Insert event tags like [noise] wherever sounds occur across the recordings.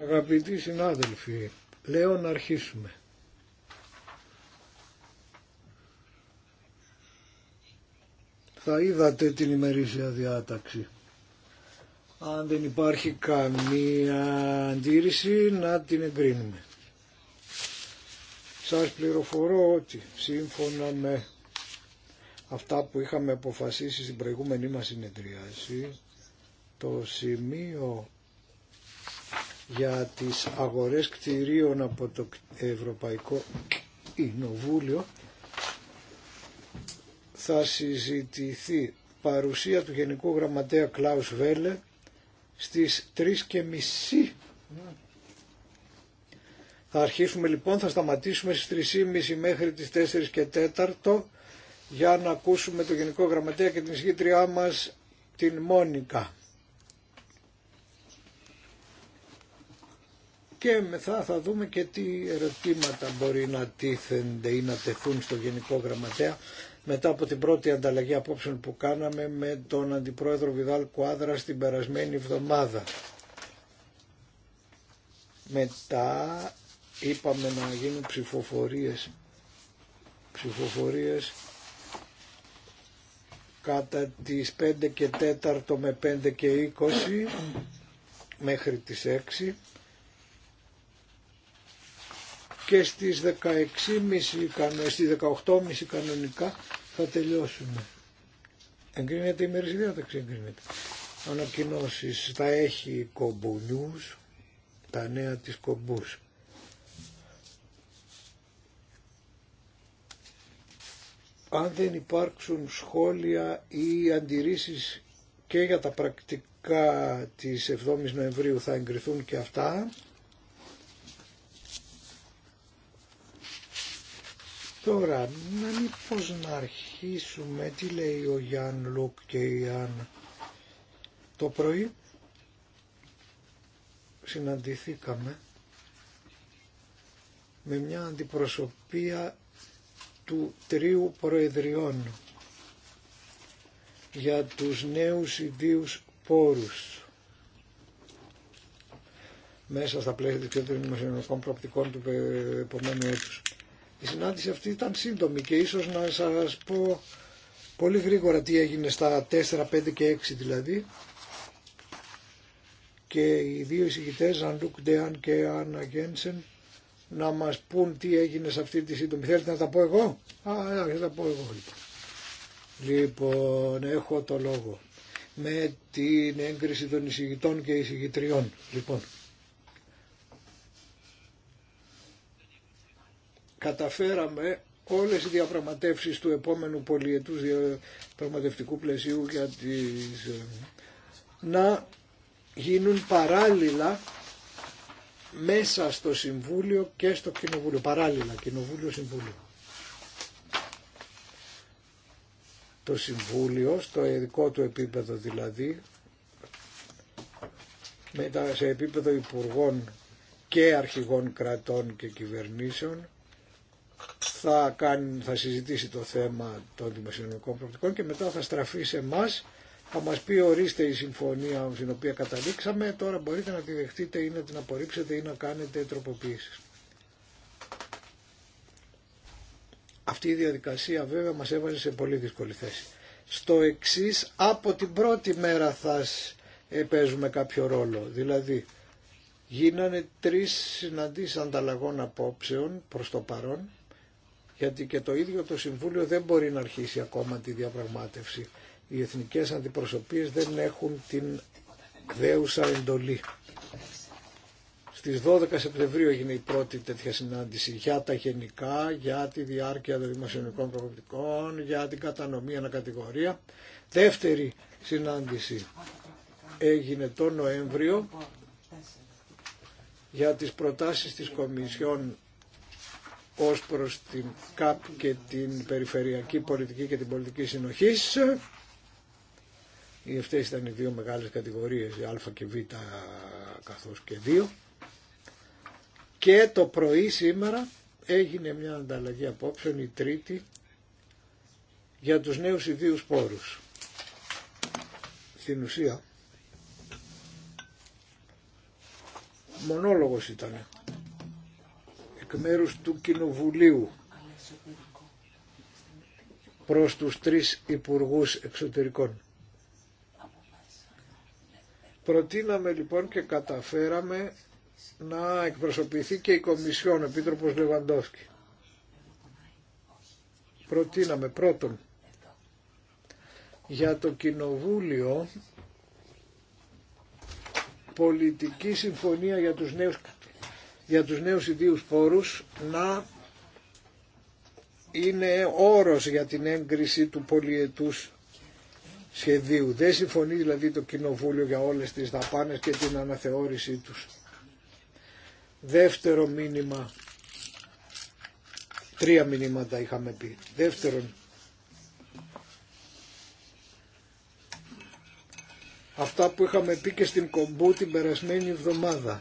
Αγαπητοί συνάδελφοι, λέω να αρχίσουμε. Θα είδατε την ημερήσια διάταξη. Αν δεν υπάρχει καμία αντίρρηση να την εγκρίνουμε. Σας πληροφορώ ότι σύμφωνα με αυτά που είχαμε αποφασίσει στην προηγούμενή μας συνεδρίαση, το σημείο για τις αγορές κτηρίων από το Ευρωπαϊκό Κοινοβούλιο θα συζητηθεί παρουσία του Γενικού Γραμματέα Κλάους Βέλε στις 3 και μισή. Θα αρχίσουμε λοιπόν, θα σταματήσουμε στις 3.30 μέχρι τις 4 και 4 για να ακούσουμε το Γενικό Γραμματέα και την εισηγήτριά μας την Μόνικα. και μετά θα δούμε και τι ερωτήματα μπορεί να τίθενται ή να τεθούν στο Γενικό Γραμματέα μετά από την πρώτη ανταλλαγή απόψεων που κάναμε με τον Αντιπρόεδρο Βιδάλ Κουάδρα στην περασμένη εβδομάδα. Μετά είπαμε να γίνουν ψηφοφορίες, ψηφοφορίες κατά τις 5 και 4 με 5 και 20 μέχρι τις 6 και στις 16.30, στις 18.30 κανονικά θα τελειώσουμε. Εγκρίνεται η μέρες διάταξη, εγκρίνεται. Ανακοινώσεις θα έχει η τα νέα της Κομπούς. Αν δεν υπάρξουν σχόλια ή αντιρρήσεις και για τα πρακτικά της 7ης Νοεμβρίου θα εγκριθούν και αυτά. Τώρα, να πως να αρχίσουμε, τι λέει ο Γιάνν Λουκ και η Άννα. Το πρωί συναντηθήκαμε με μια αντιπροσωπεία του τρίου προεδριών για τους νέους ιδίους πόρους μέσα στα πλαίσια της κέντρου δημοσιονομικών προοπτικών του ε, επομένου έτους. Η συνάντηση αυτή ήταν σύντομη και ίσως να σας πω πολύ γρήγορα τι έγινε στα 4, 5 και 6 δηλαδή. Και οι δύο εισηγητές, Ζανλούκ Ντεάν και Άννα Γένσεν, να μας πούν τι έγινε σε αυτή τη σύντομη. Θέλετε να τα πω εγώ? Α, ε, θα τα πω εγώ λοιπόν. Λοιπόν, έχω το λόγο. Με την έγκριση των εισηγητών και εισηγητριών. Λοιπόν, καταφέραμε όλες οι διαπραγματεύσεις του επόμενου πολιετούς διαπραγματευτικού πλαισίου για τις, ε, να γίνουν παράλληλα μέσα στο Συμβούλιο και στο Κοινοβούλιο. Παράλληλα, Κοινοβούλιο-Συμβούλιο. Το Συμβούλιο, στο ειδικό του επίπεδο δηλαδή, σε επίπεδο υπουργών και αρχηγών κρατών και κυβερνήσεων, θα, κάνει, θα συζητήσει το θέμα των δημοσιονομικών προοπτικών και μετά θα στραφεί σε εμά. Θα μας πει ορίστε η συμφωνία στην οποία καταλήξαμε, τώρα μπορείτε να τη δεχτείτε ή να την απορρίψετε ή να κάνετε τροποποιήσεις. Αυτή η διαδικασία βέβαια μας έβαζε σε πολύ δύσκολη θέση. Στο εξή από την πρώτη μέρα θα ε, παίζουμε κάποιο ρόλο. Δηλαδή γίνανε τρεις συναντήσεις ανταλλαγών απόψεων προς το παρόν γιατί και το ίδιο το Συμβούλιο δεν μπορεί να αρχίσει ακόμα τη διαπραγμάτευση. Οι εθνικές αντιπροσωπείες δεν έχουν την δέουσα εντολή. Στις 12 Σεπτεμβρίου έγινε η πρώτη τέτοια συνάντηση για τα γενικά, για τη διάρκεια των δημοσιονομικών προοπτικών, για την κατανομή ανακατηγορία. Δεύτερη συνάντηση έγινε το Νοέμβριο για τις προτάσεις της Κομισιόν ως προς την ΚΑΠ και την περιφερειακή πολιτική και την πολιτική συνοχής. Οι αυτές ήταν οι δύο μεγάλες κατηγορίες, η Α και Β καθώς και δύο. Και το πρωί σήμερα έγινε μια ανταλλαγή απόψεων, η τρίτη, για τους νέους ιδίους πόρους. Στην ουσία, μονόλογος ήταν εκ μέρους του Κοινοβουλίου προς τους τρεις Υπουργούς Εξωτερικών. Προτείναμε λοιπόν και καταφέραμε να εκπροσωπηθεί και η Κομισιόν, Επίτροπος Λεβαντόσκη. Προτείναμε πρώτον για το Κοινοβούλιο πολιτική συμφωνία για τους νέους για τους νέους ιδίους πόρους να είναι όρος για την έγκριση του πολιετούς σχεδίου. Δεν συμφωνεί δηλαδή το Κοινοβούλιο για όλες τις δαπάνες και την αναθεώρησή τους. Δεύτερο μήνυμα, τρία μηνύματα είχαμε πει. Δεύτερον, αυτά που είχαμε πει και στην Κομπού την περασμένη εβδομάδα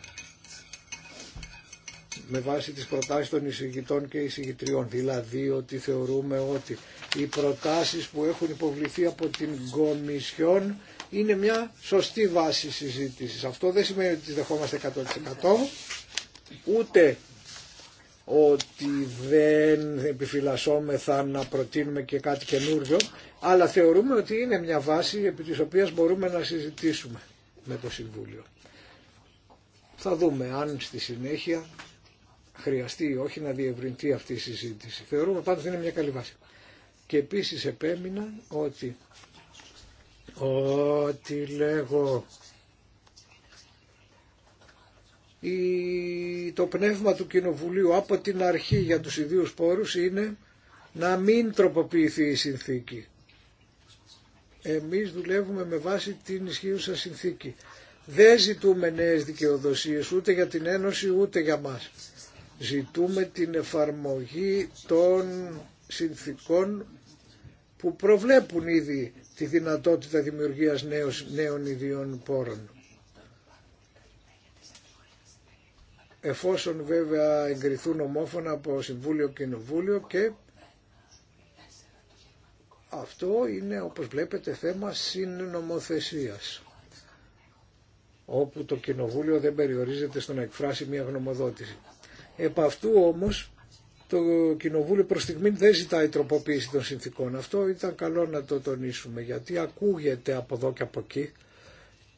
με βάση τις προτάσεις των εισηγητών και εισηγητριών. Δηλαδή ότι θεωρούμε ότι οι προτάσεις που έχουν υποβληθεί από την Κομισιόν είναι μια σωστή βάση συζήτησης. Αυτό δεν σημαίνει ότι τις δεχόμαστε 100% ούτε ότι δεν επιφυλασσόμεθα να προτείνουμε και κάτι καινούργιο. αλλά θεωρούμε ότι είναι μια βάση επί της οποίας μπορούμε να συζητήσουμε με το Συμβούλιο. Θα δούμε αν στη συνέχεια χρειαστεί ή όχι να διευρυνθεί αυτή συζήτηση. Θεωρούμε πάντως είναι μια καλή βάση. Και επίσης επέμεινα ότι ότι λέγω η, το πνεύμα του Κοινοβουλίου από την αρχή για τους ιδίους πόρους είναι να μην τροποποιηθεί η συνθήκη. Εμείς δουλεύουμε με βάση την ισχύουσα συνθήκη. Δεν ζητούμε νέες δικαιοδοσίες ούτε για την Ένωση ούτε για μας ζητούμε την εφαρμογή των συνθήκων που προβλέπουν ήδη τη δυνατότητα δημιουργίας νέων ιδιών πόρων. εφόσον βέβαια εγκριθούν ομόφωνα από Συμβούλιο και Κοινοβούλιο και αυτό είναι όπως βλέπετε θέμα συνομοθεσίας όπου το Κοινοβούλιο δεν περιορίζεται στο να εκφράσει μια γνωμοδότηση. Επ' αυτού όμως το Κοινοβούλιο προς στιγμή δεν ζητάει τροποποίηση των συνθήκων. Αυτό ήταν καλό να το τονίσουμε γιατί ακούγεται από εδώ και από εκεί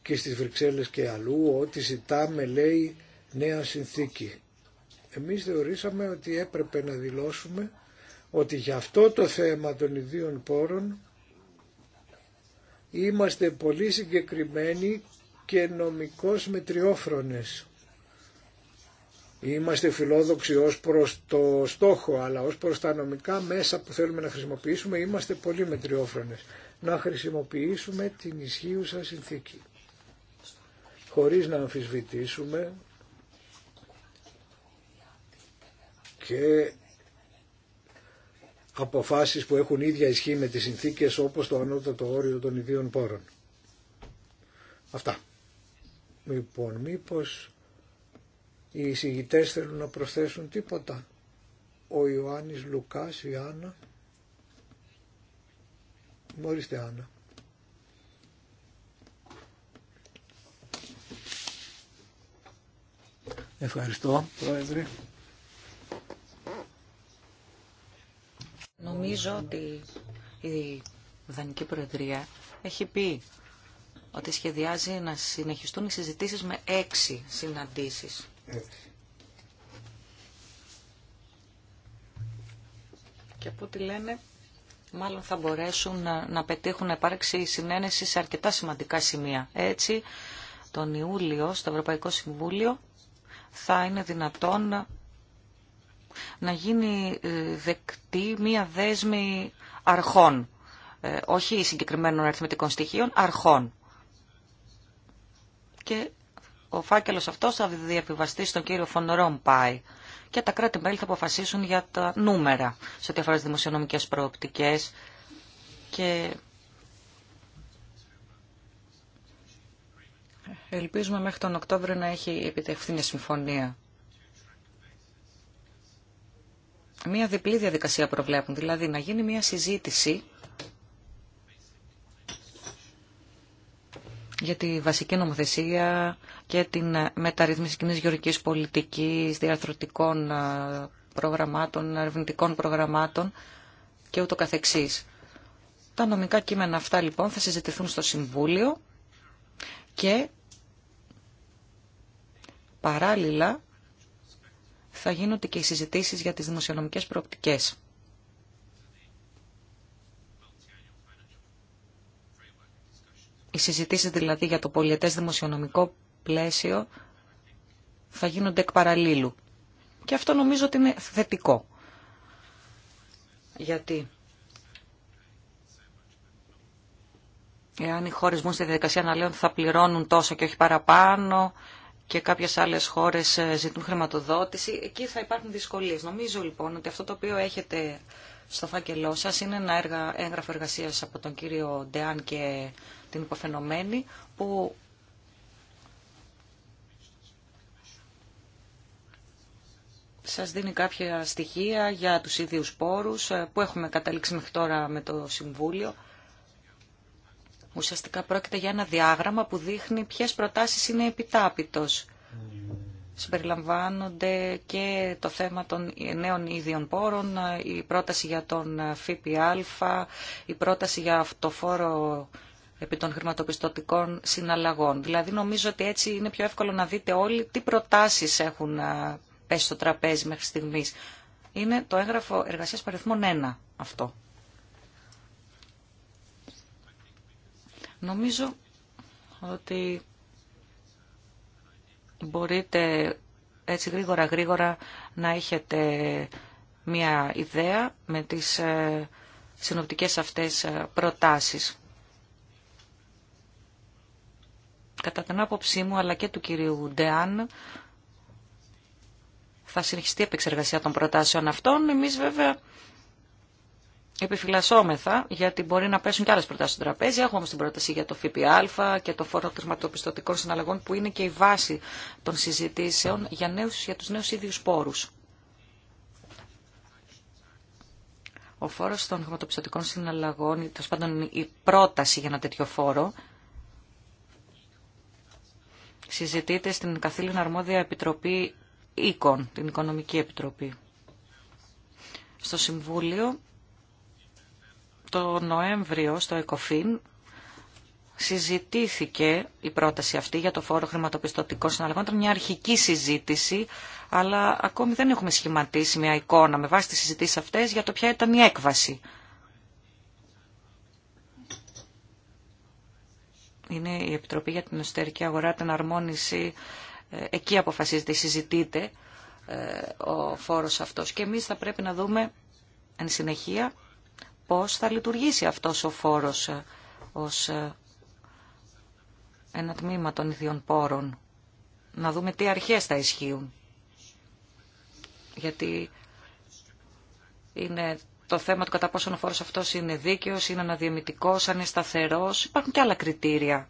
και στις Βρυξέλλες και αλλού ότι ζητάμε λέει νέα συνθήκη. Εμείς θεωρήσαμε ότι έπρεπε να δηλώσουμε ότι για αυτό το θέμα των ιδίων πόρων είμαστε πολύ συγκεκριμένοι και νομικώς μετριόφρονες. Είμαστε φιλόδοξοι ως προς το στόχο, αλλά ως προς τα νομικά μέσα που θέλουμε να χρησιμοποιήσουμε είμαστε πολύ μετριόφρονες. Να χρησιμοποιήσουμε την ισχύουσα συνθήκη. Χωρίς να αμφισβητήσουμε και αποφάσεις που έχουν ίδια ισχύ με τις συνθήκες όπως το ανώτατο όριο των ιδίων πόρων. Αυτά. Λοιπόν, μήπως οι εισηγητές θέλουν να προσθέσουν τίποτα. Ο Ιωάννης Λουκάς, η Άννα. Μόριστε Άννα. Ευχαριστώ, Πρόεδρε. Νομίζω ότι η Δανική Προεδρία έχει πει ότι σχεδιάζει να συνεχιστούν οι συζητήσεις με έξι συναντήσεις και από ό,τι λένε, μάλλον θα μπορέσουν να, να πετύχουν να υπάρξει συνένεση σε αρκετά σημαντικά σημεία. Έτσι, τον Ιούλιο στο Ευρωπαϊκό Συμβούλιο θα είναι δυνατόν να γίνει ε, δεκτή μία δέσμη αρχών, ε, όχι συγκεκριμένων αριθμητικών στοιχείων, αρχών. Και ο φάκελος αυτός θα διαπιβαστεί στον κύριο Φων Πάι και τα κράτη-μέλη θα αποφασίσουν για τα νούμερα σε ό,τι αφορά τις δημοσιονομικές προοπτικές και Ελπίζουμε μέχρι τον Οκτώβριο να έχει επιτευχθεί μια συμφωνία. Μία διπλή διαδικασία προβλέπουν, δηλαδή να γίνει μια συζήτηση για τη βασική νομοθεσία και την μεταρρύθμιση κοινή γεωργική πολιτικής, διαρθρωτικών ε, προγραμμάτων, ερευνητικών προγραμμάτων και ούτω καθεξής. Τα νομικά κείμενα αυτά λοιπόν θα συζητηθούν στο Συμβούλιο και παράλληλα θα γίνονται και οι συζητήσεις για τις δημοσιονομικές προοπτικές. Οι συζητήσεις δηλαδή για το πολιετές δημοσιονομικό πλαίσιο θα γίνονται εκ παραλλήλου. Και αυτό νομίζω ότι είναι θετικό. Γιατί εάν οι χώρες μπουν στη διαδικασία να ότι θα πληρώνουν τόσο και όχι παραπάνω και κάποιες άλλες χώρες ε, ζητούν χρηματοδότηση, εκεί θα υπάρχουν δυσκολίες. Νομίζω λοιπόν ότι αυτό το οποίο έχετε στο φάκελό σας είναι ένα έργα, έγγραφο εργασίας από τον κύριο Ντεάν και την υποφαινομένη που σας δίνει κάποια στοιχεία για τους ίδιους πόρους ε, που έχουμε καταλήξει μέχρι τώρα με το Συμβούλιο. Ουσιαστικά πρόκειται για ένα διάγραμμα που δείχνει ποιες προτάσεις είναι επιτάπητος συμπεριλαμβάνονται και το θέμα των νέων ίδιων πόρων, η πρόταση για τον ΦΠΑ, η πρόταση για αυτοφόρο επί των χρηματοπιστωτικών συναλλαγών. Δηλαδή νομίζω ότι έτσι είναι πιο εύκολο να δείτε όλοι τι προτάσεις έχουν πέσει στο τραπέζι μέχρι στιγμής. Είναι το έγγραφο εργασίας παριθμών 1 αυτό. Νομίζω ότι μπορείτε έτσι γρήγορα γρήγορα να έχετε μια ιδέα με τις ε, συνοπτικές αυτές ε, προτάσεις. Κατά την άποψή μου αλλά και του κυρίου Ντεάν θα συνεχιστεί η επεξεργασία των προτάσεων αυτών. Εμείς βέβαια επιφυλασσόμεθα, γιατί μπορεί να πέσουν και άλλε προτάσει στο τραπέζι. Έχουμε όμω την πρόταση για το ΦΠΑ και το φόρο χρηματοπιστωτικών συναλλαγών, που είναι και η βάση των συζητήσεων για, νέους, για του νέου ίδιου πόρου. Ο φόρο των χρηματοπιστωτικών συναλλαγών, τέλο πάντων η πρόταση για ένα τέτοιο φόρο, συζητείται στην καθήλυνα αρμόδια επιτροπή οίκων, την Οικονομική Επιτροπή. Στο Συμβούλιο το Νοέμβριο στο ΕΚΟΦΗΝ συζητήθηκε η πρόταση αυτή για το φόρο χρηματοπιστωτικό συναλλαγών. Ήταν μια αρχική συζήτηση, αλλά ακόμη δεν έχουμε σχηματίσει μια εικόνα με βάση τις συζητήσεις αυτές για το ποια ήταν η έκβαση. Είναι η Επιτροπή για την Εσωτερική Αγορά, την Αρμόνιση. Ε, εκεί αποφασίζεται, συζητείται ε, ο φόρος αυτός. Και εμείς θα πρέπει να δούμε εν συνεχεία πώς θα λειτουργήσει αυτός ο φόρος ε, ως ε, ένα τμήμα των ιδιών πόρων. Να δούμε τι αρχές θα ισχύουν. Γιατί είναι το θέμα του κατά πόσο ο φόρος αυτός είναι δίκαιος, είναι αναδιαμητικός, αν είναι σταθερός. Υπάρχουν και άλλα κριτήρια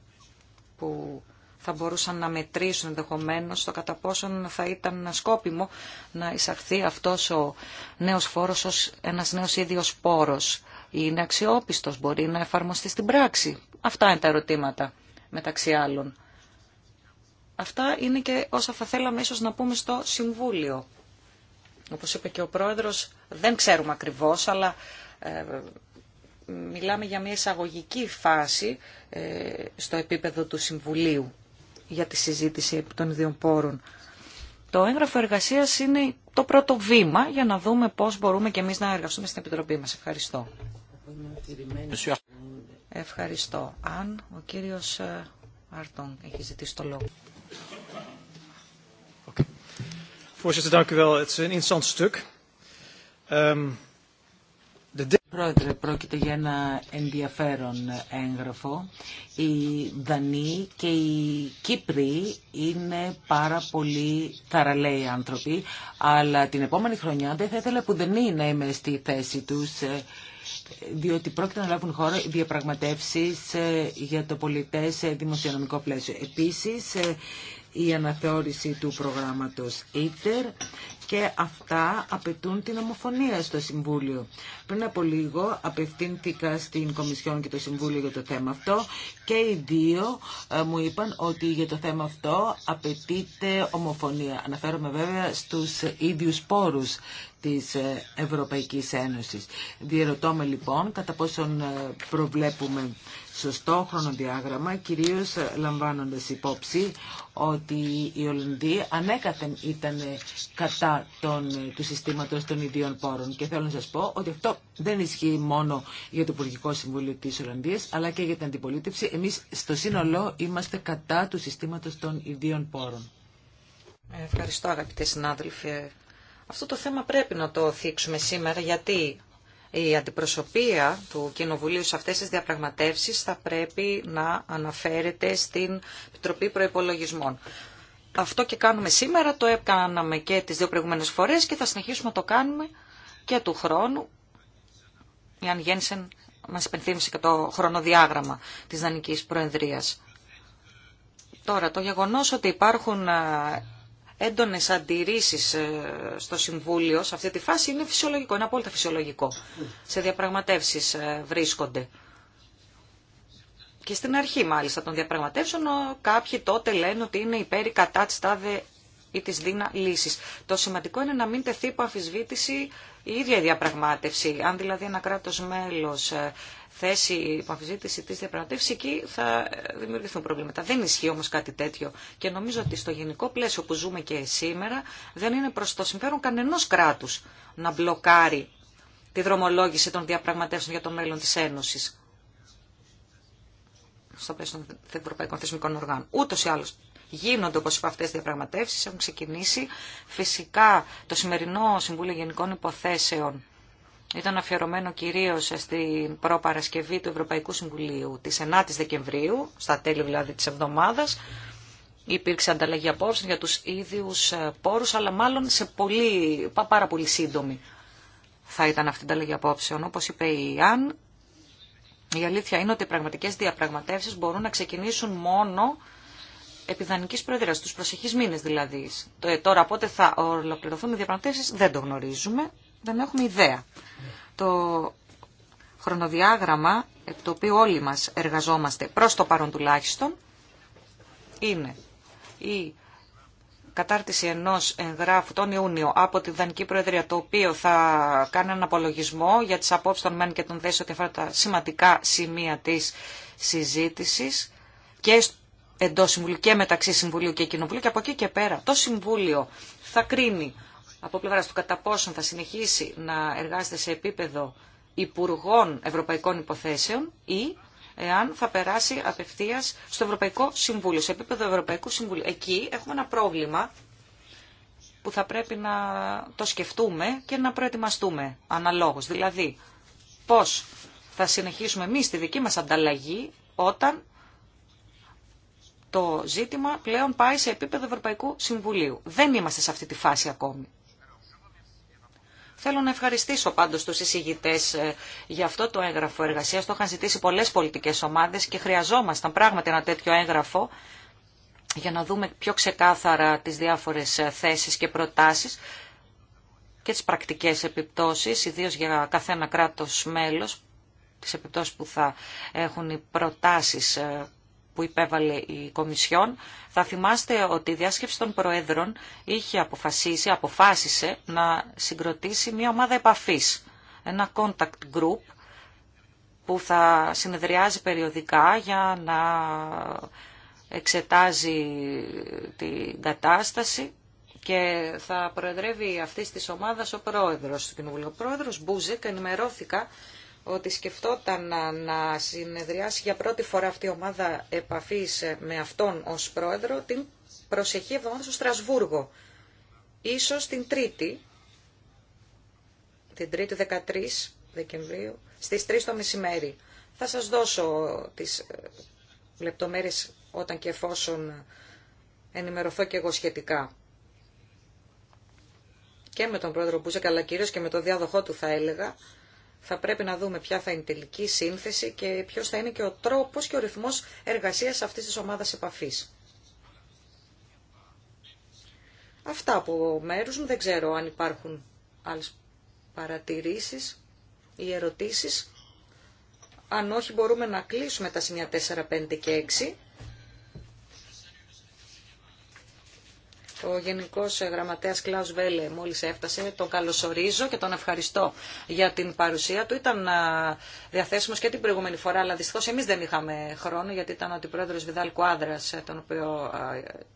που θα μπορούσαν να μετρήσουν ενδεχομένω το κατά πόσον θα ήταν σκόπιμο να εισαχθεί αυτός ο νέος φόρος ως ένας νέος ίδιος πόρος είναι αξιόπιστος, μπορεί να εφαρμοστεί στην πράξη. Αυτά είναι τα ερωτήματα μεταξύ άλλων. Αυτά είναι και όσα θα θέλαμε ίσως να πούμε στο Συμβούλιο. Όπως είπε και ο Πρόεδρος, δεν ξέρουμε ακριβώς, αλλά ε, μιλάμε για μια εισαγωγική φάση ε, στο επίπεδο του Συμβουλίου για τη συζήτηση των ιδιών πόρων. Το έγγραφο εργασία είναι το πρώτο βήμα για να δούμε πώ μπορούμε και εμεί να εργαστούμε στην Επιτροπή μα. Ευχαριστώ. Ευχαριστώ. Αν ο κύριος Άρτον ε, έχει ζητήσει το λόγο. Voorzitter, dank u wel. Het is een interessant stuk. Ehm, Πρόεδρε, πρόκειται για ένα ενδιαφέρον έγγραφο. Οι Δανείοι και οι Κύπροι είναι πάρα πολύ θαραλέοι άνθρωποι, αλλά την επόμενη χρονιά δεν θα ήθελα που δεν είναι να είμαι στη θέση τους διότι πρόκειται να λάβουν χώρα διαπραγματεύσεις ε, για το πολιτές ε, δημοσιονομικό πλαίσιο. Επίσης, ε, η αναθεώρηση του προγράμματος ITER και αυτά απαιτούν την ομοφωνία στο Συμβούλιο. Πριν από λίγο απευθύνθηκα στην Κομισιόν και το Συμβούλιο για το θέμα αυτό και οι δύο ε, μου είπαν ότι για το θέμα αυτό απαιτείται ομοφωνία. Αναφέρομαι βέβαια στους ίδιους πόρους της ε, Ευρωπαϊκής Ένωσης. Διερωτώ λοιπόν κατά πόσον ε, προβλέπουμε σωστό χρονοδιάγραμμα, κυρίως λαμβάνοντας υπόψη ότι οι Ολλανδοί ανέκαθεν ήταν κατά του συστήματος των ιδίων πόρων. Και θέλω να σας πω ότι αυτό δεν ισχύει μόνο για το Υπουργικό Συμβούλιο της Ολλανδίας, αλλά και για την αντιπολίτευση. Εμείς στο σύνολό είμαστε κατά του συστήματος των ιδίων πόρων. Ευχαριστώ αγαπητέ συνάδελφοι. Αυτό το θέμα πρέπει να το θίξουμε σήμερα γιατί η αντιπροσωπεία του Κοινοβουλίου σε αυτές τις διαπραγματεύσεις θα πρέπει να αναφέρεται στην Επιτροπή Προϋπολογισμών. Αυτό και κάνουμε σήμερα, το έκαναμε και τις δύο προηγούμενες φορές και θα συνεχίσουμε να το κάνουμε και του χρόνου. Η Αν Γένσεν μας υπενθύμισε και το χρονοδιάγραμμα της Δανικής Προεδρίας. Τώρα, το γεγονός ότι υπάρχουν ε, έντονες αντιρρήσεις ε, στο Συμβούλιο σε αυτή τη φάση είναι φυσιολογικό, είναι απόλυτα φυσιολογικό. Σε διαπραγματεύσεις ε, βρίσκονται. Και στην αρχή μάλιστα των διαπραγματεύσεων κάποιοι τότε λένε ότι είναι υπέρ κατά τη τάδε ή τη δίνα λύση. Το σημαντικό είναι να μην τεθεί υπό αμφισβήτηση η ίδια η διαπραγμάτευση. Αν δηλαδή ένα κράτο μέλο ε, θέσει υπό αμφισβήτηση τη διαπραγματεύση, εκεί θα ε, δημιουργηθούν προβλήματα. Δεν ισχύει όμω κάτι τέτοιο. Και νομίζω ότι στο γενικό πλαίσιο που ζούμε και σήμερα, δεν είναι προ το συμφέρον κανενό κράτου να μπλοκάρει τη δρομολόγηση των διαπραγματεύσεων για το μέλλον τη Ένωση. Στο πλαίσιο των ευρωπαϊκών θεσμικών οργάνων. Ούτω ή άλλω Γίνονται, όπω είπα, αυτέ οι διαπραγματεύσει, έχουν ξεκινήσει. Φυσικά, το σημερινό Συμβούλιο Γενικών Υποθέσεων ήταν αφιερωμένο κυρίω στην προπαρασκευή του Ευρωπαϊκού Συμβουλίου τη 9η Δεκεμβρίου, στα τέλη δηλαδή τη εβδομάδα. Υπήρξε ανταλλαγή απόψεων για του ίδιου ε, πόρου, αλλά μάλλον σε πολύ, πάρα πολύ σύντομη θα ήταν αυτή η ανταλλαγή απόψεων. Όπω είπε η Ιάν, η αλήθεια είναι ότι οι πραγματικέ διαπραγματεύσεις μπορούν να ξεκινήσουν μόνο Επιδάνική προεδρίας, στους προσεχείς μήνες δηλαδή. Το, ε, τώρα πότε θα ολοκληρωθούν οι διαπραγματεύσεις δεν το γνωρίζουμε, δεν έχουμε ιδέα. Το χρονοδιάγραμμα, το οποίο όλοι μας εργαζόμαστε προς το παρόν τουλάχιστον, είναι η κατάρτιση ενός εγγράφου τον Ιούνιο από τη Δανική Προεδρία, το οποίο θα κάνει έναν απολογισμό για τις απόψεις των ΜΕΝ και των ΔΕΣ ότι αφορά τα σημαντικά σημεία της συζήτησης και εντό Συμβουλίου και μεταξύ Συμβουλίου και Κοινοβουλίου και από εκεί και πέρα το Συμβούλιο θα κρίνει από πλευρά του κατά πόσον θα συνεχίσει να εργάζεται σε επίπεδο Υπουργών Ευρωπαϊκών Υποθέσεων ή εάν θα περάσει απευθεία στο Ευρωπαϊκό Συμβούλιο, σε επίπεδο Ευρωπαϊκού Συμβουλίου. Εκεί έχουμε ένα πρόβλημα που θα πρέπει να το σκεφτούμε και να προετοιμαστούμε αναλόγως. Δηλαδή, πώς θα συνεχίσουμε εμείς τη δική μας ανταλλαγή όταν το ζήτημα πλέον πάει σε επίπεδο Ευρωπαϊκού Συμβουλίου. Δεν είμαστε σε αυτή τη φάση ακόμη. Θέλω να ευχαριστήσω πάντω του εισηγητέ ε, για αυτό το έγγραφο εργασία. Το είχαν ζητήσει πολλέ πολιτικέ ομάδε και χρειαζόμασταν πράγματι ένα τέτοιο έγγραφο για να δούμε πιο ξεκάθαρα τις διάφορες ε, θέσεις και προτάσει και τι πρακτικέ επιπτώσει, ιδίω για καθένα κράτο μέλο, τις επιπτώσεις που θα έχουν οι προτάσεις ε, που υπέβαλε η Κομισιόν, θα θυμάστε ότι η διάσκεψη των Προέδρων είχε αποφασίσει, αποφάσισε να συγκροτήσει μια ομάδα επαφής, ένα contact group που θα συνεδριάζει περιοδικά για να εξετάζει την κατάσταση και θα προεδρεύει αυτή τη ομάδα ο πρόεδρος του Κοινοβουλίου. Ο πρόεδρος Μπούζεκ ενημερώθηκα ότι σκεφτόταν να, να συνεδριάσει για πρώτη φορά αυτή η ομάδα επαφής με αυτόν ως πρόεδρο την προσεχή εβδομάδα στο Στρασβούργο. Ίσως την Τρίτη, την Τρίτη 13 Δεκεμβρίου, στις 3 το μεσημέρι. Θα σας δώσω τις ε, λεπτομέρειες όταν και εφόσον ενημερωθώ και εγώ σχετικά. Και με τον πρόεδρο Μπούζεκ, αλλά κυρίως και με τον διάδοχό του θα έλεγα, θα πρέπει να δούμε ποια θα είναι η τελική σύνθεση και ποιος θα είναι και ο τρόπος και ο ρυθμός εργασίας αυτής της ομάδας επαφής. Αυτά από μέρους μου. Δεν ξέρω αν υπάρχουν άλλες παρατηρήσεις ή ερωτήσεις. Αν όχι μπορούμε να κλείσουμε τα σημεία 4, 5 και 6 Ο Γενικό Γραμματέα Κλάους Βέλε μόλις έφτασε, τον καλωσορίζω και τον ευχαριστώ για την παρουσία του. Ήταν διαθέσιμο και την προηγούμενη φορά, αλλά δυστυχώς εμείς δεν είχαμε χρόνο, γιατί ήταν ο αντιπρόεδρο Βιδάλ Κουάδρα, ε, τον οποίο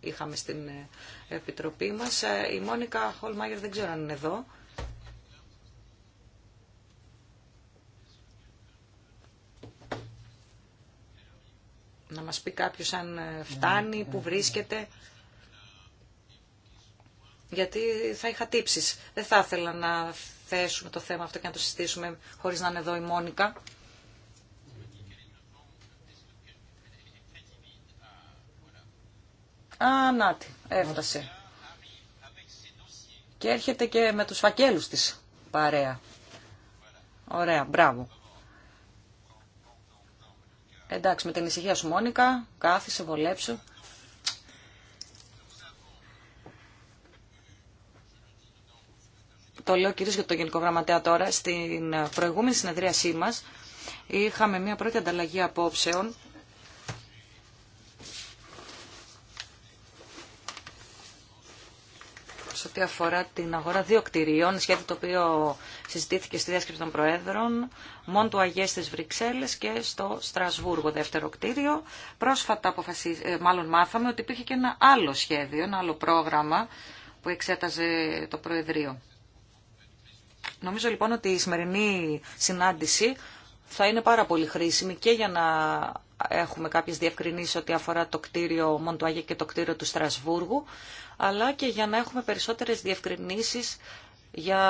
είχαμε στην ε, επιτροπή μας. Ε, η Μόνικα Χολμάγερ δεν ξέρω αν είναι εδώ. Να μας πει κάποιος αν φτάνει, ναι, που ναι, ναι. βρίσκεται γιατί θα είχα τύψεις. Δεν θα ήθελα να θέσουμε το θέμα αυτό και να το συστήσουμε χωρίς να είναι εδώ η Μόνικα. Α, έφτασε. Και έρχεται και με τους φακέλους της παρέα. Ωραία, μπράβο. Εντάξει, με την ησυχία σου Μόνικα, κάθισε, βολέψου. το λέω κυρίως για το Γενικό Γραμματέα τώρα, στην προηγούμενη συνεδρίασή μας είχαμε μια πρώτη ανταλλαγή απόψεων σε ό,τι αφορά την αγορά δύο κτηρίων, σχέδιο το οποίο συζητήθηκε στη διάσκεψη των Προέδρων, μόνο του Αγιέ στι Βρυξέλλε και στο Στρασβούργο, δεύτερο κτίριο. Πρόσφατα, αποφασι... Ε, μάλλον μάθαμε ότι υπήρχε και ένα άλλο σχέδιο, ένα άλλο πρόγραμμα που εξέταζε το Προεδρείο. Νομίζω λοιπόν ότι η σημερινή συνάντηση θα είναι πάρα πολύ χρήσιμη και για να έχουμε κάποιες διευκρινήσεις ότι αφορά το κτίριο Μοντουάγια και το κτίριο του Στρασβούργου, αλλά και για να έχουμε περισσότερες διευκρινήσεις για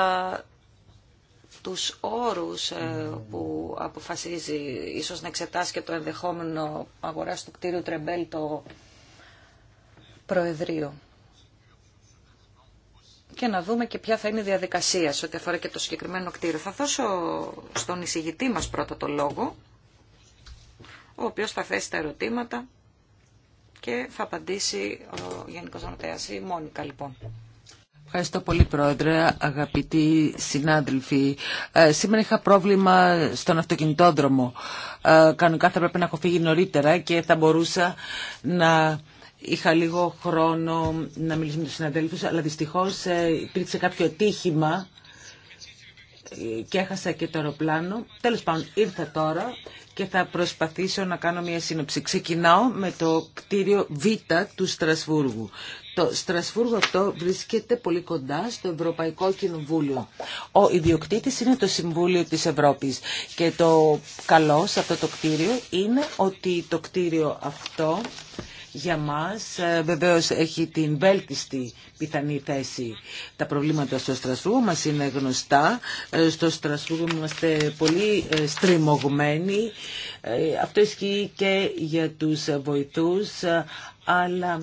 τους όρους ε, που αποφασίζει ίσως να εξετάσει και το ενδεχόμενο αγοράς του κτίριου Τρεμπέλ το Προεδρείο και να δούμε και ποια θα είναι η διαδικασία σε ό,τι αφορά και το συγκεκριμένο κτίριο. Θα δώσω στον εισηγητή μας πρώτα το λόγο, ο οποίος θα θέσει τα ερωτήματα και θα απαντήσει ο Γενικός Γραμματέας, η Μόνικα λοιπόν. Ευχαριστώ πολύ Πρόεδρε, αγαπητοί συνάδελφοι. Ε, σήμερα είχα πρόβλημα στον αυτοκινητόδρομο. Ε, κανονικά θα πρέπει να έχω φύγει νωρίτερα και θα μπορούσα να είχα λίγο χρόνο να μιλήσω με τους συναδέλφους, αλλά δυστυχώς ε, υπήρξε κάποιο τύχημα ε, και έχασα και το αεροπλάνο. Τέλος πάντων, ήρθα τώρα και θα προσπαθήσω να κάνω μια σύνοψη. Ξεκινάω με το κτίριο Β του Στρασβούργου. Το Στρασβούργο αυτό βρίσκεται πολύ κοντά στο Ευρωπαϊκό Κοινοβούλιο. Ο ιδιοκτήτης είναι το Συμβούλιο της Ευρώπης και το καλό σε αυτό το κτίριο είναι ότι το κτίριο αυτό για μας ε, βεβαίως έχει την βέλτιστη πιθανή θέση. Τα προβλήματα στο Στρασβούργο μας είναι γνωστά. Ε, στο Στρασβούργο είμαστε πολύ ε, στριμωγμένοι. Αυτό ισχύει και για τους βοηθούς, αλλά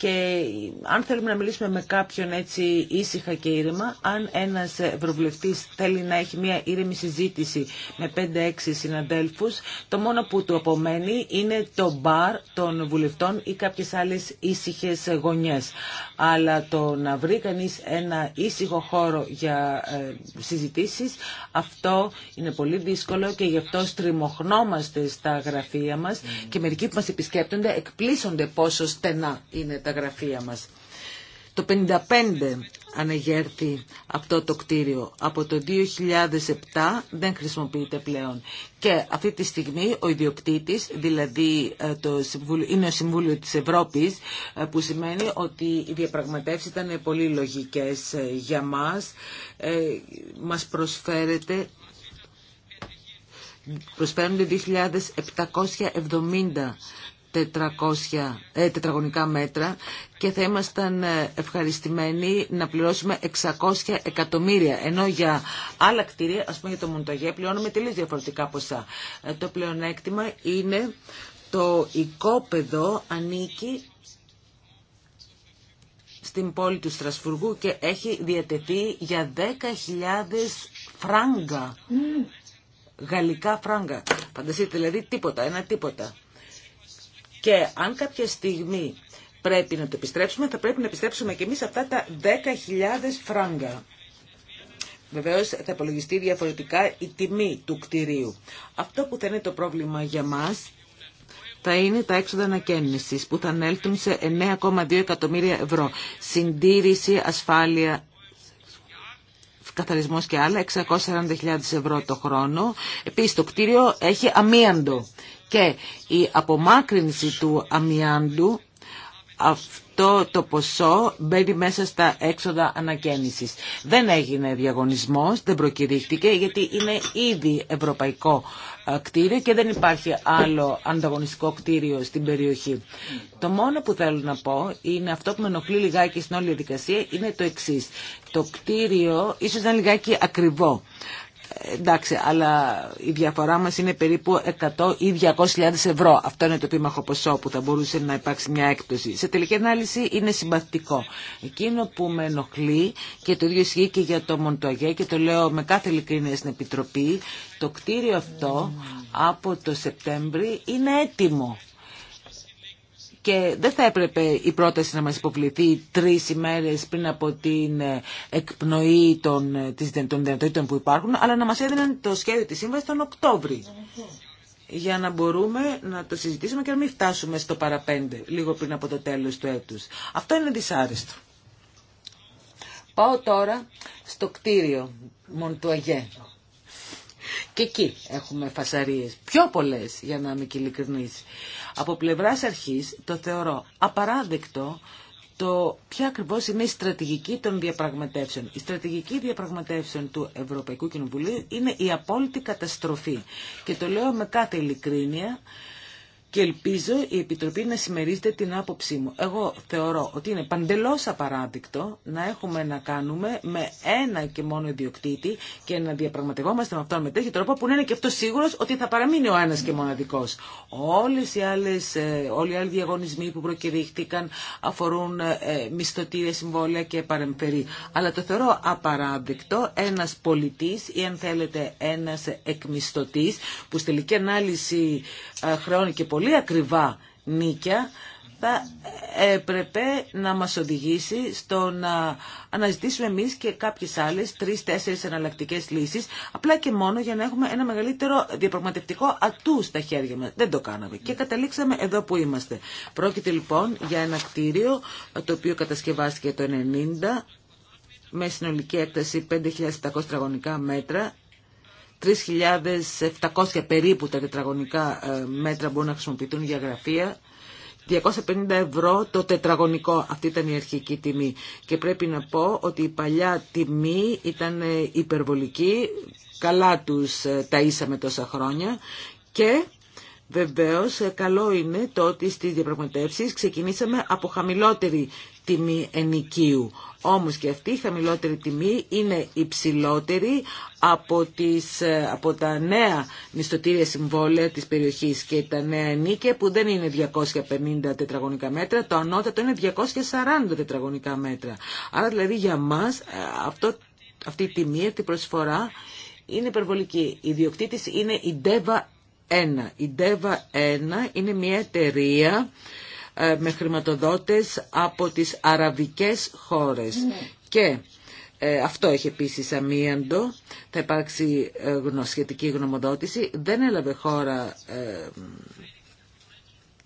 και αν θέλουμε να μιλήσουμε με κάποιον έτσι ήσυχα και ήρεμα, αν ένας ευρωβουλευτής θέλει να έχει μια ήρεμη συζήτηση με 5-6 συναδέλφους, το μόνο που του απομένει είναι το μπαρ των βουλευτών ή κάποιες άλλες ήσυχες γωνιές. Αλλά το να βρει κανείς ένα ήσυχο χώρο για ε, συζητήσεις, αυτό είναι πολύ δύσκολο και γι' αυτό στριμωχνόμαστε στα γραφεία μας mm. και μερικοί που μας επισκέπτονται εκπλήσονται πόσο στενά είναι τα τα μας. Το 55 ανεγέρθη αυτό το κτίριο. Από το 2007 δεν χρησιμοποιείται πλέον. Και αυτή τη στιγμή ο ιδιοκτήτης, δηλαδή ε, το είναι ο Συμβούλιο της Ευρώπης, ε, που σημαίνει ότι οι διαπραγματεύσεις ήταν πολύ λογικές ε, για μας. Μας προσφέρεται προσφέρονται 2.770 400, ε, τετραγωνικά μέτρα και θα ήμασταν ε, ευχαριστημένοι να πληρώσουμε 600 εκατομμύρια. Ενώ για άλλα κτίρια, ας πούμε για το Μονταγέ πληρώνουμε τελείως διαφορετικά ποσά. Ε, το πλεονέκτημα είναι το οικόπεδο ανήκει στην πόλη του Στρασφουργού και έχει διατεθεί για 10.000 φράγκα. Γαλλικά φράγκα. Φανταστείτε δηλαδή τίποτα, ένα τίποτα. Και αν κάποια στιγμή πρέπει να το επιστρέψουμε, θα πρέπει να επιστρέψουμε και εμείς αυτά τα 10.000 φράγκα. Βεβαίως θα υπολογιστεί διαφορετικά η τιμή του κτηρίου. Αυτό που θα είναι το πρόβλημα για μας θα είναι τα έξοδα ανακαίνιση που θα ανέλθουν σε 9,2 εκατομμύρια ευρώ. Συντήρηση, ασφάλεια, καθαρισμός και άλλα, 640.000 ευρώ το χρόνο. Επίσης το κτίριο έχει αμίαντο και η απομάκρυνση του αμοιάντου αυτό το ποσό μπαίνει μέσα στα έξοδα ανακαίνησης. Δεν έγινε διαγωνισμός, δεν προκηρύχτηκε, γιατί είναι ήδη ευρωπαϊκό ε, κτίριο και δεν υπάρχει άλλο ανταγωνιστικό κτίριο στην περιοχή. Το μόνο που θέλω να πω είναι αυτό που με ενοχλεί λιγάκι στην όλη διαδικασία είναι το εξή. Το κτίριο ίσως ήταν λιγάκι ακριβό εντάξει, αλλά η διαφορά μας είναι περίπου 100 ή 200.000 ευρώ. Αυτό είναι το επίμαχο ποσό που θα μπορούσε να υπάρξει μια έκπτωση. Σε τελική ανάλυση είναι συμπαθητικό. Εκείνο που με ενοχλεί και το ίδιο ισχύει και για το Μοντουαγέ και το λέω με κάθε ειλικρίνεια στην Επιτροπή, το κτίριο αυτό από το Σεπτέμβρη είναι έτοιμο και δεν θα έπρεπε η πρόταση να μας υποβληθεί τρεις ημέρες πριν από την ε, εκπνοή των, ε, των δυνατοτήτων που υπάρχουν, αλλά να μας έδιναν το σχέδιο της σύμβασης τον Οκτώβρη για να μπορούμε να το συζητήσουμε και να μην φτάσουμε στο παραπέντε λίγο πριν από το τέλος του έτους. Αυτό είναι δυσάρεστο. Πάω τώρα στο κτίριο Μοντουαγέ. Και εκεί έχουμε φασαρίες, πιο πολλές για να είμαι και ειλικρινής. Από πλευράς αρχής το θεωρώ απαράδεκτο το ποια ακριβώ είναι η στρατηγική των διαπραγματεύσεων. Η στρατηγική διαπραγματεύσεων του Ευρωπαϊκού Κοινοβουλίου είναι η απόλυτη καταστροφή. Και το λέω με κάθε ειλικρίνεια και ελπίζω η Επιτροπή να συμμερίζεται την άποψή μου. Εγώ θεωρώ ότι είναι παντελώς απαράδεικτο να έχουμε να κάνουμε με ένα και μόνο ιδιοκτήτη και να διαπραγματευόμαστε με αυτόν με τέτοιο τρόπο που να είναι και αυτό σίγουρος ότι θα παραμείνει ο ένας και μοναδικός. Όλες οι άλλες, ε, όλοι οι άλλοι διαγωνισμοί που προκηρύχθηκαν αφορούν ε, ε, μισθωτήρια συμβόλαια και παρεμφερή. Αλλά το θεωρώ απαράδεικτο ένας πολιτής ή αν θέλετε ένας εκμισθωτής που τελική ανάλυση χρεώνει και πολύ πολύ ακριβά νίκια θα έπρεπε να μας οδηγήσει στο να αναζητήσουμε εμείς και κάποιες άλλες τρεις-τέσσερις εναλλακτικέ λύσεις απλά και μόνο για να έχουμε ένα μεγαλύτερο διαπραγματευτικό ατού στα χέρια μας. Δεν το κάναμε και καταλήξαμε εδώ που είμαστε. Πρόκειται λοιπόν για ένα κτίριο το οποίο κατασκευάστηκε το 1990 με συνολική έκταση 5.700 τραγωνικά μέτρα 3.700 περίπου τα τετραγωνικά ε, μέτρα μπορούν να χρησιμοποιηθούν για γραφεία. 250 ευρώ το τετραγωνικό. Αυτή ήταν η αρχική τιμή. Και πρέπει να πω ότι η παλιά τιμή ήταν ε, υπερβολική. Καλά τους ε, ταΐσαμε τόσα χρόνια. Και βεβαιώς καλό είναι το ότι στις διαπραγματεύσεις ξεκινήσαμε από χαμηλότερη τιμή ενικίου Όμως και αυτή η χαμηλότερη τιμή είναι υψηλότερη από, τις, ε, από τα νέα μισθωτήρια συμβόλαια της περιοχής και τα νέα ενίκαια που δεν είναι 250 τετραγωνικά μέτρα, το ανώτατο είναι 240 τετραγωνικά μέτρα. Άρα δηλαδή για μας ε, αυτό, αυτή η τιμή, αυτή η προσφορά είναι υπερβολική. Η διοκτήτηση είναι η DEVA 1. Η DEVA 1 είναι μια εταιρεία ε, με χρηματοδότες από τις αραβικές χώρες. Ναι. Και ε, αυτό έχει επίσης αμίαντο. Θα υπάρξει ε, σχετική γνωμοδότηση. Δεν έλαβε χώρα ε,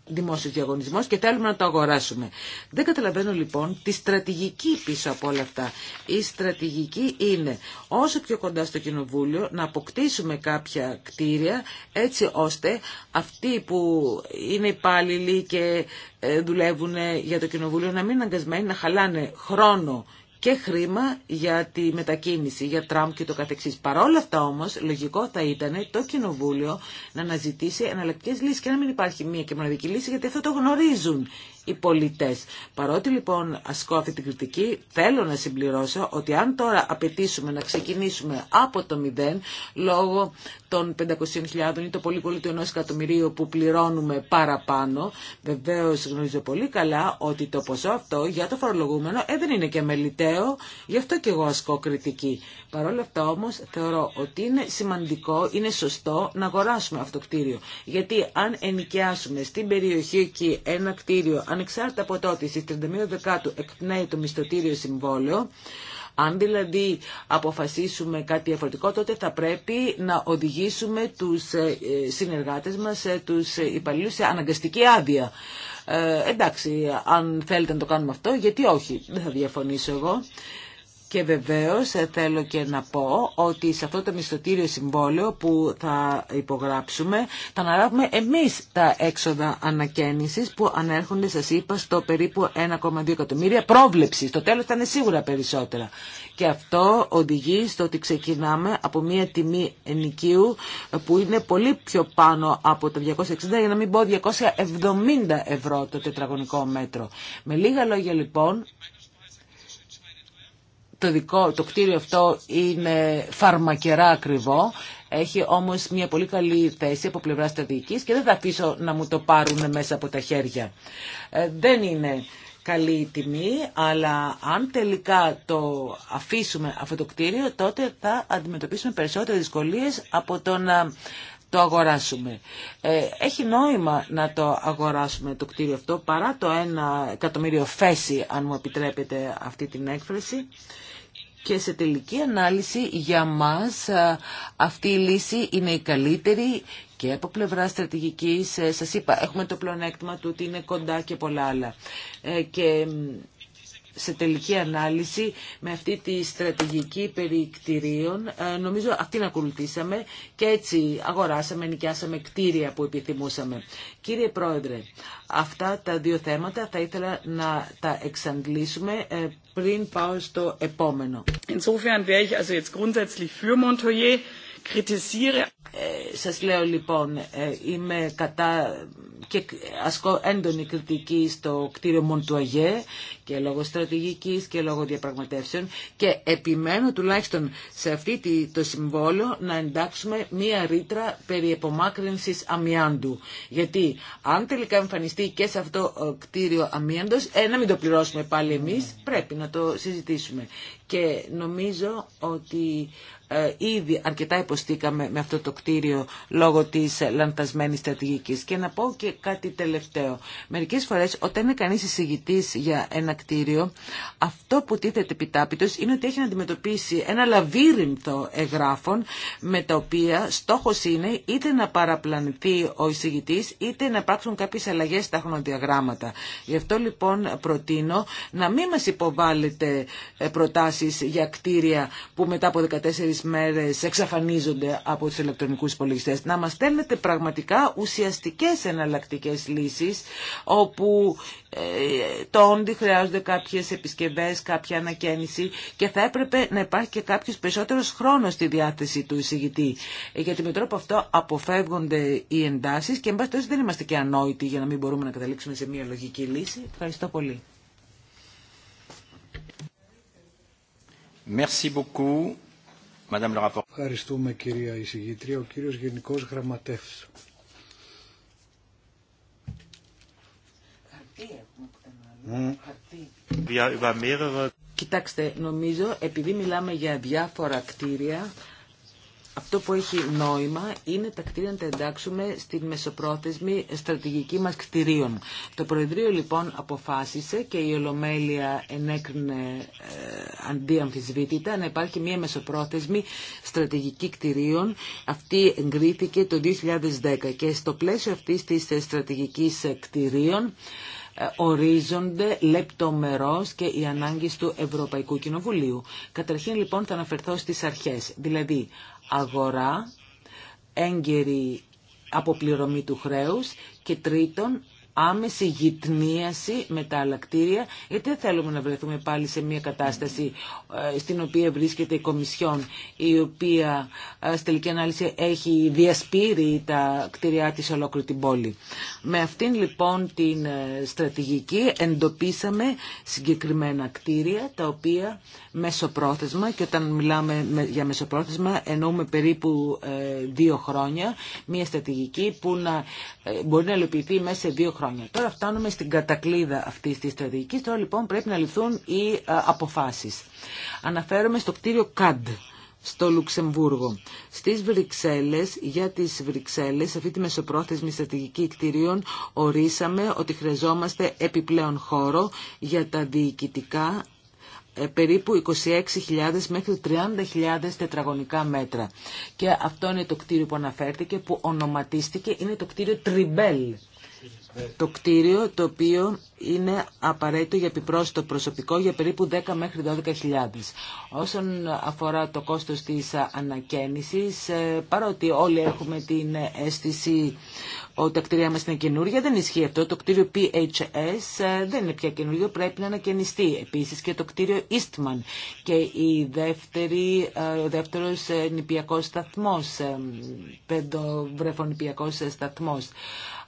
Δημόσιο διαγωνισμός και θέλουμε να το αγοράσουμε. Δεν καταλαβαίνω λοιπόν τη στρατηγική πίσω από όλα αυτά. Η στρατηγική είναι όσο πιο κοντά στο Κοινοβούλιο να αποκτήσουμε κάποια κτίρια έτσι ώστε αυτοί που είναι υπάλληλοι και ε, δουλεύουν για το Κοινοβούλιο να μην αγκασμένοι να χαλάνε χρόνο και χρήμα για τη μετακίνηση, για Τραμπ και το καθεξής. Παρόλα αυτά όμως, λογικό θα ήταν το Κοινοβούλιο να αναζητήσει εναλλακτικές λύσεις και να μην υπάρχει μία και μοναδική λύση, γιατί αυτό το γνωρίζουν οι πολιτές. Παρότι λοιπόν ασκώ αυτή την κριτική, θέλω να συμπληρώσω ότι αν τώρα απαιτήσουμε να ξεκινήσουμε από το μηδέν, λόγω των 500.000 ή το πολύ πολύ του ενός εκατομμυρίου που πληρώνουμε παραπάνω, βεβαίως γνωρίζω πολύ καλά ότι το ποσό αυτό για το φορολογούμενο ε, δεν είναι και μελιτέο, γι' αυτό και εγώ ασκώ κριτική. Παρ' όλα αυτά όμως θεωρώ ότι είναι σημαντικό, είναι σωστό να αγοράσουμε αυτό το κτίριο. Γιατί αν ενοικιάσουμε στην περιοχή εκεί ένα κτίριο ανεξάρτητα από το ότι στις 31 Δεκάτου εκπνέει το μισθωτήριο συμβόλαιο, αν δηλαδή αποφασίσουμε κάτι διαφορετικό, τότε θα πρέπει να οδηγήσουμε τους ε, συνεργάτες μας, ε, τους υπαλλήλους, σε αναγκαστική άδεια. Ε, εντάξει, αν θέλετε να το κάνουμε αυτό, γιατί όχι, δεν θα διαφωνήσω εγώ. Και βεβαίως ε, θέλω και να πω ότι σε αυτό το μισθωτήριο συμβόλαιο που θα υπογράψουμε θα αναλάβουμε εμείς τα έξοδα ανακαίνησης που ανέρχονται, σας είπα, στο περίπου 1,2 εκατομμύρια πρόβλεψη. Στο τέλος θα είναι σίγουρα περισσότερα. Και αυτό οδηγεί στο ότι ξεκινάμε από μια τιμή ενικιού ε, που είναι πολύ πιο πάνω από τα 260 για να μην πω 270 ευρώ το τετραγωνικό μέτρο. Με λίγα λόγια λοιπόν το, δικό, το κτίριο αυτό είναι φαρμακερά ακριβό, έχει όμως μια πολύ καλή θέση από πλευρά στρατηγικής και δεν θα αφήσω να μου το πάρουν μέσα από τα χέρια. Ε, δεν είναι καλή τιμή, αλλά αν τελικά το αφήσουμε αυτό το κτίριο, τότε θα αντιμετωπίσουμε περισσότερες δυσκολίες από το να το αγοράσουμε. Ε, έχει νόημα να το αγοράσουμε το κτίριο αυτό παρά το ένα εκατομμύριο φέση, αν μου επιτρέπετε αυτή την έκφραση και σε τελική ανάλυση για μας αυτή η λύση είναι η καλύτερη και από πλευρά στρατηγικής, ε, σας είπα, έχουμε το πλονέκτημα του ότι είναι κοντά και πολλά άλλα. Ε, και σε τελική ανάλυση με αυτή τη στρατηγική περί κτηρίων. Ε, νομίζω αυτήν ακολουθήσαμε και έτσι αγοράσαμε, νοικιάσαμε κτίρια που επιθυμούσαμε. Κύριε Πρόεδρε, αυτά τα δύο θέματα θα ήθελα να τα εξαντλήσουμε ε, πριν πάω στο επόμενο. Insofern wäre ich also jetzt grundsätzlich für Montoyer. Ε, σας λέω λοιπόν, είμαι κατά και ασκώ έντονη κριτική στο κτίριο Μοντουαγέ και λόγω στρατηγικής και λόγω διαπραγματεύσεων και επιμένω τουλάχιστον σε αυτή το συμβόλαιο να εντάξουμε μία ρήτρα περί επομάκρυνσης αμοιάντου. Γιατί αν τελικά εμφανιστεί και σε αυτό το ε, κτίριο αμιάντος, ε, να μην το πληρώσουμε πάλι εμείς, πρέπει να το συζητήσουμε. Και νομίζω ότι ε, ήδη αρκετά υποστήκαμε με αυτό το κτίριο λόγω της λανθασμένης στρατηγικής. Και να πω και κάτι τελευταίο. Μερικές φορές όταν είναι κανείς για ένα αυτό που τίθεται επιτάπητο είναι ότι έχει να αντιμετωπίσει ένα λαβύρινθο εγγράφων με τα οποία στόχο είναι είτε να παραπλανηθεί ο εισηγητής είτε να υπάρξουν κάποιε αλλαγέ στα χρονοδιαγράμματα. Γι' αυτό λοιπόν προτείνω να μην μα υποβάλλετε ε, προτάσει για κτίρια που μετά από 14 μέρε εξαφανίζονται από του ηλεκτρονικού υπολογιστές. Να μας στέλνετε πραγματικά ουσιαστικές εναλλακτικέ λύσεις όπου ε, το όντι χρειάζεται χρειάζονται κάποιες επισκευές, κάποια ανακαίνιση και θα έπρεπε να υπάρχει και κάποιος περισσότερος χρόνος στη διάθεση του εισηγητή. Ε, γιατί με τρόπο αυτό αποφεύγονται οι εντάσεις και εν πάση δεν είμαστε και ανόητοι για να μην μπορούμε να καταλήξουμε σε μια λογική λύση. Ευχαριστώ πολύ. Merci beaucoup, Madame le Ευχαριστούμε κυρία εισηγήτρια. Ο κύριος Γενικός Γραμματεύς. Κοιτάξτε, νομίζω επειδή μιλάμε για διάφορα κτίρια, αυτό που έχει νόημα είναι τα κτίρια να τα εντάξουμε στην μεσοπρόθεσμη στρατηγική μας κτηρίων. Το Προεδρείο λοιπόν αποφάσισε και η Ολομέλεια ενέκρινε ε, αντί αμφισβήτητα να υπάρχει μια μεσοπρόθεσμη στρατηγική κτηρίων. Αυτή εγκρίθηκε το 2010 και στο πλαίσιο αυτής της στρατηγικής κτηρίων ε, ορίζονται λεπτομερώς και οι ανάγκες του Ευρωπαϊκού Κοινοβουλίου. Καταρχήν λοιπόν θα αναφερθώ στις αρχές, δηλαδή αγορά, έγκαιρη αποπληρωμή του χρέους και τρίτον άμεση γυτνίαση με τα αλλακτήρια, γιατί δεν θέλουμε να βρεθούμε πάλι σε μια κατάσταση ε, στην οποία βρίσκεται η Κομισιόν, η οποία ε, στη τελική ανάλυση έχει διασπείρει τα κτίρια της ολόκληρη την πόλη. Με αυτήν λοιπόν την ε, στρατηγική εντοπίσαμε συγκεκριμένα κτίρια, τα οποία μεσοπρόθεσμα, και όταν μιλάμε για μεσοπρόθεσμα εννοούμε περίπου δύο χρόνια, μια στρατηγική που να, μπορεί να υλοποιηθεί μέσα σε δύο χρόνια χρόνια. Τώρα φτάνουμε στην κατακλίδα αυτή τη στρατηγική. Τώρα λοιπόν πρέπει να ληφθούν οι ε, αποφάσει. Αναφέρομαι στο κτίριο ΚΑΝΤ στο Λουξεμβούργο. Στι Βρυξέλλε, για τι Βρυξέλλες, αυτή τη μεσοπρόθεσμη στρατηγική κτίριων ορίσαμε ότι χρειαζόμαστε επιπλέον χώρο για τα διοικητικά ε, περίπου 26.000 μέχρι 30.000 τετραγωνικά μέτρα. Και αυτό είναι το κτίριο που αναφέρθηκε, που ονοματίστηκε, είναι το κτίριο Τριμπέλ το κτίριο το οποίο είναι απαραίτητο για επιπρόσθετο προσωπικό για περίπου 10 μέχρι 12.000. Όσον αφορά το κόστος της ανακαίνησης, ε, παρότι όλοι έχουμε την αίσθηση ότι τα κτίρια μας είναι καινούργια, δεν ισχύει αυτό. Το κτίριο PHS ε, δεν είναι πια καινούργιο, πρέπει να ανακαινιστεί. Επίσης και το κτίριο Eastman και η ε, ο δεύτερος νηπιακός σταθμός, πεντοβρεφονηπιακός σταθμός.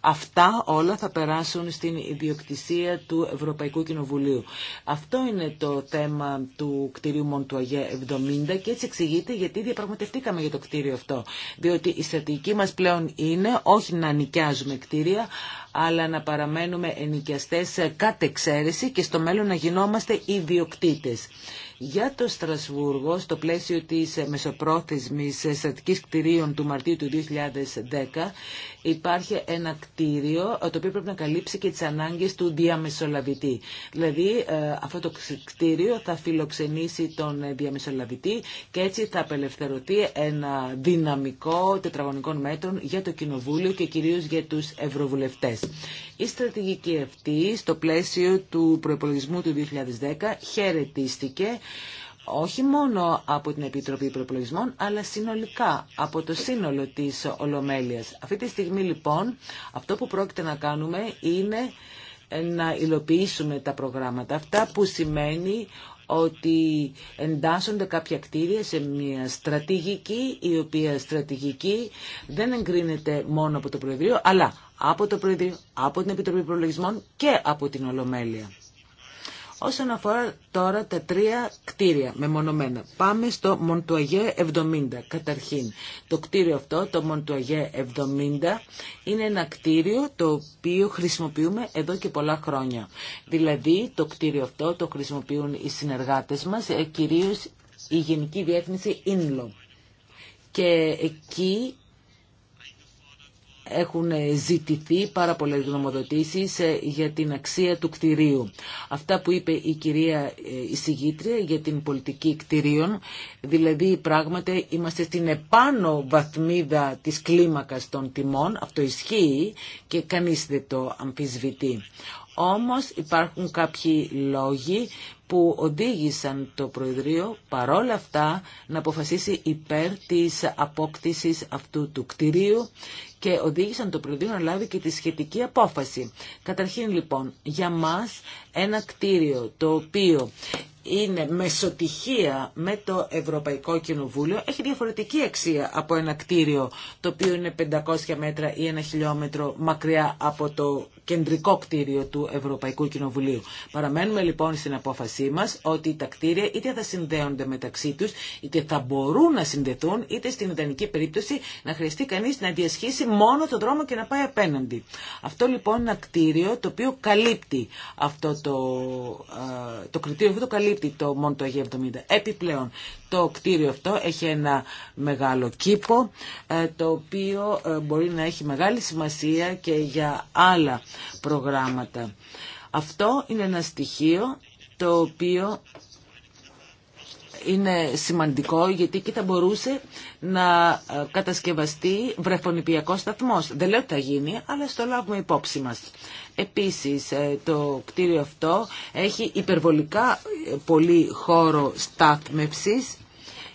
Αυτά όλα θα περάσουν στην ιδιοκτησία του Ευρωπαϊκού Κοινοβουλίου. Αυτό είναι το θέμα του κτηρίου Μοντουαγέ 70 και έτσι εξηγείται γιατί διαπραγματευτήκαμε για το κτίριο αυτό. Διότι η στρατηγική μας πλέον είναι όχι να νοικιάζουμε κτίρια, αλλά να παραμένουμε ενοικιαστές κατ' εξαίρεση και στο μέλλον να γινόμαστε ιδιοκτήτες. Για το Στρασβούργο, στο πλαίσιο της μεσοπρόθεσμης στρατικής κτηρίων του Μαρτίου του 2010, υπάρχει ένα κτίριο ε, το οποίο πρέπει να καλύψει και τις ανάγκες του διαμεσολαβητή. Δηλαδή ε, αυτό το κτίριο θα φιλοξενήσει τον ε, διαμεσολαβητή και έτσι θα απελευθερωθεί ένα δυναμικό τετραγωνικών μέτρων για το Κοινοβούλιο και κυρίως για τους Ευρωβουλευτές. Η στρατηγική αυτή στο πλαίσιο του προπολογισμού του 2010 χαιρετίστηκε όχι μόνο από την Επιτροπή Προπολογισμών, αλλά συνολικά από το σύνολο της Ολομέλειας. Αυτή τη στιγμή λοιπόν αυτό που πρόκειται να κάνουμε είναι να υλοποιήσουμε τα προγράμματα αυτά που σημαίνει ότι εντάσσονται κάποια κτίρια σε μια στρατηγική η οποία στρατηγική δεν εγκρίνεται μόνο από το Προεδρείο αλλά από το από την Επιτροπή Προλογισμών και από την Ολομέλεια. Όσον αφορά τώρα τα τρία κτίρια μεμονωμένα. Πάμε στο Μοντουαγέ 70 καταρχήν. Το κτίριο αυτό, το Μοντουαγέ 70, είναι ένα κτίριο το οποίο χρησιμοποιούμε εδώ και πολλά χρόνια. Δηλαδή το κτίριο αυτό το χρησιμοποιούν οι συνεργάτες μας, ε, κυρίως η Γενική Διεύθυνση Ίνλο. Και εκεί έχουν ζητηθεί πάρα πολλές γνωμοδοτήσεις ε, για την αξία του κτηρίου. Αυτά που είπε η κυρία εισηγήτρια για την πολιτική κτηρίων, δηλαδή πράγματι είμαστε στην επάνω βαθμίδα της κλίμακας των τιμών, αυτό ισχύει και κανείς δεν το αμφισβητεί. Όμως υπάρχουν κάποιοι λόγοι που οδήγησαν το Προεδρείο παρόλα αυτά να αποφασίσει υπέρ της απόκτησης αυτού του κτηρίου και οδήγησαν το Προεδρείο να λάβει και τη σχετική απόφαση. Καταρχήν λοιπόν, για μας ένα κτίριο το οποίο είναι μεσοτυχία με το Ευρωπαϊκό Κοινοβούλιο έχει διαφορετική αξία από ένα κτίριο το οποίο είναι 500 μέτρα ή ένα χιλιόμετρο μακριά από το κεντρικό κτίριο του Ευρωπαϊκού Κοινοβουλίου. Παραμένουμε λοιπόν στην απόφασή μας ότι τα κτίρια είτε θα συνδέονται μεταξύ τους, είτε θα μπορούν να συνδεθούν, είτε στην ιδανική περίπτωση να χρειαστεί κανείς να διασχίσει μόνο τον δρόμο και να πάει απέναντι. Αυτό λοιπόν είναι ένα κτίριο το οποίο καλύπτει αυτό το, το κριτήριο, αυτό το το Επιπλέον, το κτίριο αυτό έχει ένα μεγάλο κήπο, ε, το οποίο ε, μπορεί να έχει μεγάλη σημασία και για άλλα προγράμματα. Αυτό είναι ένα στοιχείο το οποίο είναι σημαντικό γιατί εκεί θα μπορούσε να ε, κατασκευαστεί βρεφονιπιακό σταθμός. Δεν λέω ότι θα γίνει, αλλά στο λάβουμε υπόψη μας. Επίσης, ε, το κτίριο αυτό έχει υπερβολικά ε, πολύ χώρο στάθμευσης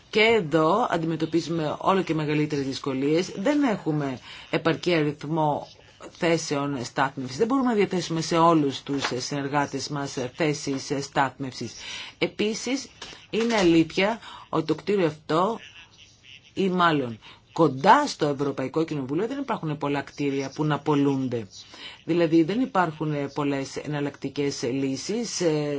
και εδώ αντιμετωπίζουμε όλο και μεγαλύτερες δυσκολίες. Δεν έχουμε επαρκή αριθμό θέσεων στάθμευσης. Δεν μπορούμε να διαθέσουμε σε όλους τους συνεργάτες μας θέσεις στάθμευσης. Επίσης, είναι αλήθεια ότι το κτίριο αυτό ή μάλλον κοντά στο Ευρωπαϊκό Κοινοβούλιο δεν υπάρχουν πολλά κτίρια που να πολλούνται. Δηλαδή δεν υπάρχουν πολλές εναλλακτικέ λύσεις ε,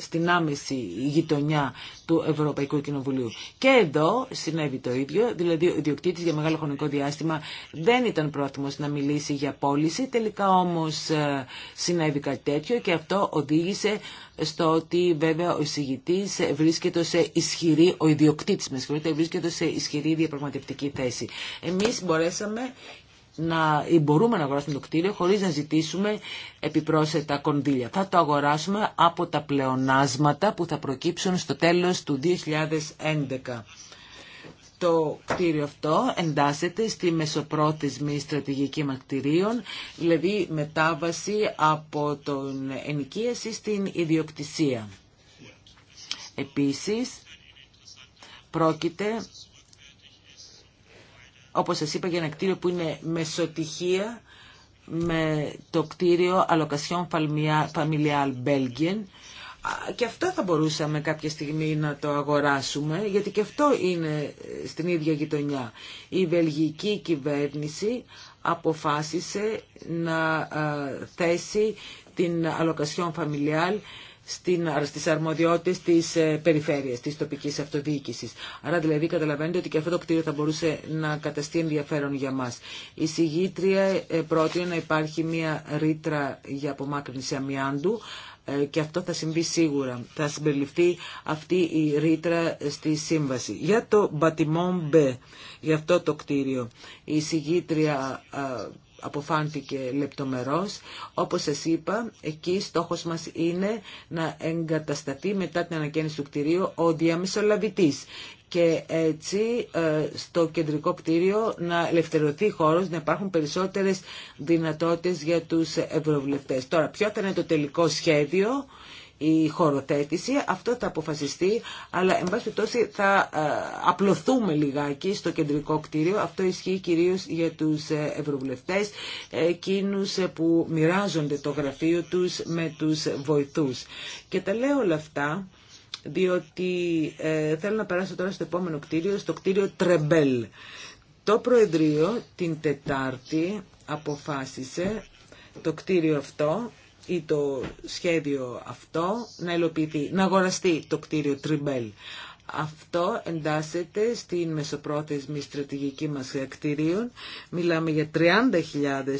στην άμεση γειτονιά του Ευρωπαϊκού Κοινοβουλίου. Και εδώ συνέβη το ίδιο, δηλαδή ο ιδιοκτήτη για μεγάλο χρονικό διάστημα δεν ήταν πρόθυμο να μιλήσει για πώληση, τελικά όμω ε, συνέβη κάτι τέτοιο και αυτό οδήγησε στο ότι βέβαια ο εισηγητή βρίσκεται σε ισχυρή, ο ιδιοκτήτη με βρίσκεται σε ισχυρή διαπραγματευτική θέση. Εμεί μπορέσαμε να, ή μπορούμε να αγοράσουμε το κτίριο χωρίς να ζητήσουμε επιπρόσθετα κονδύλια. Θα το αγοράσουμε από τα πλεονάσματα που θα προκύψουν στο τέλος του 2011. Το κτίριο αυτό εντάσσεται στη μεσοπρόθεσμη στρατηγική μακτηρίων δηλαδή μετάβαση από τον ενοικίαση στην ιδιοκτησία. Επίσης, πρόκειται όπως σας είπα, για ένα κτίριο που είναι μεσοτυχία με το κτίριο Αλοκασιών Φαμιλιάλ Belgian και αυτό θα μπορούσαμε κάποια στιγμή να το αγοράσουμε γιατί και αυτό είναι ε, στην ίδια γειτονιά. Η βελγική κυβέρνηση αποφάσισε να ε, θέσει την Αλοκασιών Familial Στι αρμοδιότητε τη ε, περιφέρεια, τη τοπική αυτοδιοίκηση. Άρα δηλαδή καταλαβαίνετε ότι και αυτό το κτίριο θα μπορούσε να καταστεί ενδιαφέρον για μας. Η συγγήτρια ε, πρότεινε να υπάρχει μια ρήτρα για απομάκρυνση αμοιάντου ε, και αυτό θα συμβεί σίγουρα. Θα συμπεριληφθεί αυτή η ρήτρα στη σύμβαση. Για το Μπατιμόν Μπε, για αυτό το κτίριο, η συγγήτρια αποφάνθηκε λεπτομερώς. Όπως σας είπα, εκεί στόχος μας είναι να εγκατασταθεί μετά την ανακαίνιση του κτηρίου ο διαμεσολαβητής και έτσι ε, στο κεντρικό κτίριο να ελευθερωθεί χώρος, να υπάρχουν περισσότερες δυνατότητες για τους ευρωβουλευτές. Τώρα, ποιο θα είναι το τελικό σχέδιο η χωροτέτηση. Αυτό θα αποφασιστεί, αλλά εν πάση τόσο θα ε, απλωθούμε λιγάκι στο κεντρικό κτίριο. Αυτό ισχύει κυρίως για τους ε, ευρωβουλευτές, εκείνους ε, που μοιράζονται το γραφείο τους με τους βοηθούς. Και τα λέω όλα αυτά διότι θέλω να περάσω τώρα στο επόμενο κτίριο, στο κτίριο Τρεμπέλ. Το Προεδρείο την Τετάρτη αποφάσισε το κτίριο αυτό ή το σχέδιο αυτό να υλοποιηθεί, να αγοραστεί το κτίριο Τριμπέλ. Αυτό εντάσσεται στην μεσοπρόθεσμη στρατηγική μας κτιρίων. Μιλάμε για 30.000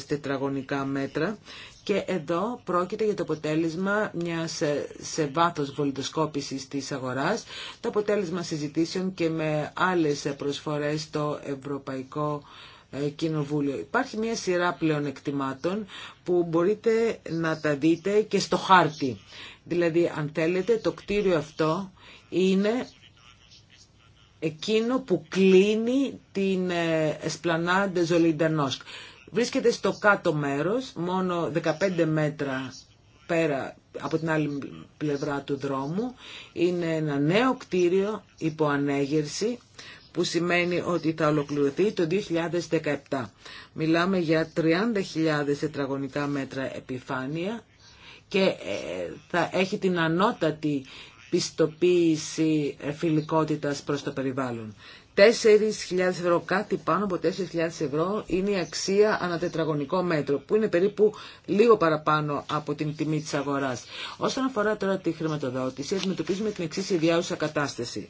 τετραγωνικά μέτρα και εδώ πρόκειται για το αποτέλεσμα μιας ε, σε βάθος βολιτοσκόπηση της αγοράς, το αποτέλεσμα συζητήσεων και με άλλες προσφορές στο Ευρωπαϊκό ε, κοινοβούλιο. Υπάρχει μια σειρά πλέον εκτιμάτων που μπορείτε να τα δείτε και στο χάρτη. Δηλαδή, αν θέλετε, το κτίριο αυτό είναι εκείνο που κλείνει την ε, Esplanade Ζολιντανόσκ. Βρίσκεται στο κάτω μέρος, μόνο 15 μέτρα πέρα από την άλλη πλευρά του δρόμου. Είναι ένα νέο κτίριο υπό ανέγερση που σημαίνει ότι θα ολοκληρωθεί το 2017. Μιλάμε για 30.000 τετραγωνικά μέτρα επιφάνεια και ε, θα έχει την ανώτατη πιστοποίηση ε, φιλικότητας προς το περιβάλλον. 4.000 ευρώ, κάτι πάνω από 4.000 ευρώ είναι η αξία ανά τετραγωνικό μέτρο, που είναι περίπου λίγο παραπάνω από την τιμή της αγοράς. Όσον αφορά τώρα τη χρηματοδότηση, αντιμετωπίζουμε την εξής ιδιάουσα κατάσταση.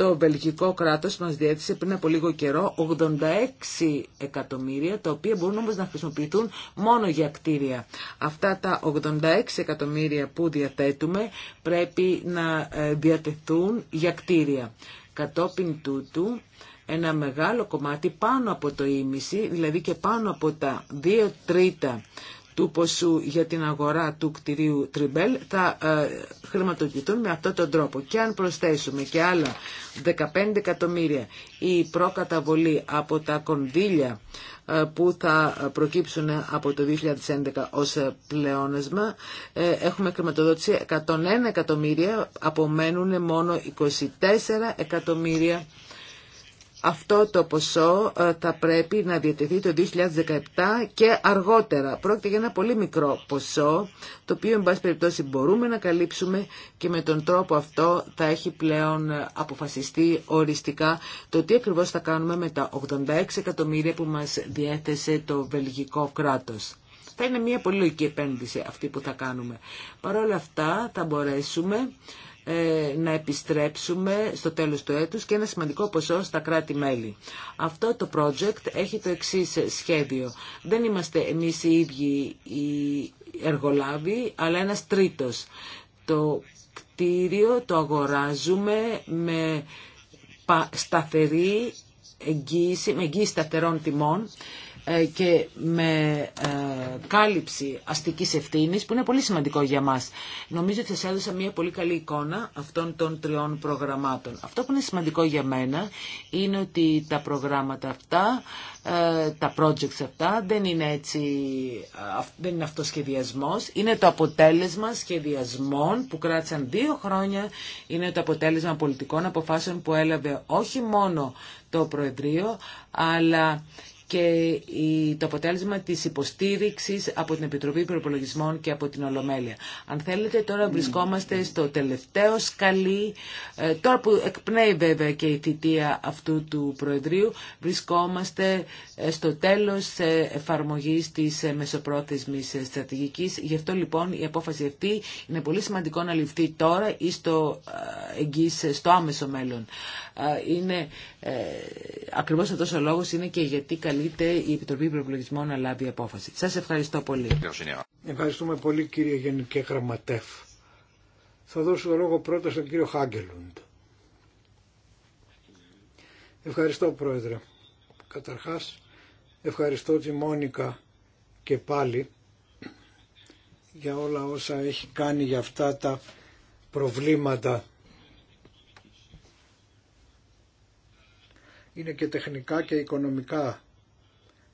Το βελγικό κράτος μας διέθεσε πριν από λίγο καιρό 86 εκατομμύρια, τα οποία μπορούν όμως να χρησιμοποιηθούν μόνο για κτίρια. Αυτά τα 86 εκατομμύρια που διαθέτουμε πρέπει να ε, διατεθούν για κτίρια. Κατόπιν τούτου, ένα μεγάλο κομμάτι πάνω από το ίμιση, δηλαδή και πάνω από τα 2 τρίτα του ποσού για την αγορά του κτηρίου Τριμπέλ θα ε, χρηματοδοτηθούν με αυτόν τον τρόπο. Και αν προσθέσουμε και άλλα 15 εκατομμύρια η προκαταβολή από τα κονδύλια ε, που θα προκύψουν από το 2011 ως πλεόνασμα. Ε, έχουμε χρηματοδότηση 101 εκατομμύρια, απομένουν μόνο 24 εκατομμύρια αυτό το ποσό ε, θα πρέπει να διατεθεί το 2017 και αργότερα. Πρόκειται για ένα πολύ μικρό ποσό, το οποίο εν πάση περιπτώσει μπορούμε να καλύψουμε και με τον τρόπο αυτό θα έχει πλέον ε, αποφασιστεί οριστικά το τι ακριβώς θα κάνουμε με τα 86 εκατομμύρια που μας διέθεσε το βελγικό κράτος. Θα είναι μια πολύ λογική επένδυση αυτή που θα κάνουμε. Παρ' όλα αυτά θα μπορέσουμε ε, να επιστρέψουμε στο τέλος του έτους και ένα σημαντικό ποσό στα κράτη-μέλη. Αυτό το project έχει το εξής σχέδιο. Δεν είμαστε εμείς οι ίδιοι οι εργολάβοι, αλλά ένας τρίτος. Το κτίριο το αγοράζουμε με σταθερή εγγύηση, με εγγύηση σταθερών τιμών ε, και με ε, κάλυψη αστικής ευθύνης που είναι πολύ σημαντικό για μας. Νομίζω ότι σας έδωσα μια πολύ καλή εικόνα αυτών των τριών προγραμμάτων. Αυτό που είναι σημαντικό για μένα είναι ότι τα προγράμματα αυτά, ε, τα projects αυτά δεν είναι, έτσι, δεν είναι αυτοσχεδιασμός, είναι το αποτέλεσμα σχεδιασμών που κράτησαν δύο χρόνια, είναι το αποτέλεσμα πολιτικών αποφάσεων που έλαβε όχι μόνο το Προεδρείο, αλλά και το αποτέλεσμα της υποστήριξης από την Επιτροπή Προπολογισμών και από την Ολομέλεια. Αν θέλετε τώρα ναι. βρισκόμαστε στο τελευταίο σκαλί, ε, τώρα που εκπνέει βέβαια και η θητεία αυτού του Προεδρείου, βρισκόμαστε ε, στο τέλος ε, εφαρμογής της μεσοπρόθεσμης στρατηγικής. Γι' αυτό λοιπόν η απόφαση αυτή είναι πολύ σημαντικό να ληφθεί τώρα ή στο, στο άμεσο μέλλον. Είναι, ακριβώς αυτός ο λόγος είναι και γιατί καλή καλείται η Επιτροπή Προπολογισμών να λάβει απόφαση. Σας ευχαριστώ πολύ. Ευχαριστούμε πολύ κύριε Γενική Γραμματεύ. Θα δώσω το λόγο πρώτα στον κύριο Χάγκελουντ. Ευχαριστώ πρόεδρε. Καταρχάς ευχαριστώ τη Μόνικα και πάλι για όλα όσα έχει κάνει για αυτά τα προβλήματα. Είναι και τεχνικά και οικονομικά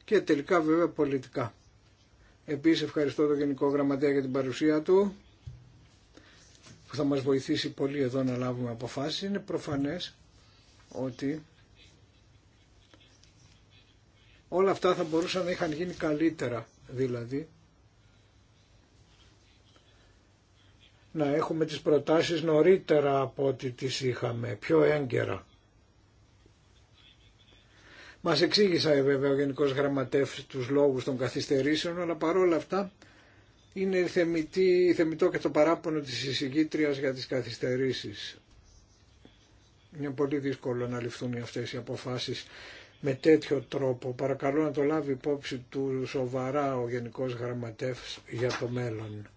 και τελικά βέβαια πολιτικά. Επίσης ευχαριστώ τον Γενικό Γραμματέα για την παρουσία του που θα μας βοηθήσει πολύ εδώ να λάβουμε αποφάσεις. Είναι προφανές ότι όλα αυτά θα μπορούσαν να είχαν γίνει καλύτερα δηλαδή να έχουμε τις προτάσεις νωρίτερα από ό,τι τις είχαμε, πιο έγκαιρα. Μα εξήγησα ε, βέβαια ο γενικό Γραμματεύς του λόγου των καθυστερήσεων, αλλά παρόλα αυτά είναι θεμητή, θεμητό και το παράπονο της εισηγήτριας για τι καθυστερήσει. Είναι πολύ δύσκολο να ληφθούν αυτέ οι αποφάσεις με τέτοιο τρόπο. Παρακαλώ να το λάβει υπόψη του σοβαρά ο Γενικός Γραμματεύς για το μέλλον.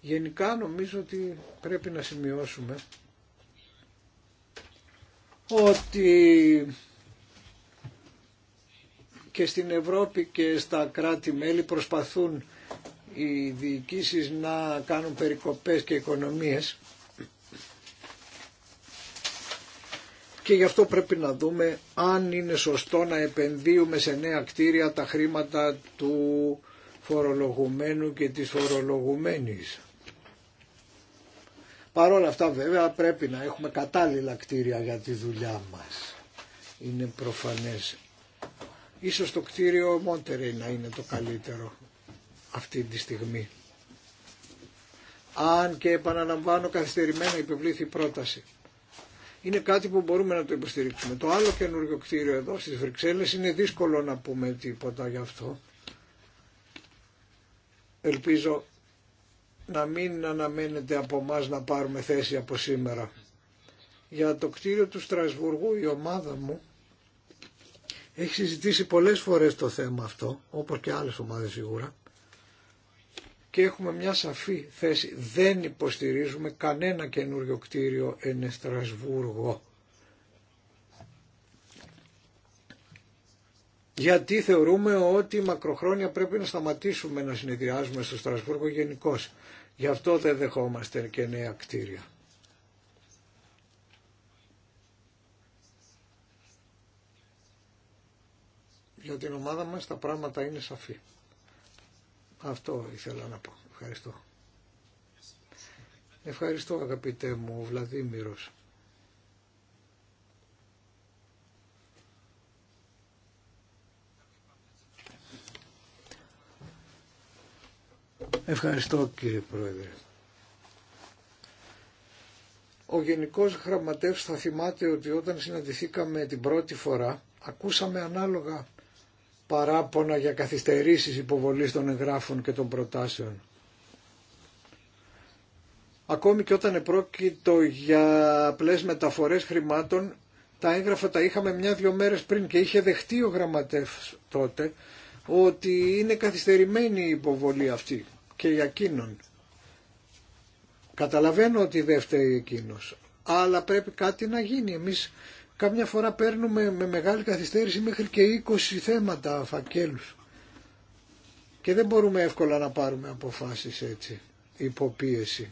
Γενικά νομίζω ότι πρέπει να σημειώσουμε ότι και στην Ευρώπη και στα κράτη-μέλη προσπαθούν οι διοικήσει να κάνουν περικοπές και οικονομίες και γι' αυτό πρέπει να δούμε αν είναι σωστό να επενδύουμε σε νέα κτίρια τα χρήματα του φορολογουμένου και της φορολογουμένης. Παρ' όλα αυτά βέβαια πρέπει να έχουμε κατάλληλα κτίρια για τη δουλειά μας. Είναι προφανές. Ίσως το κτίριο Μόντερεϊ να είναι το καλύτερο αυτή τη στιγμή. Αν και επαναλαμβάνω καθυστερημένα υπευλήθη η πρόταση. Είναι κάτι που μπορούμε να το υποστηρίξουμε. Το άλλο καινούργιο κτίριο εδώ στις Βρυξέλλες είναι δύσκολο να πούμε τίποτα γι' αυτό. Ελπίζω να μην αναμένετε από εμά να πάρουμε θέση από σήμερα. Για το κτίριο του Στρασβουργού η ομάδα μου έχει συζητήσει πολλές φορές το θέμα αυτό, όπως και άλλες ομάδες σίγουρα, και έχουμε μια σαφή θέση. Δεν υποστηρίζουμε κανένα καινούριο κτίριο εν Εστρασβούργο. Γιατί θεωρούμε ότι μακροχρόνια πρέπει να σταματήσουμε να συνεδριάζουμε στο Στρασβούργο γενικώ. Γι' αυτό δεν δεχόμαστε και νέα κτίρια. για την ομάδα μας τα πράγματα είναι σαφή. Αυτό ήθελα να πω. Ευχαριστώ. Ευχαριστώ αγαπητέ μου ο Βλαδίμηρος. Ευχαριστώ κύριε Πρόεδρε. Ο Γενικός Γραμματεύς θα θυμάται ότι όταν συναντηθήκαμε την πρώτη φορά ακούσαμε ανάλογα παράπονα για καθυστερήσεις υποβολής των εγγράφων και των προτάσεων. Ακόμη και όταν επρόκειτο για απλές μεταφορές χρημάτων, τα έγγραφα τα είχαμε μια-δυο μέρες πριν και είχε δεχτεί ο γραμματεύς τότε ότι είναι καθυστερημένη η υποβολή αυτή και για εκείνον. Καταλαβαίνω ότι δεν φταίει εκείνος, αλλά πρέπει κάτι να γίνει. Εμείς Καμιά φορά παίρνουμε με μεγάλη καθυστέρηση μέχρι και 20 θέματα φακέλους και δεν μπορούμε εύκολα να πάρουμε αποφάσεις έτσι, υποπίεση.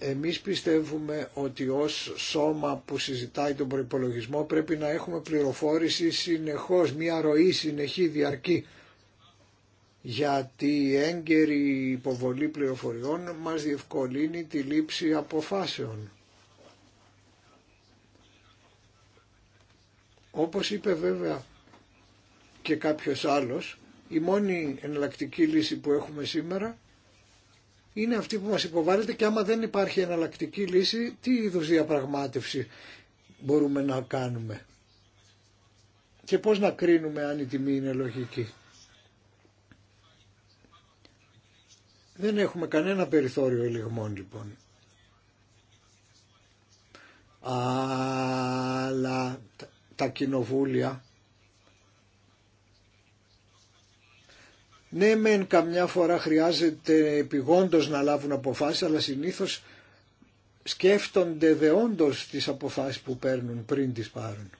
Εμείς πιστεύουμε ότι ως σώμα που συζητάει τον προϋπολογισμό πρέπει να έχουμε πληροφόρηση συνεχώς, μια ροή συνεχή διαρκή. Γιατί η έγκαιρη υποβολή πληροφοριών μας διευκολύνει τη λήψη αποφάσεων. Όπως είπε βέβαια και κάποιος άλλος, η μόνη εναλλακτική λύση που έχουμε σήμερα είναι αυτή που μας υποβάλλεται και άμα δεν υπάρχει εναλλακτική λύση, τι είδους διαπραγμάτευση μπορούμε να κάνουμε. Και πώς να κρίνουμε αν η τιμή είναι λογική. Δεν έχουμε κανένα περιθώριο ελιγμών λοιπόν. Αλλά τα κοινοβούλια. Ναι μεν καμιά φορά χρειάζεται επιγόντως να λάβουν αποφάσεις αλλά συνήθως σκέφτονται δεόντως τις αποφάσεις που παίρνουν πριν τις πάρουν.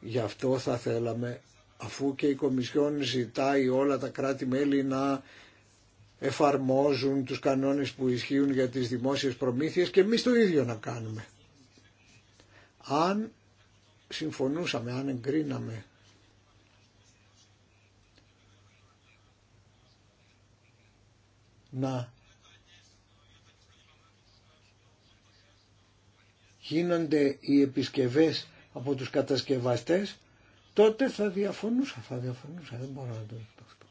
Γι' αυτό θα θέλαμε αφού και η Κομισιόν ζητάει όλα τα κράτη-μέλη να εφαρμόζουν τους κανόνες που ισχύουν για τις δημόσιες προμήθειες και εμείς το ίδιο να κάνουμε. Αν συμφωνούσαμε αν εγκρίναμε να γίνονται οι επισκευές από τους κατασκευαστές, τότε θα διαφωνούσα, θα διαφωνούσα, δεν μπορώ να το δω αυτό.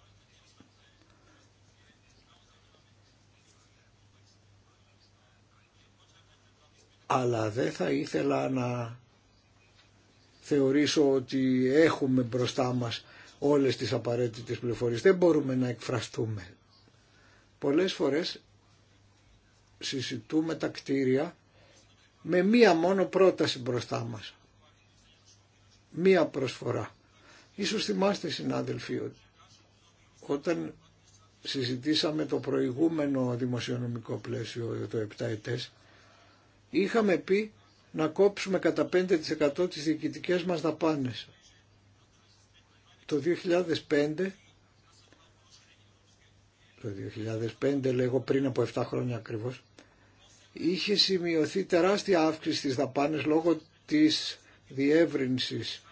Αλλά δεν θα ήθελα να θεωρήσω ότι έχουμε μπροστά μας όλες τις απαραίτητες πληροφορίες. Δεν μπορούμε να εκφραστούμε. Πολλές φορές συζητούμε τα κτίρια με μία μόνο πρόταση μπροστά μας. Μία προσφορά. Ίσως θυμάστε συνάδελφοι όταν συζητήσαμε το προηγούμενο δημοσιονομικό πλαίσιο το 7 ετές είχαμε πει να κόψουμε κατά 5% τις διοικητικές μας δαπάνες. Το 2005, το 2005 λέγω πριν από 7 χρόνια ακριβώς, είχε σημειωθεί τεράστια αύξηση στις δαπάνες λόγω της διεύρυνσης.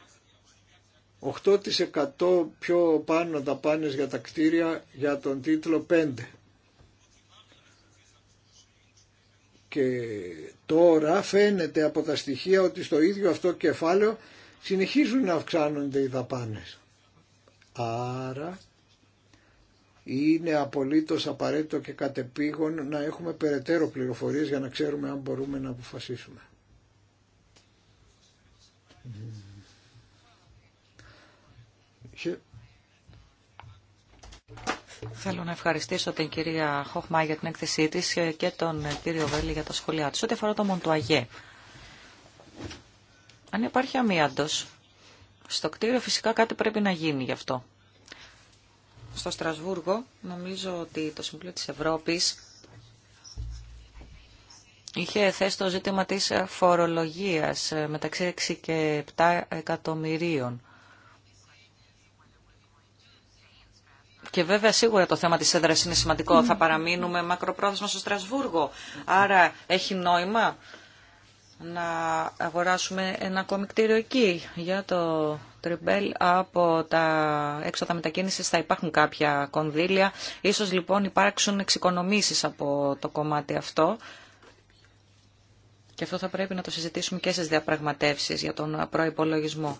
8% πιο πάνω δαπάνες για τα κτίρια για τον τίτλο 5. Και τώρα φαίνεται από τα στοιχεία ότι στο ίδιο αυτό κεφάλαιο συνεχίζουν να αυξάνονται οι δαπάνες. Άρα είναι απολύτως απαραίτητο και κατεπήγον να έχουμε περαιτέρω πληροφορίες για να ξέρουμε αν μπορούμε να αποφασίσουμε. Θέλω να ευχαριστήσω την κυρία Χοχμά για την έκθεσή της και τον κύριο Βέλη για τα σχολιά της. Ό,τι αφορά το Μοντουαγέ. Αν υπάρχει αμύαντος, στο κτίριο φυσικά κάτι πρέπει να γίνει γι' αυτό. Στο Στρασβούργο νομίζω ότι το Συμβουλίο της Ευρώπης είχε θέσει το ζήτημα της φορολογίας μεταξύ 6 και 7 εκατομμυρίων Και βέβαια σίγουρα το θέμα της έδρας είναι σημαντικό. Θα παραμείνουμε μακροπρόθεσμα στο Στρασβούργο. Άρα έχει νόημα να αγοράσουμε ένα ακόμη κτίριο εκεί για το τριμπέλ από τα έξοδα μετακίνησης θα υπάρχουν κάποια κονδύλια. Ίσως λοιπόν υπάρξουν εξοικονομήσεις από το κομμάτι αυτό. Και αυτό θα πρέπει να το συζητήσουμε και στις διαπραγματεύσεις για τον προϋπολογισμό.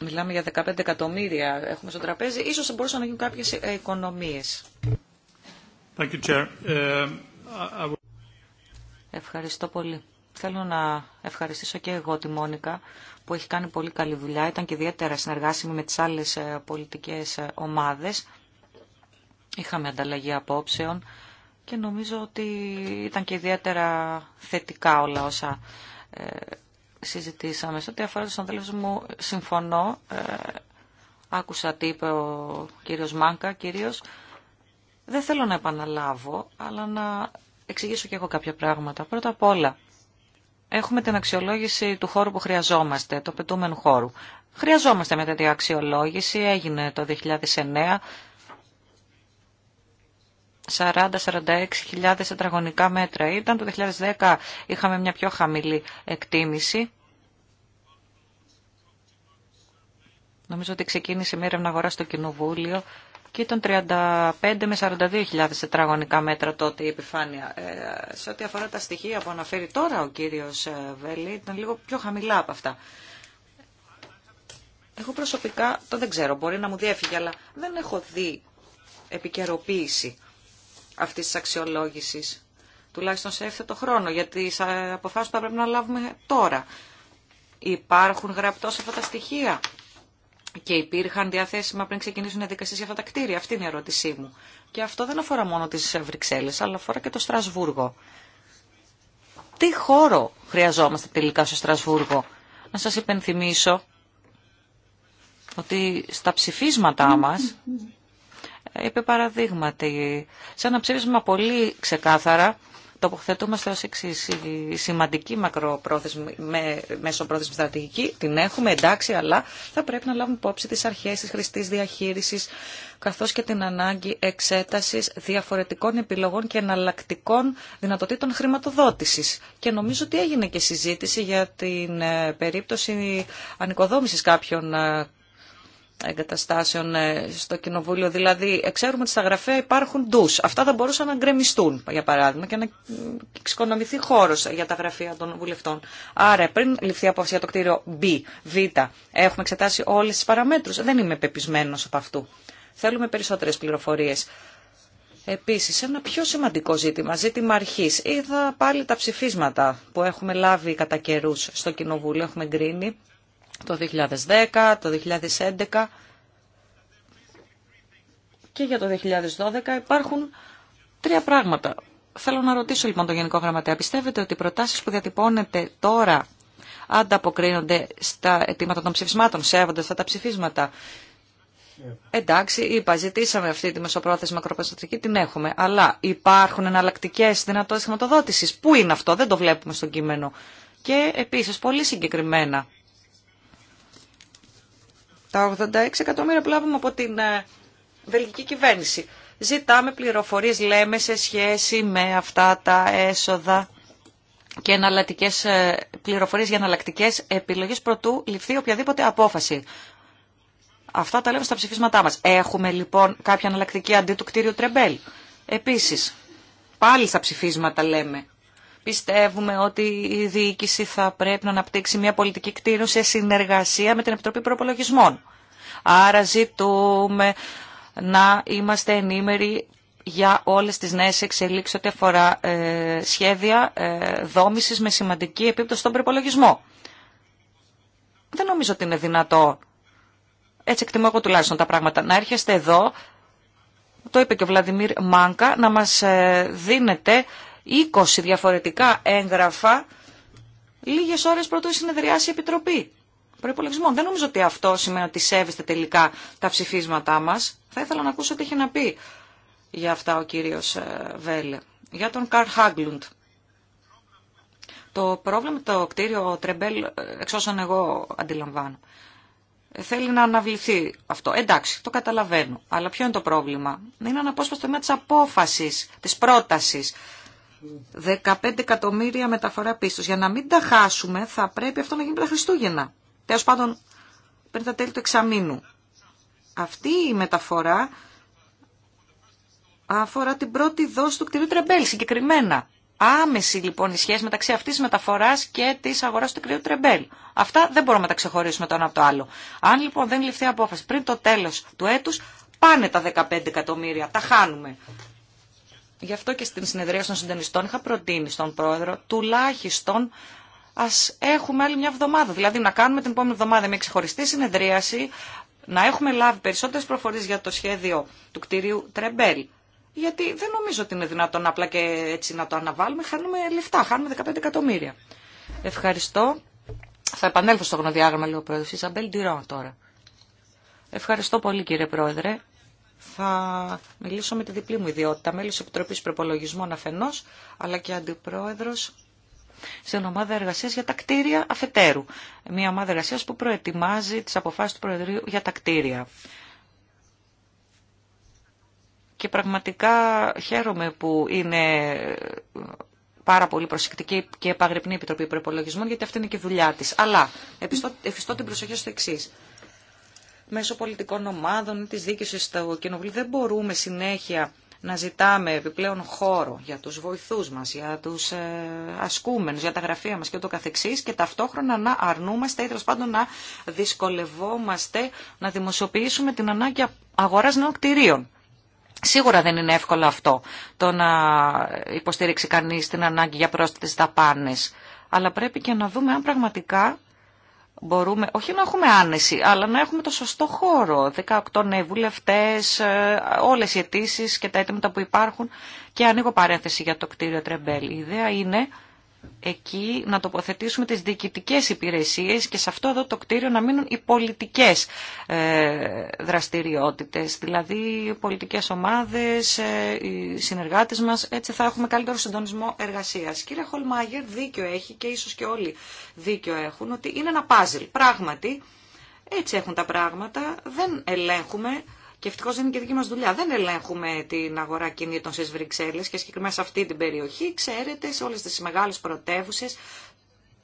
Μιλάμε για 15 εκατομμύρια έχουμε στο τραπέζι. Ίσως μπορούσαν να γίνουν κάποιες ε, οικονομίες. Thank you, Chair. Ε, Ευχαριστώ πολύ. Θέλω να ευχαριστήσω και εγώ τη Μόνικα που έχει κάνει πολύ καλή δουλειά. Ήταν και ιδιαίτερα συνεργάσιμη με τις άλλες ε, πολιτικές ομάδες. Είχαμε ανταλλαγή απόψεων και νομίζω ότι ήταν και ιδιαίτερα θετικά όλα όσα συζητήσαμε. Σε ό,τι αφορά του ανθρώπου μου, συμφωνώ. Ε, άκουσα τι είπε ο κύριος Μάνκα, κυρίως. Δεν θέλω να επαναλάβω, αλλά να εξηγήσω και εγώ κάποια πράγματα. Πρώτα απ' όλα, έχουμε την αξιολόγηση του χώρου που χρειαζόμαστε, το πετούμενου χώρου. Χρειαζόμαστε μια τέτοια αξιολόγηση, έγινε το 2009, 40-46 τετραγωνικά μέτρα ήταν. Το 2010 είχαμε μια πιο χαμηλή εκτίμηση. Νομίζω ότι ξεκίνησε μια να αγορά στο Κοινοβούλιο και ήταν 35 με 42.000 τετραγωνικά μέτρα τότε η επιφάνεια. Ε, σε ό,τι αφορά τα στοιχεία που αναφέρει τώρα ο κύριος ε, Βέλη, ήταν λίγο πιο χαμηλά από αυτά. Εγώ προσωπικά, το δεν ξέρω, μπορεί να μου διέφυγε, αλλά δεν έχω δει επικαιροποίηση αυτής τη αξιολόγηση, τουλάχιστον σε έφθετο χρόνο, γιατί τι αποφάσισα που θα πρέπει να λάβουμε τώρα. Υπάρχουν γραπτό αυτά τα στοιχεία και υπήρχαν διαθέσιμα πριν ξεκινήσουν οι διαδικασίε για αυτά τα κτίρια. Αυτή είναι η ερώτησή μου. Και αυτό δεν αφορά μόνο τι Βρυξέλλε, αλλά αφορά και το Στρασβούργο. Τι χώρο χρειαζόμαστε τελικά στο Στρασβούργο. Να σας υπενθυμίσω ότι στα ψηφίσματά μας ε, είπε παραδείγματι σε ένα ψήφισμα πολύ ξεκάθαρα τοποθετούμαστε ως εξή Η σημαντική μακροπρόθεσμη, με, μεσοπρόθεσμη στρατηγική την έχουμε, εντάξει, αλλά θα πρέπει να λάβουμε υπόψη τις αρχές της χρηστής διαχείρισης, καθώς και την ανάγκη εξέτασης διαφορετικών επιλογών και εναλλακτικών δυνατοτήτων χρηματοδότησης. Και νομίζω ότι έγινε και συζήτηση για την ε, περίπτωση ανοικοδόμησης κάποιων ε, εγκαταστάσεων ε, στο κοινοβούλιο. Δηλαδή, ε, ξέρουμε ότι στα γραφεία υπάρχουν ντους. Αυτά θα μπορούσαν να γκρεμιστούν, για παράδειγμα, και να εξοικονομηθεί χώρος για τα γραφεία των βουλευτών. Άρα, πριν ληφθεί απόφαση για το κτίριο B, Β, έχουμε εξετάσει όλες τις παραμέτρους. Δεν είμαι πεπισμένος από αυτού. Θέλουμε περισσότερες πληροφορίες. Επίση, ένα πιο σημαντικό ζήτημα, ζήτημα αρχή, Είδα πάλι τα ψηφίσματα που έχουμε λάβει κατά καιρού στο Κοινοβούλιο, έχουμε γκρίνει το 2010, το 2011 και για το 2012 υπάρχουν τρία πράγματα. Θέλω να ρωτήσω λοιπόν τον Γενικό Γραμματέα. Πιστεύετε ότι οι προτάσεις που διατυπώνεται τώρα ανταποκρίνονται στα αιτήματα των ψηφισμάτων, σέβονται αυτά τα ψηφίσματα. Εντάξει, είπα, ζητήσαμε αυτή τη μεσοπρόθεση μακροπροστατική, την έχουμε. Αλλά υπάρχουν εναλλακτικέ δυνατότητε χρηματοδότηση. Πού είναι αυτό, δεν το βλέπουμε στο κείμενο. Και επίση, πολύ συγκεκριμένα, τα 86 εκατομμύρια που λάβουμε από την ε, βελγική κυβέρνηση. Ζητάμε πληροφορίες, λέμε, σε σχέση με αυτά τα έσοδα και εναλλακτικές ε, πληροφορίες για εναλλακτικέ επιλογές προτού ληφθεί οποιαδήποτε απόφαση. Αυτά τα λέμε στα ψηφίσματά μας. Έχουμε λοιπόν κάποια εναλλακτική αντί του κτίριου Τρεμπέλ. Επίσης, πάλι στα ψηφίσματα λέμε Πιστεύουμε ότι η διοίκηση θα πρέπει να αναπτύξει μια πολιτική κτήρωση σε συνεργασία με την Επιτροπή Προπολογισμών. Άρα ζητούμε να είμαστε ενήμεροι για όλες τις νέες εξελίξεις ό,τι αφορά ε, σχέδια ε, δόμησης με σημαντική επίπτωση στον προπολογισμό. Δεν νομίζω ότι είναι δυνατό, έτσι εκτιμώ εγώ τουλάχιστον τα πράγματα, να έρχεστε εδώ, το είπε και ο Βλαδιμίρ Μάνκα, να μας ε, δίνετε 20 διαφορετικά έγγραφα λίγες ώρες πρωτού συνεδριάσει η Επιτροπή Προϋπολογισμών. Δεν νομίζω ότι αυτό σημαίνει ότι σέβεστε τελικά τα ψηφίσματά μας. Θα ήθελα να ακούσω τι έχει να πει για αυτά ο κύριος ε, Βέλε. Για τον Καρ Χάγκλουντ. Το πρόβλημα το κτίριο Τρεμπέλ, ε, εξ όσων εγώ αντιλαμβάνω, ε, θέλει να αναβληθεί αυτό. Εντάξει, το καταλαβαίνω. Αλλά ποιο είναι το πρόβλημα. Είναι αναπόσπαστο μια της απόφασης, της πρότασης. 15 εκατομμύρια μεταφορά πίσω. Για να μην τα χάσουμε θα πρέπει αυτό να γίνει τα Χριστούγεννα. Τέλο πάντων πριν τα τέλη του εξαμήνου. Αυτή η μεταφορά αφορά την πρώτη δόση του κτηρίου Τρεμπέλ συγκεκριμένα. Άμεση λοιπόν η σχέση μεταξύ αυτή τη μεταφορά και τη αγορά του κτηρίου Τρεμπέλ. Αυτά δεν μπορούμε να τα ξεχωρίσουμε το ένα από το άλλο. Αν λοιπόν δεν ληφθεί απόφαση πριν το τέλο του έτου, πάνε τα 15 εκατομμύρια, τα χάνουμε. Γι' αυτό και στην συνεδρία των συντονιστών είχα προτείνει στον πρόεδρο τουλάχιστον α έχουμε άλλη μια εβδομάδα. Δηλαδή να κάνουμε την επόμενη εβδομάδα μια ξεχωριστή συνεδρίαση, να έχουμε λάβει περισσότερε προφορίε για το σχέδιο του κτηρίου Τρεμπέλ. Γιατί δεν νομίζω ότι είναι δυνατόν απλά και έτσι να το αναβάλουμε. Χάνουμε λεφτά, χάνουμε 15 εκατομμύρια. Ευχαριστώ. Θα επανέλθω στο γνωδιάγραμμα, λέει ο πρόεδρο. Ισαμπέλ τώρα. Ευχαριστώ πολύ, κύριε πρόεδρε θα μιλήσω με τη διπλή μου ιδιότητα, μέλος της Επιτροπής Προπολογισμών αφενός, αλλά και αντιπρόεδρος στην ομάδα εργασίας για τα κτίρια αφετέρου. Μια ομάδα εργασίας που προετοιμάζει τις αποφάσεις του Προεδρείου για τα κτίρια. Και πραγματικά χαίρομαι που είναι πάρα πολύ προσεκτική και επαγρυπνή Επιτροπή Προπολογισμών, γιατί αυτή είναι και η δουλειά της. Αλλά εφιστώ την προσοχή στο εξή μέσω πολιτικών ομάδων ή της διοίκησης του Κοινοβουλίου. Δεν μπορούμε συνέχεια να ζητάμε επιπλέον χώρο για τους βοηθούς μας, για τους ε, ασκούμενους, για τα γραφεία μας και το καθεξής και ταυτόχρονα να αρνούμαστε ή τέλος πάντων να δυσκολευόμαστε να δημοσιοποιήσουμε την ανάγκη αγοράς νέων κτηρίων. Σίγουρα δεν είναι εύκολο αυτό το να υποστηρίξει κανείς την ανάγκη για πρόσθετες ταπάνες, αλλά πρέπει και να δούμε αν πραγματικά μπορούμε όχι να έχουμε άνεση, αλλά να έχουμε το σωστό χώρο. 18 νέοι βουλευτέ, ε, όλες οι αιτήσει και τα αιτήματα που υπάρχουν. Και ανοίγω παρένθεση για το κτίριο Τρεμπέλ. Η ιδέα είναι εκεί να τοποθετήσουμε τις διοικητικές υπηρεσίες και σε αυτό εδώ το κτίριο να μείνουν οι πολιτικές ε, δραστηριότητες, δηλαδή οι πολιτικές ομάδες, ε, οι συνεργάτες μας, έτσι θα έχουμε καλύτερο συντονισμό εργασίας. Κύριε Χολμάγερ, δίκιο έχει και ίσως και όλοι δίκιο έχουν ότι είναι ένα πάζλ. Πράγματι, έτσι έχουν τα πράγματα, δεν ελέγχουμε και ευτυχώ είναι και δική μα δουλειά. Δεν ελέγχουμε την αγορά κινήτων στι Βρυξέλλε και συγκεκριμένα σε αυτή την περιοχή. Ξέρετε, σε όλε τι μεγάλε πρωτεύουσε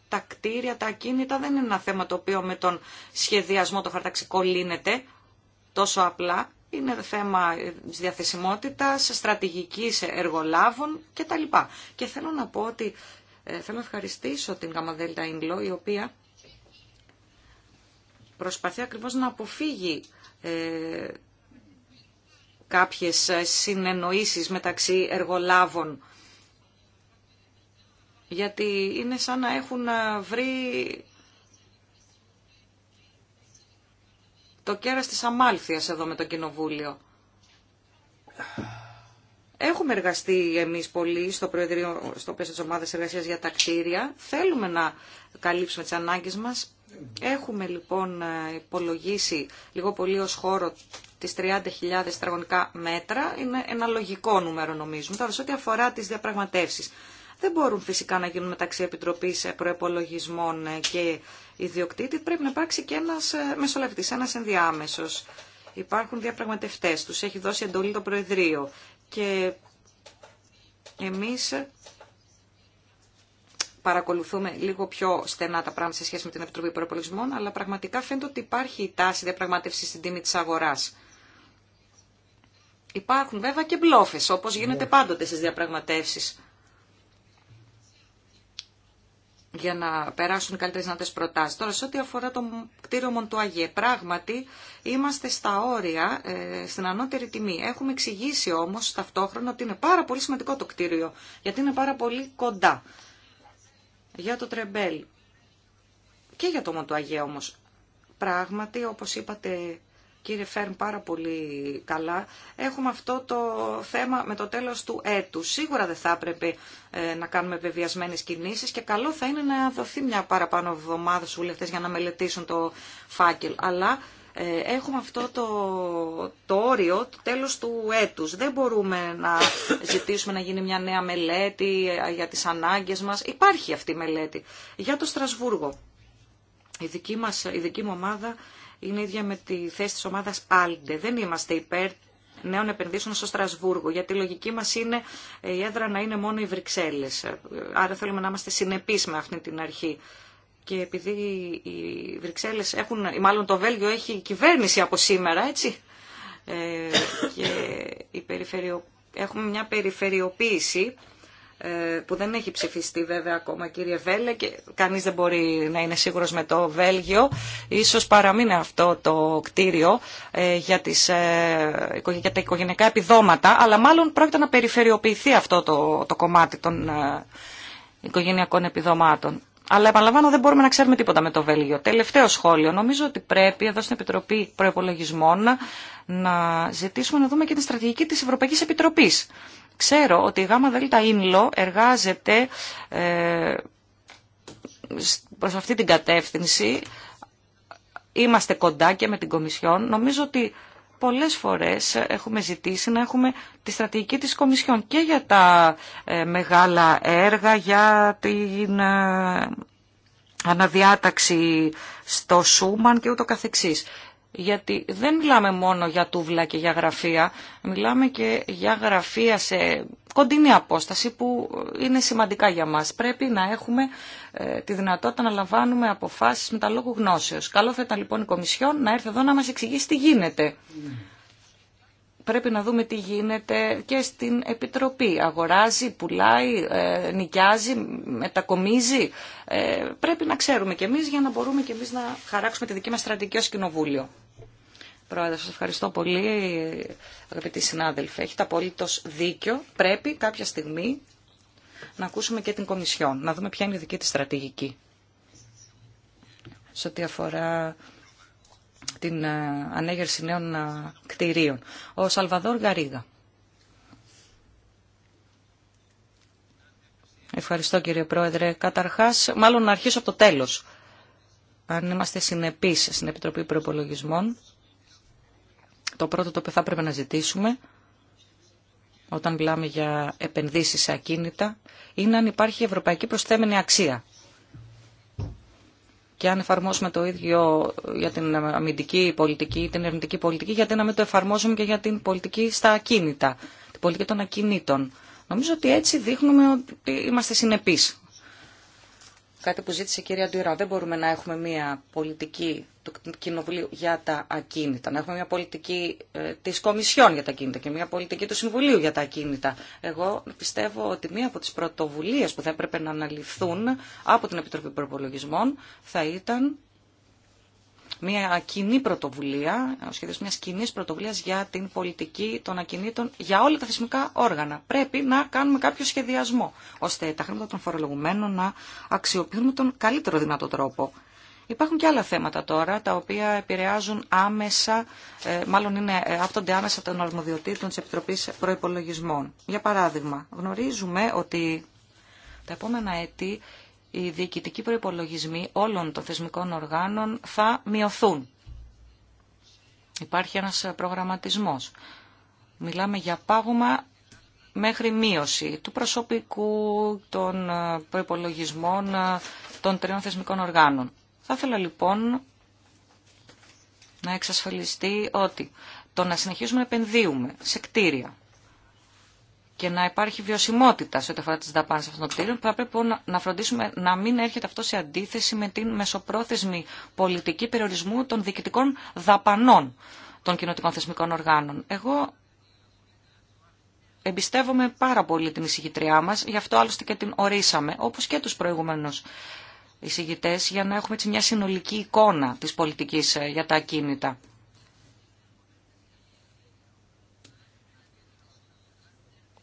τα κτίρια, τα ακίνητα δεν είναι ένα θέμα το οποίο με τον σχεδιασμό το χαρταξικό λύνεται τόσο απλά. Είναι θέμα διαθεσιμότητας, στρατηγικής εργολάβων κτλ. Και θέλω να πω ότι ε, θέλω να ευχαριστήσω την Καμαδέλτα Ινγκλό η οποία προσπαθεί ακριβώς να αποφύγει ε, κάποιες ε, συνεννοήσεις μεταξύ εργολάβων. Γιατί είναι σαν να έχουν ε, βρει το κέρας της αμάλθειας εδώ με το κοινοβούλιο. Έχουμε εργαστεί εμείς πολύ στο, Προεδρείο, στο πλαίσιο της ομάδας εργασίας για τα κτίρια. Θέλουμε να καλύψουμε τις ανάγκες μας. Έχουμε λοιπόν ε, υπολογίσει λίγο πολύ ως χώρο τις 30.000 τετραγωνικά μέτρα. Είναι ένα λογικό νούμερο νομίζουμε. Τώρα σε ό,τι αφορά τις διαπραγματεύσεις. Δεν μπορούν φυσικά να γίνουν μεταξύ Επιτροπής ε, Προεπολογισμών ε, και Ιδιοκτήτη. Πρέπει να υπάρξει και ένας μεσολαβητής, ένας ενδιάμεσος. Υπάρχουν διαπραγματευτές, τους έχει δώσει εντολή το Προεδρείο και εμείς παρακολουθούμε λίγο πιο στενά τα πράγματα σε σχέση με την Επιτροπή Προπολογισμών, αλλά πραγματικά φαίνεται ότι υπάρχει η τάση διαπραγμάτευση στην τιμή της αγοράς. Υπάρχουν βέβαια και μπλόφες, όπως γίνεται ναι. πάντοτε στις διαπραγματεύσεις για να περάσουν οι καλύτερε δυνατέ προτάσει. Τώρα, σε ό,τι αφορά το κτίριο Μοντουαγιέ, πράγματι είμαστε στα όρια, ε, στην ανώτερη τιμή. Έχουμε εξηγήσει όμω ταυτόχρονα ότι είναι πάρα πολύ σημαντικό το κτίριο, γιατί είναι πάρα πολύ κοντά. Για το Τρεμπέλ και για το Μοντουαγιέ όμω. Πράγματι, όπω είπατε κύριε Φέρν πάρα πολύ καλά, έχουμε αυτό το θέμα με το τέλος του έτου. Σίγουρα δεν θα έπρεπε ε, να κάνουμε βεβαιασμένες κινήσεις και καλό θα είναι να δοθεί μια παραπάνω εβδομάδα στους βουλευτές για να μελετήσουν το φάκελ. Αλλά ε, έχουμε αυτό το, το όριο το τέλος του έτους. Δεν μπορούμε να ζητήσουμε να γίνει μια νέα μελέτη ε, για τις ανάγκες μας. Υπάρχει αυτή η μελέτη. Για το Στρασβούργο. Η η δική μου ομάδα είναι ίδια με τη θέση της ομάδας Άλντε. Δεν είμαστε υπέρ νέων επενδύσεων στο Στρασβούργο, γιατί η λογική μας είναι ε, η έδρα να είναι μόνο οι Βρυξέλλες. Ε, άρα θέλουμε να είμαστε συνεπείς με αυτή την αρχή. Και επειδή οι Βρυξέλλες έχουν, ή μάλλον το Βέλγιο έχει κυβέρνηση από σήμερα, έτσι, ε, και η περιφερειο... έχουμε μια περιφερειοποίηση ε, που δεν έχει ψηφιστεί βέβαια ακόμα κύριε Βέλε και κανείς δεν μπορεί να είναι σίγουρος με το Βέλγιο. Ίσως παραμείνει αυτό το κτίριο ε, για, τις, ε, για τα οικογενειακά επιδόματα αλλά μάλλον πρόκειται να περιφερειοποιηθεί αυτό το, το κομμάτι των οικογενειακών επιδομάτων. Αλλά επαναλαμβάνω δεν μπορούμε να ξέρουμε τίποτα με το Βέλγιο. Τελευταίο σχόλιο. Νομίζω ότι πρέπει εδώ στην Επιτροπή Προεπολογισμών να ζητήσουμε να δούμε και την στρατηγική της Ευρωπαϊκής Επιτροπής. Ξέρω ότι η ΓΑΜΑ ΔΕΛΤΑ ΙΝΛΟ εργάζεται ε, προς αυτή την κατεύθυνση. Είμαστε κοντά και με την Κομισιόν. Νομίζω ότι πολλές φορές έχουμε ζητήσει να έχουμε τη στρατηγική της Κομισιόν και για τα ε, μεγάλα έργα, για την ε, αναδιάταξη στο Σούμαν και ούτω καθεξής γιατί δεν μιλάμε μόνο για τούβλα και για γραφεία, μιλάμε και για γραφεία σε κοντινή απόσταση που είναι σημαντικά για μας. Πρέπει να έχουμε ε, τη δυνατότητα να λαμβάνουμε αποφάσεις με τα λόγου γνώσεως. Καλό θα ήταν λοιπόν η Κομισιόν να έρθει εδώ να μας εξηγήσει τι γίνεται πρέπει να δούμε τι γίνεται και στην Επιτροπή. Αγοράζει, πουλάει, ε, νοικιάζει, μετακομίζει. Ε, πρέπει να ξέρουμε κι εμείς για να μπορούμε κι εμείς να χαράξουμε τη δική μας στρατηγική ως Κοινοβούλιο. Πρόεδρε, σας ευχαριστώ πολύ, αγαπητοί συνάδελφοι. Έχετε απολύτω δίκιο. Πρέπει κάποια στιγμή να ακούσουμε και την Κομισιόν, να δούμε ποια είναι η δική της στρατηγική. Σε ό,τι αφορά την ε, ανέγερση νέων ε, κτηρίων. Ο Σαλβαδόρ Γαρίγα. Ευχαριστώ κύριε Πρόεδρε. Καταρχάς, μάλλον να αρχίσω από το τέλος. Αν είμαστε συνεπείς στην Επιτροπή Προπολογισμών, το πρώτο το οποίο θα πρέπει να ζητήσουμε όταν μιλάμε για επενδύσεις σε ακίνητα, είναι αν υπάρχει ευρωπαϊκή προσθέμενη αξία. Και αν εφαρμόσουμε το ίδιο για την αμυντική πολιτική, ή την ερευνητική πολιτική, γιατί να μην το εφαρμόσουμε και για την πολιτική στα ακίνητα, την πολιτική των ακινήτων. Νομίζω ότι έτσι δείχνουμε ότι είμαστε συνεπείς κάτι που ζήτησε η κυρία Ντουιρά. Δεν μπορούμε να έχουμε μια πολιτική του Κοινοβουλίου για τα ακίνητα, να έχουμε μια πολιτική ε, της Κομισιόν για τα ακίνητα και μια πολιτική του Συμβουλίου για τα ακίνητα. Εγώ πιστεύω ότι μία από τις πρωτοβουλίες που θα έπρεπε να αναλυθούν από την Επιτροπή Προπολογισμών θα ήταν μια κοινή πρωτοβουλία, ο σχεδιασμός μιας κοινή πρωτοβουλίας για την πολιτική των ακινήτων για όλα τα θεσμικά όργανα. Πρέπει να κάνουμε κάποιο σχεδιασμό, ώστε τα χρήματα των φορολογουμένων να αξιοποιούν τον καλύτερο δυνατό τρόπο. Υπάρχουν και άλλα θέματα τώρα, τα οποία επηρεάζουν άμεσα, ε, μάλλον είναι ε, άπτονται άμεσα των αρμοδιοτήτων τη Επιτροπή Προϋπολογισμών. Για παράδειγμα, γνωρίζουμε ότι τα επόμενα έτη οι διοικητικοί προπολογισμοί όλων των θεσμικών οργάνων θα μειωθούν. Υπάρχει ένας προγραμματισμός. Μιλάμε για πάγωμα μέχρι μείωση του προσωπικού, των προϋπολογισμών των τριών θεσμικών οργάνων. Θα ήθελα λοιπόν να εξασφαλιστεί ότι το να συνεχίσουμε να επενδύουμε σε κτίρια, και να υπάρχει βιωσιμότητα σε ό,τι αφορά τι δαπάνε αυτών των κτίριων, θα πρέπει να φροντίσουμε να μην έρχεται αυτό σε αντίθεση με την μεσοπρόθεσμη πολιτική περιορισμού των διοικητικών δαπανών των κοινοτικών θεσμικών οργάνων. Εγώ εμπιστεύομαι πάρα πολύ την εισηγητριά μα, γι' αυτό άλλωστε και την ορίσαμε, όπω και του προηγούμενου εισηγητέ, για να έχουμε έτσι μια συνολική εικόνα τη πολιτική ε, για τα ακίνητα.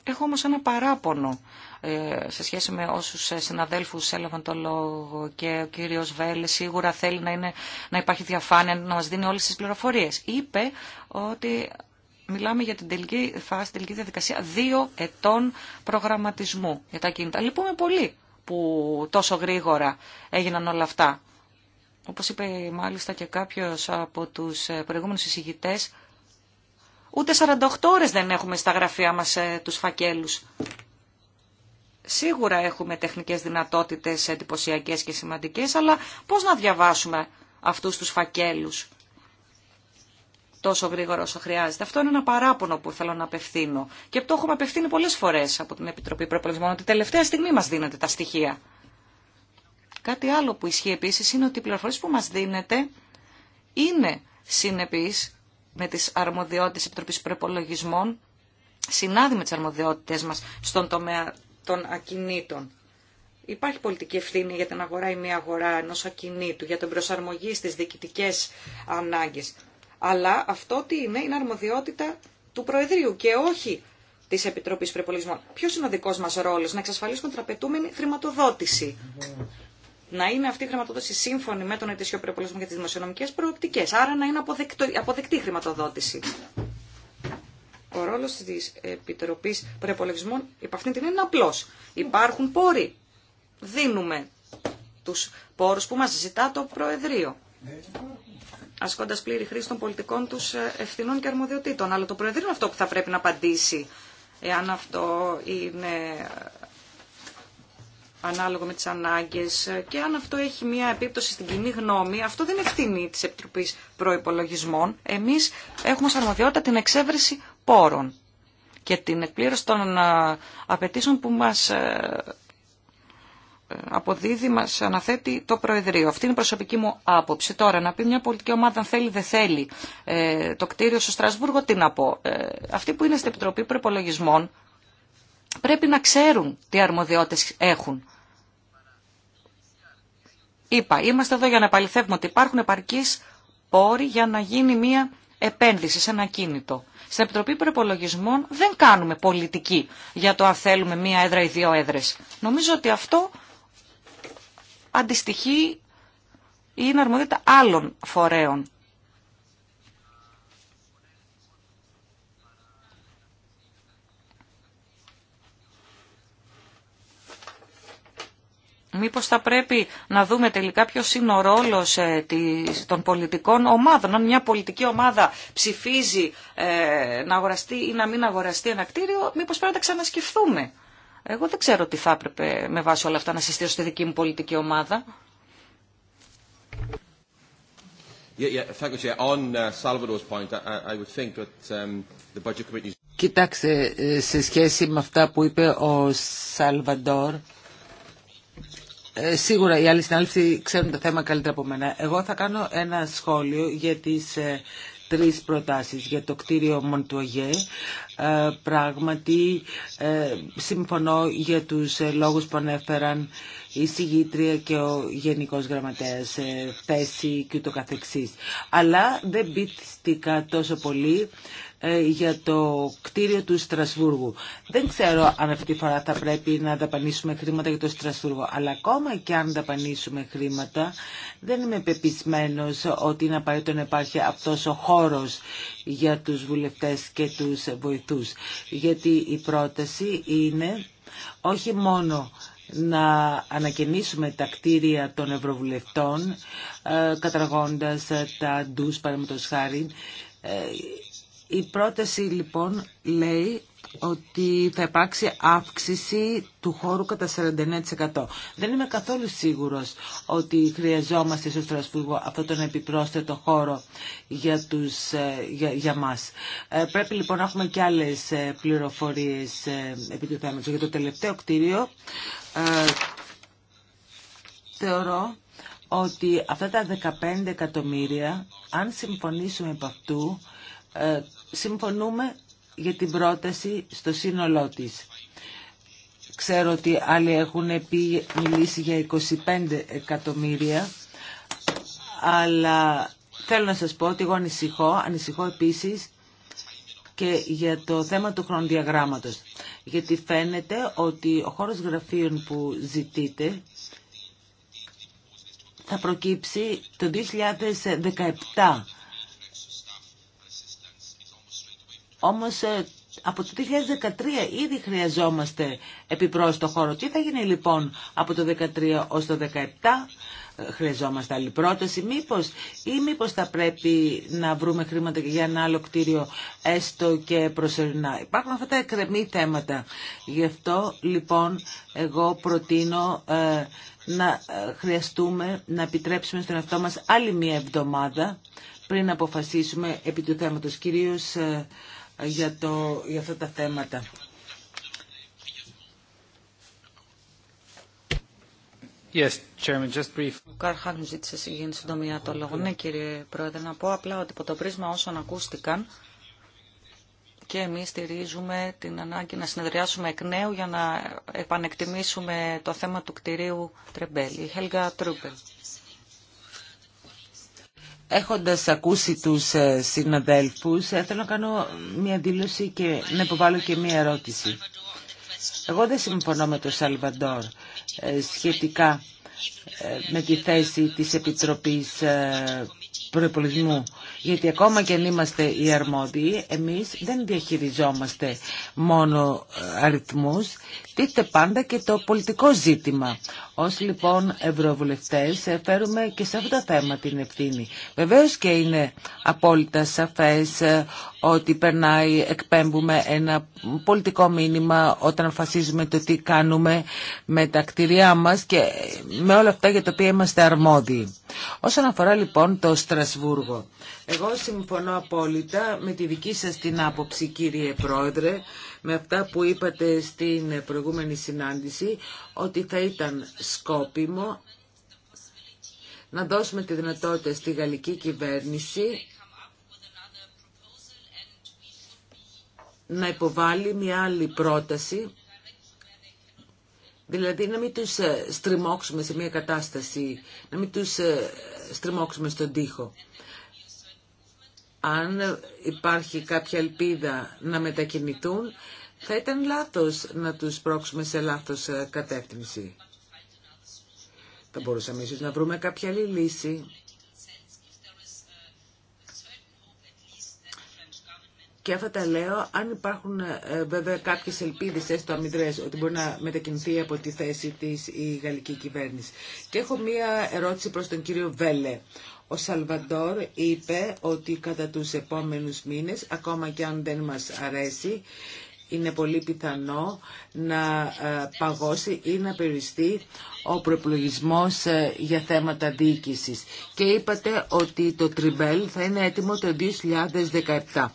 Έχω όμως ένα παράπονο ε, σε σχέση με όσους ε, συναδέλφους έλαβαν το λόγο και ο κύριος Βέλε σίγουρα θέλει να, είναι, να υπάρχει διαφάνεια, να μας δίνει όλες τις πληροφορίες. Είπε ότι μιλάμε για την τελική φάση, τελική διαδικασία δύο ετών προγραμματισμού για τα κίνητα. Λυπούμε πολύ που τόσο γρήγορα έγιναν όλα αυτά. Όπως είπε μάλιστα και κάποιος από τους ε, προηγούμενους εισηγητές, Ούτε 48 ώρες δεν έχουμε στα γραφεία μας ε, τους φακέλους. Σίγουρα έχουμε τεχνικές δυνατότητες εντυπωσιακέ και σημαντικές, αλλά πώς να διαβάσουμε αυτούς τους φακέλους τόσο γρήγορα όσο χρειάζεται. Αυτό είναι ένα παράπονο που θέλω να απευθύνω. Και το έχουμε απευθύνει πολλές φορές από την Επιτροπή Προπολισμών, ότι τελευταία στιγμή μας δίνεται τα στοιχεία. Κάτι άλλο που ισχύει επίσης είναι ότι οι πληροφορίες που μας δίνεται είναι συνεπείς με τις αρμοδιότητες Επιτροπής Προπολογισμών, συνάδει με τις αρμοδιότητες μας στον τομέα των ακινήτων. Υπάρχει πολιτική ευθύνη για την αγορά ή μια αγορά ενός ακινήτου, για την προσαρμογή στις διοικητικές ανάγκες. Αλλά αυτό τι είναι, είναι αρμοδιότητα του Προεδρείου και όχι τη Επιτροπή Προπολογισμών. Ποιο είναι ο δικό μα ρόλο, να εξασφαλίσουμε τραπετούμενη χρηματοδότηση να είναι αυτή η χρηματοδότηση σύμφωνη με τον ετησιό προπολογισμό για τι δημοσιονομικέ προοπτικέ. Άρα να είναι αποδεκτή η χρηματοδότηση. Ο ρόλο τη Επιτροπή Προπολογισμών υπ' αυτήν την είναι απλό. Υπάρχουν πόροι. Δίνουμε του πόρου που μα ζητά το Προεδρείο. Ασκώντα πλήρη χρήση των πολιτικών του ε, ευθυνών και αρμοδιοτήτων. Αλλά το Προεδρείο είναι αυτό που θα πρέπει να απαντήσει εάν αυτό είναι ανάλογα με τις ανάγκες και αν αυτό έχει μια επίπτωση στην κοινή γνώμη, αυτό δεν ευθύνει ευθύνη της Επιτροπής Προϋπολογισμών. Εμείς έχουμε σαρμοδιότητα την εξέβρεση πόρων και την εκπλήρωση των ε, απαιτήσεων που μας ε, ε, αποδίδει, μας αναθέτει το Προεδρείο. Αυτή είναι η προσωπική μου άποψη. Τώρα, να πει μια πολιτική ομάδα αν θέλει δεν θέλει το κτίριο στο Στρασβούργο, τι να πω. αυτή που είναι στην Επιτροπή Προπολογισμών πρέπει να ξέρουν τι αρμοδιότητες έχουν. Είπα, είμαστε εδώ για να επαληθεύουμε ότι υπάρχουν επαρκείς πόροι για να γίνει μια επένδυση σε ένα κίνητο. Στην Επιτροπή Προπολογισμών δεν κάνουμε πολιτική για το αν θέλουμε μία έδρα ή δύο έδρες. Νομίζω ότι αυτό αντιστοιχεί ή είναι αρμοδίτητα άλλων φορέων Μήπως θα πρέπει να δούμε τελικά ποιος είναι ο ρόλος ε, των πολιτικών ομάδων. Αν μια πολιτική ομάδα ψηφίζει ε, να αγοραστεί ή να μην αγοραστεί ένα κτίριο, μήπως πρέπει να τα ξανασκεφτούμε. Εγώ δεν ξέρω τι θα έπρεπε με βάση όλα αυτά να συστήσω στη δική μου πολιτική ομάδα. Κοιτάξτε, ε, σε σχέση με αυτά που είπε ο Σαλβαντόρ, ε, σίγουρα οι άλλοι συνάδελφοι ξέρουν το θέμα καλύτερα από μένα. Εγώ θα κάνω ένα σχόλιο για τις ε, τρεις προτάσεις για το κτίριο Μοντουαγέ. Ε, πράγματι, συμφωνώ για τους λόγους που ανέφεραν η συγγήτρια και ο Γενικός Γραμματέας, θέση και ούτω καθεξής. Αλλά δεν πίστηκα τόσο πολύ ε, για το κτίριο του Στρασβούργου. Δεν ξέρω αν αυτή τη φορά θα πρέπει να δαπανίσουμε χρήματα για το Στρασβούργο, αλλά ακόμα και αν δαπανίσουμε χρήματα, δεν είμαι πεπισμένος ότι είναι απαραίτητο να υπάρχει αυτός ο χώρος για τους βουλευτές και τους βοηθούς. Γιατί η πρόταση είναι όχι μόνο να ανακαινήσουμε τα κτίρια των Ευρωβουλευτών, ε, καταργώντας τα ντους, παραδείγματος ε, η πρόταση λοιπόν λέει ότι θα υπάρξει αύξηση του χώρου κατά 49%. Δεν είμαι καθόλου σίγουρος ότι χρειαζόμαστε στο Στρασβούργο αυτόν τον επιπρόσθετο χώρο για, τους, ε, για, για μας. Ε, πρέπει λοιπόν να έχουμε και άλλες ε, πληροφορίες επί του θέματος. Για το τελευταίο κτίριο θεωρώ ότι αυτά τα 15 εκατομμύρια, αν συμφωνήσουμε από αυτού, συμφωνούμε για την πρόταση στο σύνολό της. Ξέρω ότι άλλοι έχουν πει, μιλήσει για 25 εκατομμύρια, αλλά θέλω να σας πω ότι εγώ ανησυχώ, ανησυχώ επίσης και για το θέμα του χρονοδιαγράμματος. Γιατί φαίνεται ότι ο χώρος γραφείων που ζητείτε θα προκύψει το 2017 Όμως ε, από το 2013 ήδη χρειαζόμαστε επιπρόσθετο χώρο. Τι θα γίνει λοιπόν από το 2013 ως το 2017 ε, χρειαζόμαστε άλλη πρόταση μήπως ή μήπως θα πρέπει να βρούμε χρήματα για ένα άλλο κτίριο έστω και προσωρινά. Υπάρχουν αυτά τα εκκρεμή θέματα. Γι' αυτό λοιπόν εγώ προτείνω ε, να χρειαστούμε να επιτρέψουμε στον εαυτό μας άλλη μία εβδομάδα πριν αποφασίσουμε επί του θέματος κυρίως ε, για, το, για αυτά τα θέματα. Yes, Chairman, just brief. Ο Κάρχαν μου ζήτησε συγγένει συντομία το λόγο. Ναι, κύριε Πρόεδρε, να πω απλά ότι από το πρίσμα όσων ακούστηκαν και εμείς στηρίζουμε την ανάγκη να συνεδριάσουμε εκ νέου για να επανεκτιμήσουμε το θέμα του κτηρίου Τρεμπέλη. Χέλγα Τρούπελ. Έχοντας ακούσει τους ε, συναδέλφους, ε, θέλω να κάνω μια δήλωση και να υποβάλω και μια ερώτηση. Εγώ δεν συμφωνώ με τον Σαλβαντόρ ε, σχετικά με τη θέση της Επιτροπής Προϋπολογισμού γιατί ακόμα και αν είμαστε οι αρμόδιοι, εμείς δεν διαχειριζόμαστε μόνο ε, αριθμούς, τίθεται πάντα και το πολιτικό ζήτημα. Ως λοιπόν ευρωβουλευτές ε, φέρουμε και σε αυτό το θέμα την ευθύνη. Βεβαίως και είναι απόλυτα σαφές ε, ότι περνάει, εκπέμπουμε ένα πολιτικό μήνυμα όταν φασίζουμε το τι κάνουμε με τα κτηριά μας και με όλα αυτά για τα οποία είμαστε αρμόδιοι. Όσον αφορά λοιπόν το Στρασβούργο, εγώ συμφωνώ απόλυτα με τη δική σας την άποψη κύριε Πρόεδρε, με αυτά που είπατε στην προηγούμενη συνάντηση, ότι θα ήταν σκόπιμο να δώσουμε τη δυνατότητα στη γαλλική κυβέρνηση να υποβάλει μια άλλη πρόταση, δηλαδή να μην τους ε, στριμώξουμε σε μια κατάσταση, να μην τους ε, στριμώξουμε στον τοίχο αν υπάρχει κάποια ελπίδα να μετακινηθούν, θα ήταν λάθος να τους πρόξουμε σε λάθος ε, κατεύθυνση. Θα μπορούσαμε ίσως να βρούμε κάποια άλλη λύση. Και αυτά τα λέω, αν υπάρχουν ε, βέβαια κάποιες ελπίδες, έστω αμυντρές, ότι μπορεί να μετακινηθεί από τη θέση της η γαλλική κυβέρνηση. Και έχω μία ερώτηση προς τον κύριο Βέλε, ο Σαλβαντόρ είπε ότι κατά τους επόμενους μήνες, ακόμα και αν δεν μας αρέσει, είναι πολύ πιθανό να ε, παγώσει ή να περιστεί ο προεπλογισμός ε, για θέματα διοίκηση. Και είπατε ότι το τριμπέλ θα είναι έτοιμο το 2017.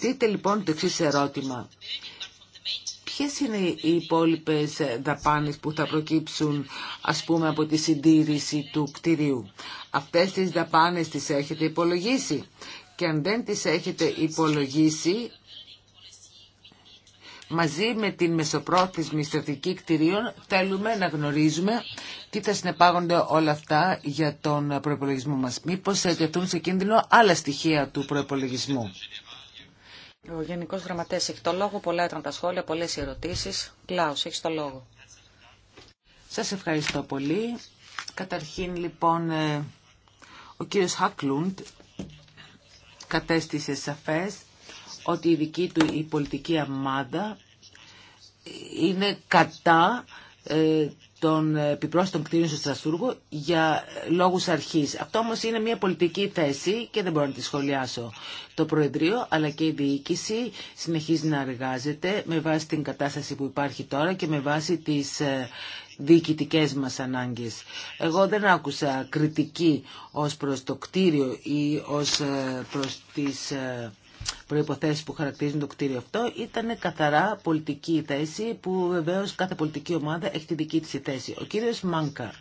Δείτε λοιπόν το εξή ερώτημα ποιες είναι οι υπόλοιπες δαπάνες που θα προκύψουν ας πούμε από τη συντήρηση του κτηρίου. Αυτές τις δαπάνες τις έχετε υπολογίσει και αν δεν τις έχετε υπολογίσει μαζί με την μεσοπρόθεσμη στρατηγική κτηρίων θέλουμε να γνωρίζουμε τι θα συνεπάγονται όλα αυτά για τον προπολογισμό μας. Μήπως ε, τεθούν σε κίνδυνο άλλα στοιχεία του προπολογισμού. Ο Γενικό Γραμματέα έχει το λόγο. Πολλά ήταν τα σχόλια, πολλέ ερωτήσει. Κλάου, έχει το λόγο. Σα ευχαριστώ πολύ. Καταρχήν, λοιπόν, ε, ο κύριο Χακλούντ κατέστησε σαφές ότι η δική του η πολιτική αμάδα είναι κατά ε, των επιπρόσθετων κτίριων στο Στρασβούργο για λόγους αρχής. Αυτό όμως είναι μια πολιτική θέση και δεν μπορώ να τη σχολιάσω. Το Προεδρείο αλλά και η διοίκηση συνεχίζει να εργάζεται με βάση την κατάσταση που υπάρχει τώρα και με βάση τις ε, διοικητικές μας ανάγκες. Εγώ δεν άκουσα κριτική ως προς το κτίριο ή ως ε, προς τις ε, προϋποθέσεις που χαρακτηρίζουν το κτίριο αυτό ήταν καθαρά πολιτική θέση που βεβαίως κάθε πολιτική ομάδα έχει τη δική της θέση. Ο κύριος Μάνκα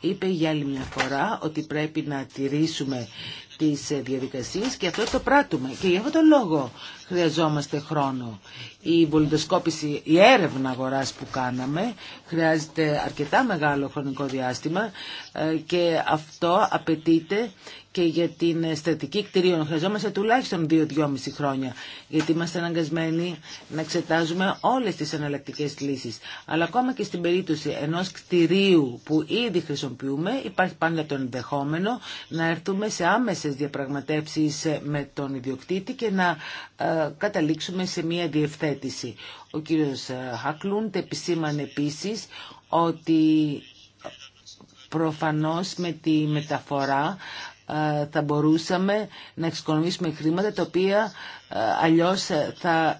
είπε για άλλη μια φορά ότι πρέπει να τηρήσουμε τις διαδικασίες και αυτό το πράττουμε. Και για αυτόν τον λόγο χρειαζόμαστε χρόνο. Η βολιντοσκόπηση, η έρευνα αγοράς που κάναμε χρειάζεται αρκετά μεγάλο χρονικό διάστημα ε, και αυτό απαιτείται και για την στρατική κτηρίων. Χρειαζόμαστε τουλάχιστον 2-2,5 χρόνια, γιατί είμαστε αναγκασμένοι να εξετάζουμε όλες τις εναλλακτικέ λύσεις. Αλλά ακόμα και στην περίπτωση ενός κτηρίου που ήδη χρησιμοποιούμε, υπάρχει πάντα το ενδεχόμενο να έρθουμε σε άμεσες διαπραγματεύσεις με τον ιδιοκτήτη και να ε, καταλήξουμε σε μια διευθέτηση. Ο κύριος ε, Χακλούντ επισήμανε επίση ότι ε, προφανώς με τη μεταφορά θα μπορούσαμε να εξοικονομήσουμε χρήματα τα οποία αλλιώς θα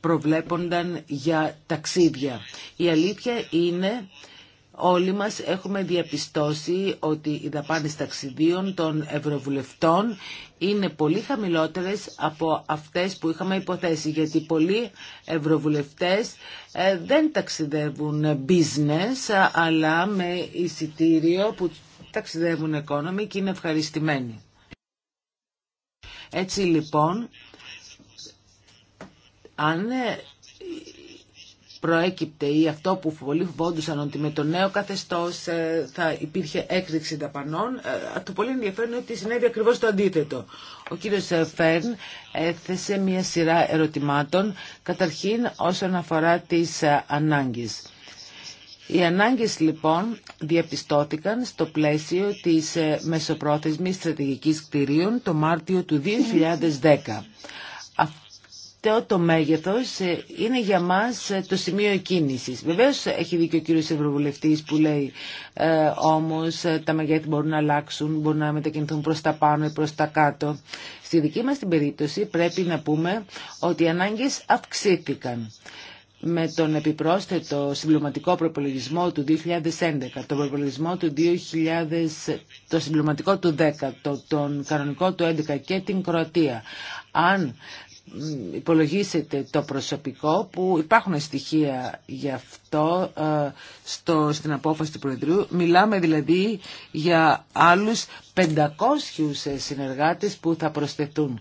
προβλέπονταν για ταξίδια. Η αλήθεια είναι όλοι μας έχουμε διαπιστώσει ότι οι δαπάνες ταξιδίων των ευρωβουλευτών είναι πολύ χαμηλότερες από αυτές που είχαμε υποθέσει γιατί πολλοί ευρωβουλευτές ε, δεν ταξιδεύουν business αλλά με εισιτήριο που ταξιδεύουν economy και είναι ευχαριστημένοι. Έτσι λοιπόν, αν ε, προέκυπτε ή αυτό που πολλοί φοβόντουσαν ότι με το νέο καθεστώς ε, θα υπήρχε έκρηξη δαπανών, ε, το πολύ ενδιαφέρον είναι ότι συνέβη ακριβώς το αντίθετο. Ο κύριος Φέρν έθεσε μια σειρά ερωτημάτων, καταρχήν όσον αφορά τις ανάγκες. Οι ανάγκες λοιπόν διαπιστώθηκαν στο πλαίσιο της ε, μεσοπρόθεσμης στρατηγικής κτηρίων το Μάρτιο του 2010. Αυτό το μέγεθος ε, είναι για μας ε, το σημείο κίνησης. Βεβαίως έχει και ο κύριος Ευρωβουλευτής που λέει όμως τα μεγέθη μπορούν να αλλάξουν, μπορούν να μετακινηθούν προς τα πάνω ή προς τα κάτω. Στη δική μας την περίπτωση πρέπει να πούμε ότι οι ανάγκες αυξήθηκαν με τον επιπρόσθετο συμπληρωματικό προπολογισμό του 2011, τον προπολογισμό του 2000, το συμπληρωματικό του 10, τον κανονικό του 11 και την Κροατία. Αν υπολογίσετε το προσωπικό που υπάρχουν στοιχεία γι' αυτό ε, στο, στην απόφαση του Προεδρού. Μιλάμε δηλαδή για άλλους 500 ε, συνεργάτες που θα προσθετούν.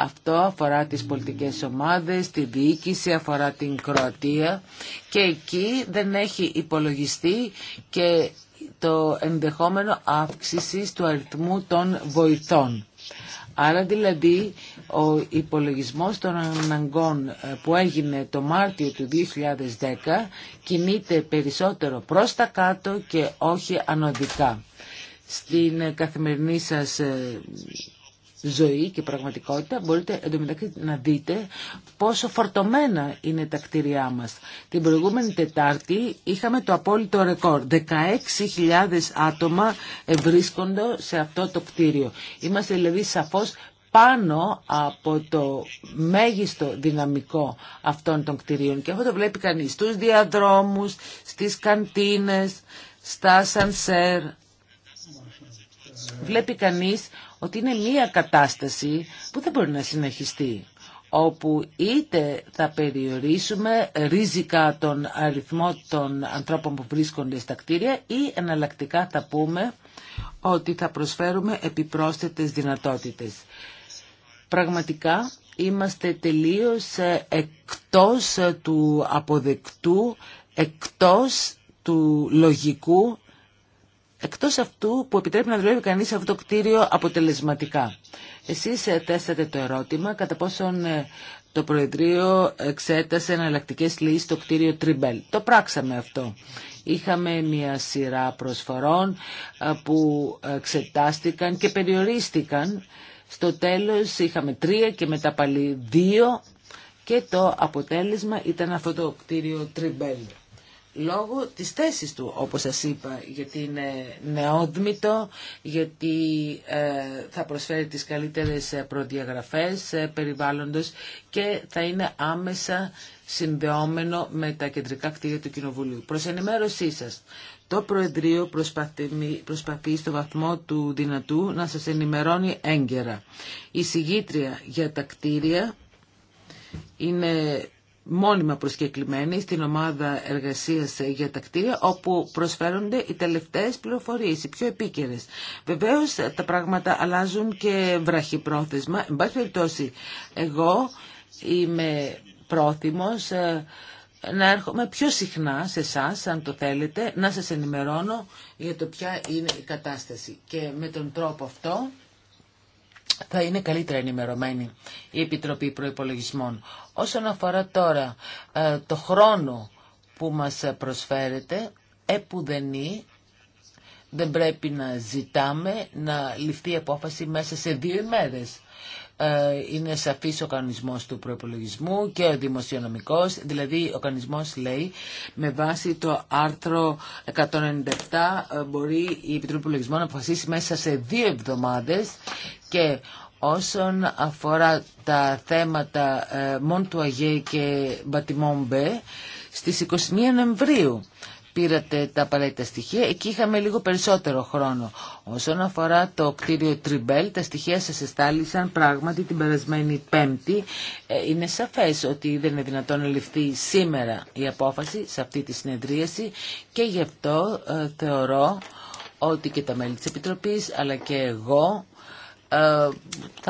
Αυτό αφορά τις πολιτικές ομάδες, τη διοίκηση, αφορά την Κροατία και εκεί δεν έχει υπολογιστεί και το ενδεχόμενο αύξησης του αριθμού των βοηθών. Άρα δηλαδή ο υπολογισμός των αναγκών ε, που έγινε το Μάρτιο του 2010 κινείται περισσότερο προς τα κάτω και όχι ανωδικά. Στην ε, καθημερινή σας ε, ζωή και πραγματικότητα μπορείτε εντωμεταξύ να δείτε πόσο φορτωμένα είναι τα κτίρια μας. Την προηγούμενη Τετάρτη είχαμε το απόλυτο ρεκόρ. 16.000 άτομα βρίσκονται σε αυτό το κτίριο. Είμαστε δηλαδή σαφώς πάνω από το μέγιστο δυναμικό αυτών των κτιριών. Και αυτό το βλέπει κανείς στους διαδρόμους, στις καντίνες, στα σανσέρ. Βλέπει κανείς ότι είναι μία κατάσταση που δεν μπορεί να συνεχιστεί όπου είτε θα περιορίσουμε ρίζικα τον αριθμό των ανθρώπων που βρίσκονται στα κτίρια ή εναλλακτικά θα πούμε ότι θα προσφέρουμε επιπρόσθετες δυνατότητες. Πραγματικά είμαστε τελείως εκτός του αποδεκτού, εκτός του λογικού εκτός αυτού που επιτρέπει να δουλεύει κανείς αυτό το κτίριο αποτελεσματικά. Εσείς θέσατε ε, το ερώτημα κατά πόσον ε, το Προεδρείο εξέτασε εναλλακτικέ λύσεις στο κτίριο Τριμπέλ. Το πράξαμε αυτό. Είχαμε μια σειρά προσφορών ε, που εξετάστηκαν και περιορίστηκαν. Στο τέλος είχαμε τρία και μετά πάλι δύο και το αποτέλεσμα ήταν αυτό το κτίριο Τριμπέλ λόγω της θέσης του, όπως σας είπα, γιατί είναι νεόδμητο, γιατί ε, θα προσφέρει τις καλύτερες ε, προδιαγραφές ε, περιβάλλοντος και θα είναι άμεσα συνδεόμενο με τα κεντρικά κτίρια του Κοινοβουλίου. Προς ενημέρωσή σας, το Προεδρείο προσπαθεί, προσπαθεί στο βαθμό του δυνατού να σας ενημερώνει έγκαιρα. Η συγγήτρια για τα κτίρια είναι μόνιμα προσκεκλημένοι στην ομάδα εργασίας για τα κτίρια όπου προσφέρονται οι τελευταίες πληροφορίες, οι πιο επίκαιρες. Βεβαίως τα πράγματα αλλάζουν και βραχυπρόθεσμα. Εν πάση περιπτώσει, εγώ είμαι πρόθυμος ε, να έρχομαι πιο συχνά σε εσά, αν το θέλετε, να σας ενημερώνω για το ποια είναι η κατάσταση. Και με τον τρόπο αυτό θα είναι καλύτερα ενημερωμένη η Επιτροπή Προϋπολογισμών. Όσον αφορά τώρα ε, το χρόνο που μας προσφέρεται, επουδενή δεν πρέπει να ζητάμε να ληφθεί η απόφαση μέσα σε δύο ημέρες. Ε, είναι σαφής ο κανονισμός του προϋπολογισμού και ο δημοσιονομικός, δηλαδή ο κανονισμός λέει με βάση το άρθρο 197 ε, μπορεί η Επιτροπή Προπολογισμών να αποφασίσει μέσα σε δύο εβδομάδες και όσον αφορά τα θέματα ε, Μοντουαγέ και Μπατιμόμπε, στις 21 Νοεμβρίου πήρατε τα απαραίτητα στοιχεία. Εκεί είχαμε λίγο περισσότερο χρόνο. Όσον αφορά το κτίριο Τριμπέλ, τα στοιχεία σας εστάλησαν πράγματι την περασμένη Πέμπτη. Ε, είναι σαφές ότι δεν είναι δυνατόν να ληφθεί σήμερα η απόφαση σε αυτή τη συνεδρίαση και γι' αυτό ε, θεωρώ ότι και τα μέλη της Επιτροπής αλλά και εγώ θα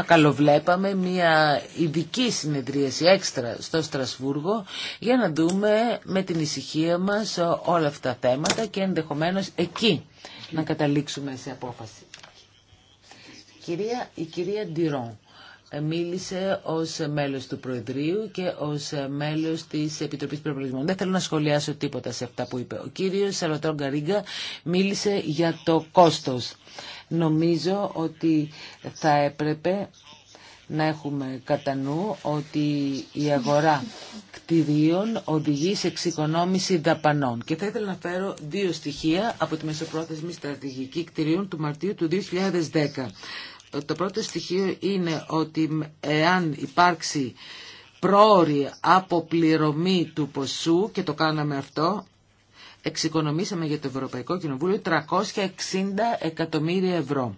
ε, καλοβλέπαμε μια ειδική συνεδρίαση έξτρα στο Στρασβούργο για να δούμε με την ησυχία μας όλα αυτά τα θέματα και ενδεχομένως εκεί να καταλήξουμε σε απόφαση. Κυρία, η κυρία Ντιρόν ε, μίλησε ως μέλος του Προεδρείου και ως μέλος της Επιτροπής Προπολογισμών. Δεν θέλω να σχολιάσω τίποτα σε αυτά που είπε. Ο κύριος Καρίγκα μίλησε για το κόστος. Νομίζω ότι θα έπρεπε να έχουμε κατά νου ότι η αγορά κτηρίων οδηγεί σε εξοικονόμηση δαπανών. Και θα ήθελα να φέρω δύο στοιχεία από τη Μεσοπρόθεσμη Στρατηγική Κτηρίων του Μαρτίου του 2010. Το πρώτο στοιχείο είναι ότι εάν υπάρξει πρόορη αποπληρωμή του ποσού, και το κάναμε αυτό, εξοικονομήσαμε για το Ευρωπαϊκό Κοινοβούλιο 360 εκατομμύρια ευρώ.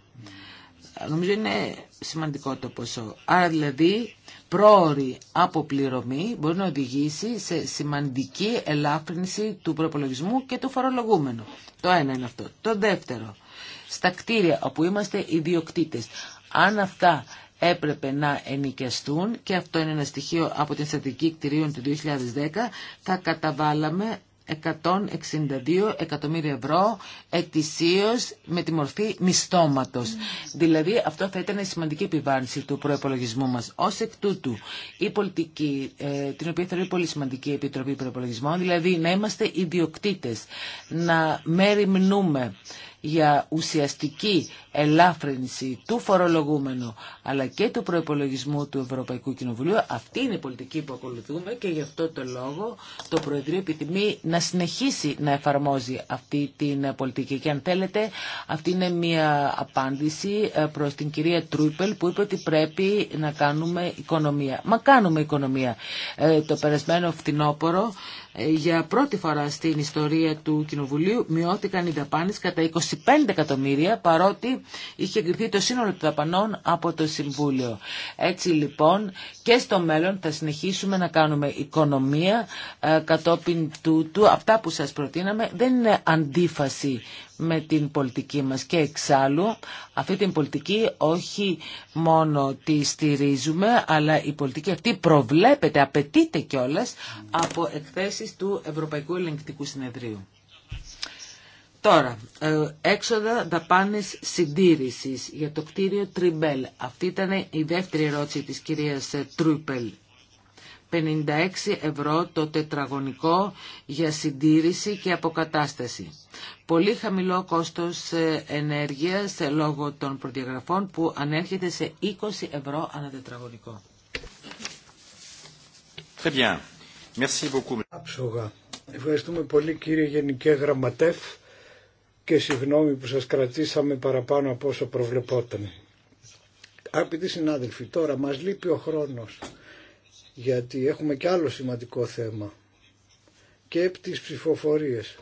Νομίζω είναι σημαντικό το ποσό. Άρα δηλαδή πρόορη αποπληρωμή μπορεί να οδηγήσει σε σημαντική ελάφρυνση του προπολογισμού και του φορολογούμενου. Το ένα είναι αυτό. Το δεύτερο, στα κτίρια όπου είμαστε ιδιοκτήτες, αν αυτά έπρεπε να ενοικιαστούν και αυτό είναι ένα στοιχείο από την στρατηγική κτηρίων του 2010, θα καταβάλαμε 162 εκατομμύρια ευρώ ετησίως με τη μορφή μισθώματος. Δηλαδή αυτό θα ήταν η σημαντική επιβάρυνση του προϋπολογισμού μας. Ως εκ τούτου η πολιτική, ε, την οποία θεωρεί πολύ σημαντική η Επιτροπή Προϋπολογισμών, δηλαδή να είμαστε ιδιοκτήτες, να μεριμνούμε για ουσιαστική ελάφρυνση του φορολογούμενου αλλά και του προπολογισμού του Ευρωπαϊκού Κοινοβουλίου. Αυτή είναι η πολιτική που ακολουθούμε και γι' αυτό το λόγο το Προεδρείο επιθυμεί να συνεχίσει να εφαρμόζει αυτή την πολιτική. Και αν θέλετε, αυτή είναι μια απάντηση ε, προς την κυρία Τρούπελ που είπε ότι πρέπει να κάνουμε οικονομία. Μα κάνουμε οικονομία. Ε, το περασμένο φθινόπωρο ε, για πρώτη φορά στην ιστορία του Κοινοβουλίου μειώθηκαν οι δαπάνε κατά 25 εκατομμύρια παρότι είχε εγκριθεί το σύνολο των δαπανών από το Συμβούλιο. Έτσι λοιπόν και στο μέλλον θα συνεχίσουμε να κάνουμε οικονομία ε, κατόπιν του, αυτά που σας προτείναμε δεν είναι αντίφαση με την πολιτική μας και εξάλλου αυτή την πολιτική όχι μόνο τη στηρίζουμε αλλά η πολιτική αυτή προβλέπεται, απαιτείται κιόλα από εκθέσεις του Ευρωπαϊκού Ελεγκτικού Συνεδρίου. Τώρα, ε, έξοδα δαπάνης συντήρησης για το κτίριο Τριμπέλ. Αυτή ήταν η δεύτερη ερώτηση της κυρίας Τρούπελ 56 ευρώ το τετραγωνικό για συντήρηση και αποκατάσταση. Πολύ χαμηλό κόστος ε, ενέργειας ε, λόγω των προδιαγραφών που ανέρχεται σε 20 ευρώ ανά τετραγωνικό. Très Ευχαριστούμε πολύ κύριε Γενικέ Γραμματεύ και συγγνώμη που σας κρατήσαμε παραπάνω από όσο προβλεπόταν. Αγαπητοί συνάδελφοι, τώρα μας λείπει ο χρόνος γιατί έχουμε και άλλο σημαντικό θέμα και επί τις ψηφοφορίες.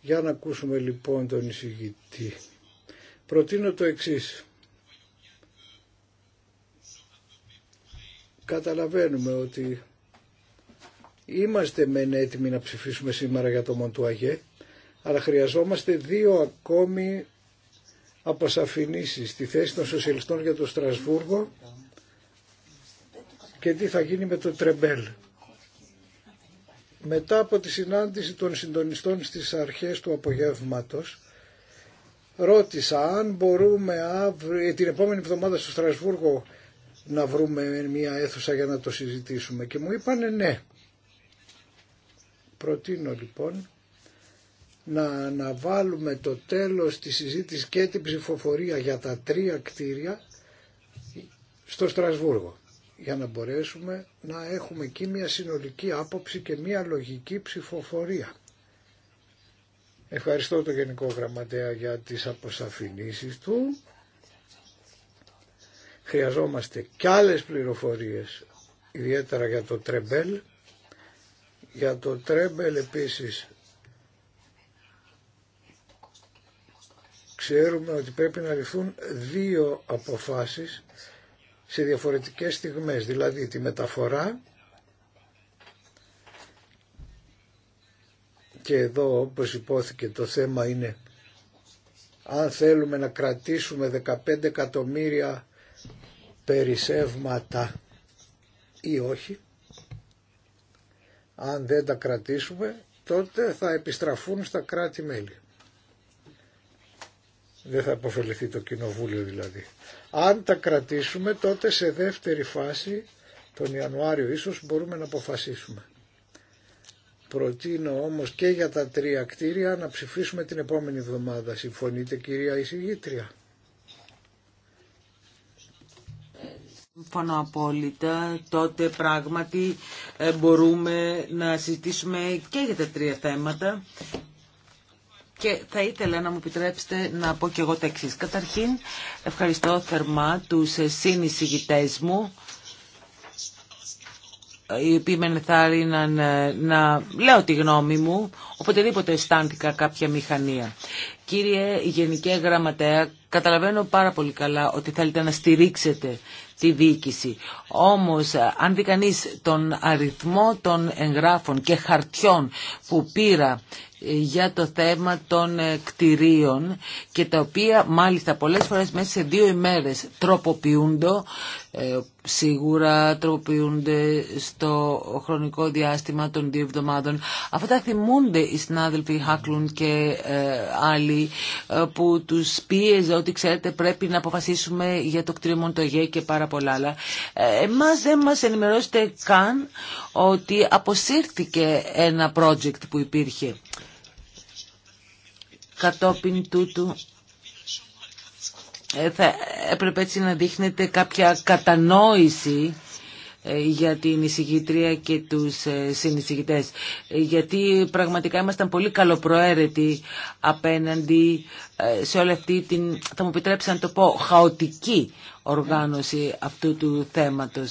Για να ακούσουμε λοιπόν τον εισηγητή. Προτείνω το εξής. Καταλαβαίνουμε ότι είμαστε μεν έτοιμοι να ψηφίσουμε σήμερα για το Μοντουαγέ, αλλά χρειαζόμαστε δύο ακόμη αποσαφηνήσεις στη θέση των σοσιαλιστών για το Στρασβούργο και τι θα γίνει με το Τρεμπέλ. Μετά από τη συνάντηση των συντονιστών στις αρχές του απογεύματος, ρώτησα αν μπορούμε ε, την επόμενη εβδομάδα στο Στρασβούργο να βρούμε μια αίθουσα για να το συζητήσουμε και μου είπανε ναι. Προτείνω λοιπόν να αναβάλουμε το τέλος της συζήτησης και την ψηφοφορία για τα τρία κτίρια στο Στρασβούργο για να μπορέσουμε να έχουμε εκεί μια συνολική άποψη και μια λογική ψηφοφορία. Ευχαριστώ τον Γενικό Γραμματέα για τις αποσαφηνήσεις του. Χρειαζόμαστε κι άλλες πληροφορίες, ιδιαίτερα για το Τρεμπέλ. Για το Τρέμπελ επίσης ξέρουμε ότι πρέπει να ληφθούν δύο αποφάσεις σε διαφορετικές στιγμές, δηλαδή τη μεταφορά και εδώ όπως υπόθηκε το θέμα είναι αν θέλουμε να κρατήσουμε 15 εκατομμύρια περισσεύματα ή όχι, αν δεν τα κρατήσουμε τότε θα επιστραφούν στα κράτη-μέλη. Δεν θα αποφεληθεί το κοινοβούλιο δηλαδή. Αν τα κρατήσουμε τότε σε δεύτερη φάση τον Ιανουάριο ίσως μπορούμε να αποφασίσουμε. Προτείνω όμως και για τα τρία κτίρια να ψηφίσουμε την επόμενη εβδομάδα. Συμφωνείτε κυρία εισηγήτρια. Συμφωνώ απόλυτα. Τότε πράγματι ε, μπορούμε να συζητήσουμε και για τα τρία θέματα και θα ήθελα να μου επιτρέψετε να πω και εγώ τα εξή. Καταρχήν, ευχαριστώ θερμά τους συνεισηγητές μου, οι οποίοι με ενθάρρυναν ε, να λέω τη γνώμη μου, οποτεδήποτε αισθάνθηκα κάποια μηχανία. Κύριε Γενική Γραμματέα, καταλαβαίνω πάρα πολύ καλά ότι θέλετε να στηρίξετε τη διοίκηση. Όμως, ε, αν δει κανεί τον αριθμό των εγγράφων και χαρτιών που πήρα για το θέμα των ε, κτηρίων και τα οποία μάλιστα πολλές φορές μέσα σε δύο ημέρες τροποποιούνται ε, σίγουρα τροποποιούνται στο χρονικό διάστημα των δύο εβδομάδων. Αυτά θυμούνται οι συνάδελφοι Χάκλουν και ε, άλλοι που τους πίεζε ότι ξέρετε πρέπει να αποφασίσουμε για το κτίριο Μοντογέ και πάρα πολλά άλλα. Εμάς δεν μας ενημερώσετε καν ότι αποσύρθηκε ένα project που υπήρχε κατόπιν τούτου ε, θα έπρεπε έτσι να δείχνετε κάποια κατανόηση ε, για την εισηγητρία και τους ε, συνεισηγητές. Γιατί πραγματικά ήμασταν πολύ καλοπροαίρετοι απέναντι σε όλη αυτή την, θα μου επιτρέψει να το πω, χαοτική οργάνωση αυτού του θέματος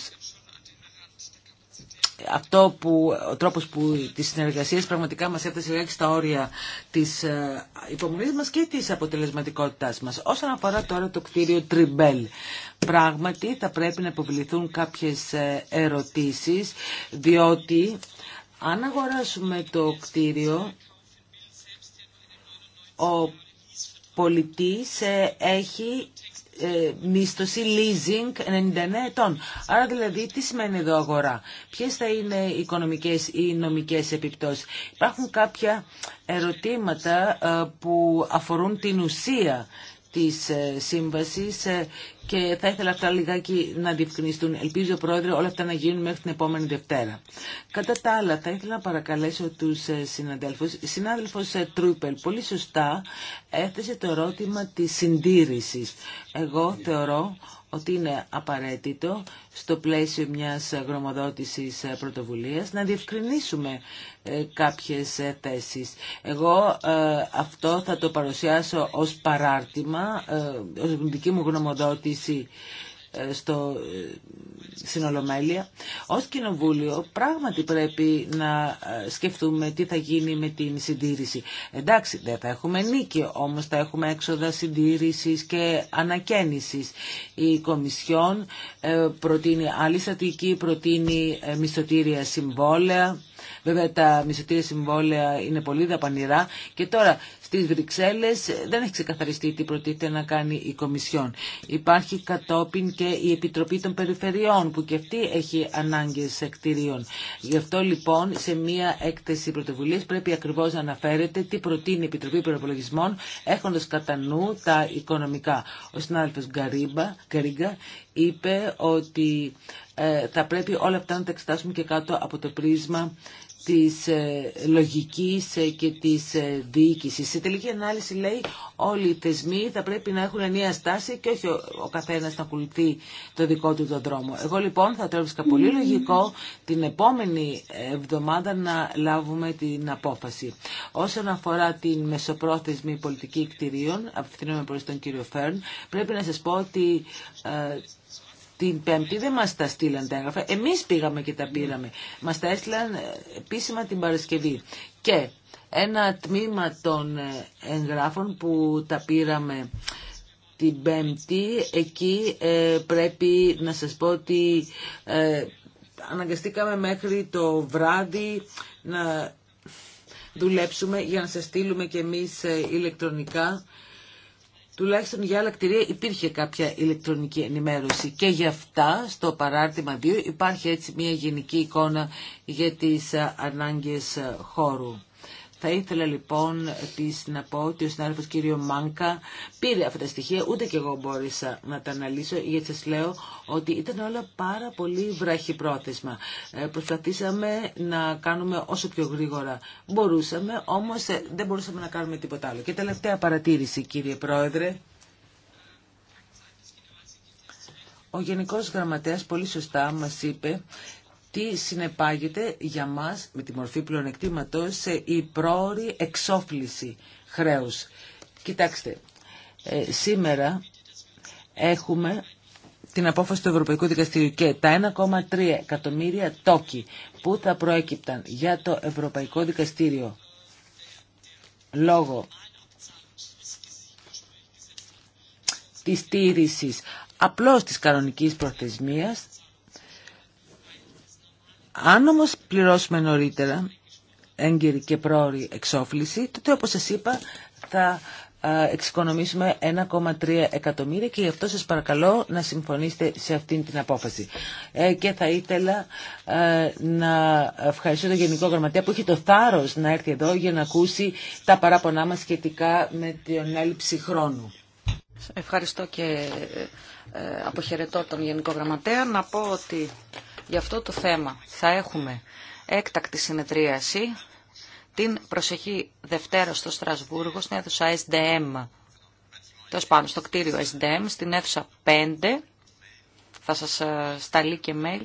αυτό που, ο τρόπος που τις συνεργασίες πραγματικά μας έφτασε λίγα στα όρια της ε, υπομονής μας και της αποτελεσματικότητάς μας. Όσον αφορά τώρα το κτίριο Τριμπέλ, πράγματι θα πρέπει να υποβληθούν κάποιες ε, ερωτήσεις, διότι αν αγοράσουμε το κτίριο, ο πολιτής ε, έχει ε, μίσθωση leasing 99 ετών. Άρα δηλαδή τι σημαίνει εδώ αγορά. Ποιες θα είναι οι οικονομικές ή οι νομικές επιπτώσεις. Υπάρχουν κάποια ερωτήματα ε, που αφορούν την ουσία της ε, σύμβασης ε, και θα ήθελα αυτά λιγάκι να διευκρινιστούν. Ελπίζω, Πρόεδρε, όλα αυτά να γίνουν μέχρι την επόμενη Δευτέρα. Κατά τα άλλα, θα ήθελα να παρακαλέσω τους ε, συναδέλφους. συνάδελφος Τρούπελ πολύ σωστά έθεσε το ερώτημα της συντήρησης. Εγώ θεωρώ ότι είναι απαραίτητο στο πλαίσιο μιας γνωμοδότησης ε, πρωτοβουλίας να διευκρινίσουμε ε, κάποιες ε, θέσεις. Εγώ αυτό θα το παρουσιάσω ως παράρτημα, ως δική μου γνωμοδότηση στο, ε, στην Ολομέλεια. Ως Κοινοβούλιο πράγματι πρέπει να ε, σκεφτούμε τι θα γίνει με την συντήρηση. Εντάξει, δεν θα έχουμε νίκη, όμως θα έχουμε έξοδα συντήρησης και ανακαίνησης. Η Κομισιόν ε, προτείνει άλλη στατική, προτείνει μισθωτήρια συμβόλαια. Βέβαια τα μισθωτήρια συμβόλαια είναι πολύ δαπανηρά και τώρα στις Βρυξέλλες ε, δεν έχει ξεκαθαριστεί τι προτείνεται να κάνει η Κομισιόν. Υπάρχει κατόπιν και η Επιτροπή των Περιφερειών που και αυτή έχει ανάγκες κτηρίων. Γι' αυτό λοιπόν σε μία έκθεση πρωτοβουλίας πρέπει ακριβώς να αναφέρεται τι προτείνει η Επιτροπή Προπολογισμών έχοντας κατά νου τα οικονομικά. Ο συνάδελφος Γκαρίγκα είπε ότι ε, θα πρέπει όλα αυτά να τα εξετάσουμε και κάτω από το πρίσμα της ε, λογικής ε, και της ε, διοίκησης. Σε τελική ανάλυση λέει όλοι οι θεσμοί θα πρέπει να έχουν μια στάση και όχι ο καθένας να ακολουθεί το δικό του τον δρόμο. Εγώ λοιπόν θα τρέψω πολύ λογικό την επόμενη εβδομάδα να λάβουμε την απόφαση. Όσον αφορά την μεσοπρόθεσμη πολιτική κτηρίων, απευθύνομαι προς τον κύριο Φέρν, πρέπει να σας πω ότι την Πέμπτη δεν μας τα στείλαν τα έγγραφα. Εμείς πήγαμε και τα πήραμε. Μας τα έστειλαν ε, επίσημα την Παρασκευή. Και ένα τμήμα των ε, εγγράφων που τα πήραμε την Πέμπτη, εκεί ε, πρέπει να σας πω ότι αναγκαστήκαμε μέχρι το βράδυ να δουλέψουμε για να σας στείλουμε και εμείς ηλεκτρονικά τουλάχιστον για άλλα κτηρία υπήρχε κάποια ηλεκτρονική ενημέρωση και γι' αυτά στο παράρτημα 2 υπάρχει έτσι μια γενική εικόνα για τις ε, ανάγκες ε, χώρου. Θα ήθελα λοιπόν επίση να πω ότι ο συνάδελφο κύριο Μάνκα πήρε αυτά τα στοιχεία, ούτε και εγώ μπόρεσα να τα αναλύσω, γιατί σα λέω ότι ήταν όλα πάρα πολύ βραχυπρόθεσμα. Ε, προσπαθήσαμε να κάνουμε όσο πιο γρήγορα μπορούσαμε, όμω ε, δεν μπορούσαμε να κάνουμε τίποτα άλλο. Και τελευταία παρατήρηση, κύριε Πρόεδρε. Ο Γενικός Γραμματέας πολύ σωστά μας είπε τι συνεπάγεται για μας με τη μορφή πλεονεκτήματος σε η πρόορη εξόφληση χρέους. Κοιτάξτε, ε, σήμερα έχουμε την απόφαση του Ευρωπαϊκού Δικαστηρίου και τα 1,3 εκατομμύρια τόκοι που θα προέκυπταν για το Ευρωπαϊκό Δικαστήριο λόγω της τήρησης απλώς της κανονικής προθεσμίας αν όμως πληρώσουμε νωρίτερα έγκυρη και πρόωρη εξόφληση, τότε όπως σας είπα θα εξοικονομήσουμε 1,3 εκατομμύρια και γι' αυτό σας παρακαλώ να συμφωνήσετε σε αυτήν την απόφαση. Ε, και θα ήθελα ε, να ευχαριστώ τον Γενικό Γραμματέα που έχει το θάρρος να έρθει εδώ για να ακούσει τα παράπονά μας σχετικά με την έλλειψη χρόνου. Ευχαριστώ και ε, αποχαιρετώ τον Γενικό Γραμματέα. Να πω ότι για αυτό το θέμα. Θα έχουμε έκτακτη συνεδρίαση την προσεχή Δευτέρα στο Στρασβούργο στην αίθουσα SDM. Τέλο πάνω στο κτίριο SDM, στην αίθουσα 5. Θα σας ε, σταλεί και mail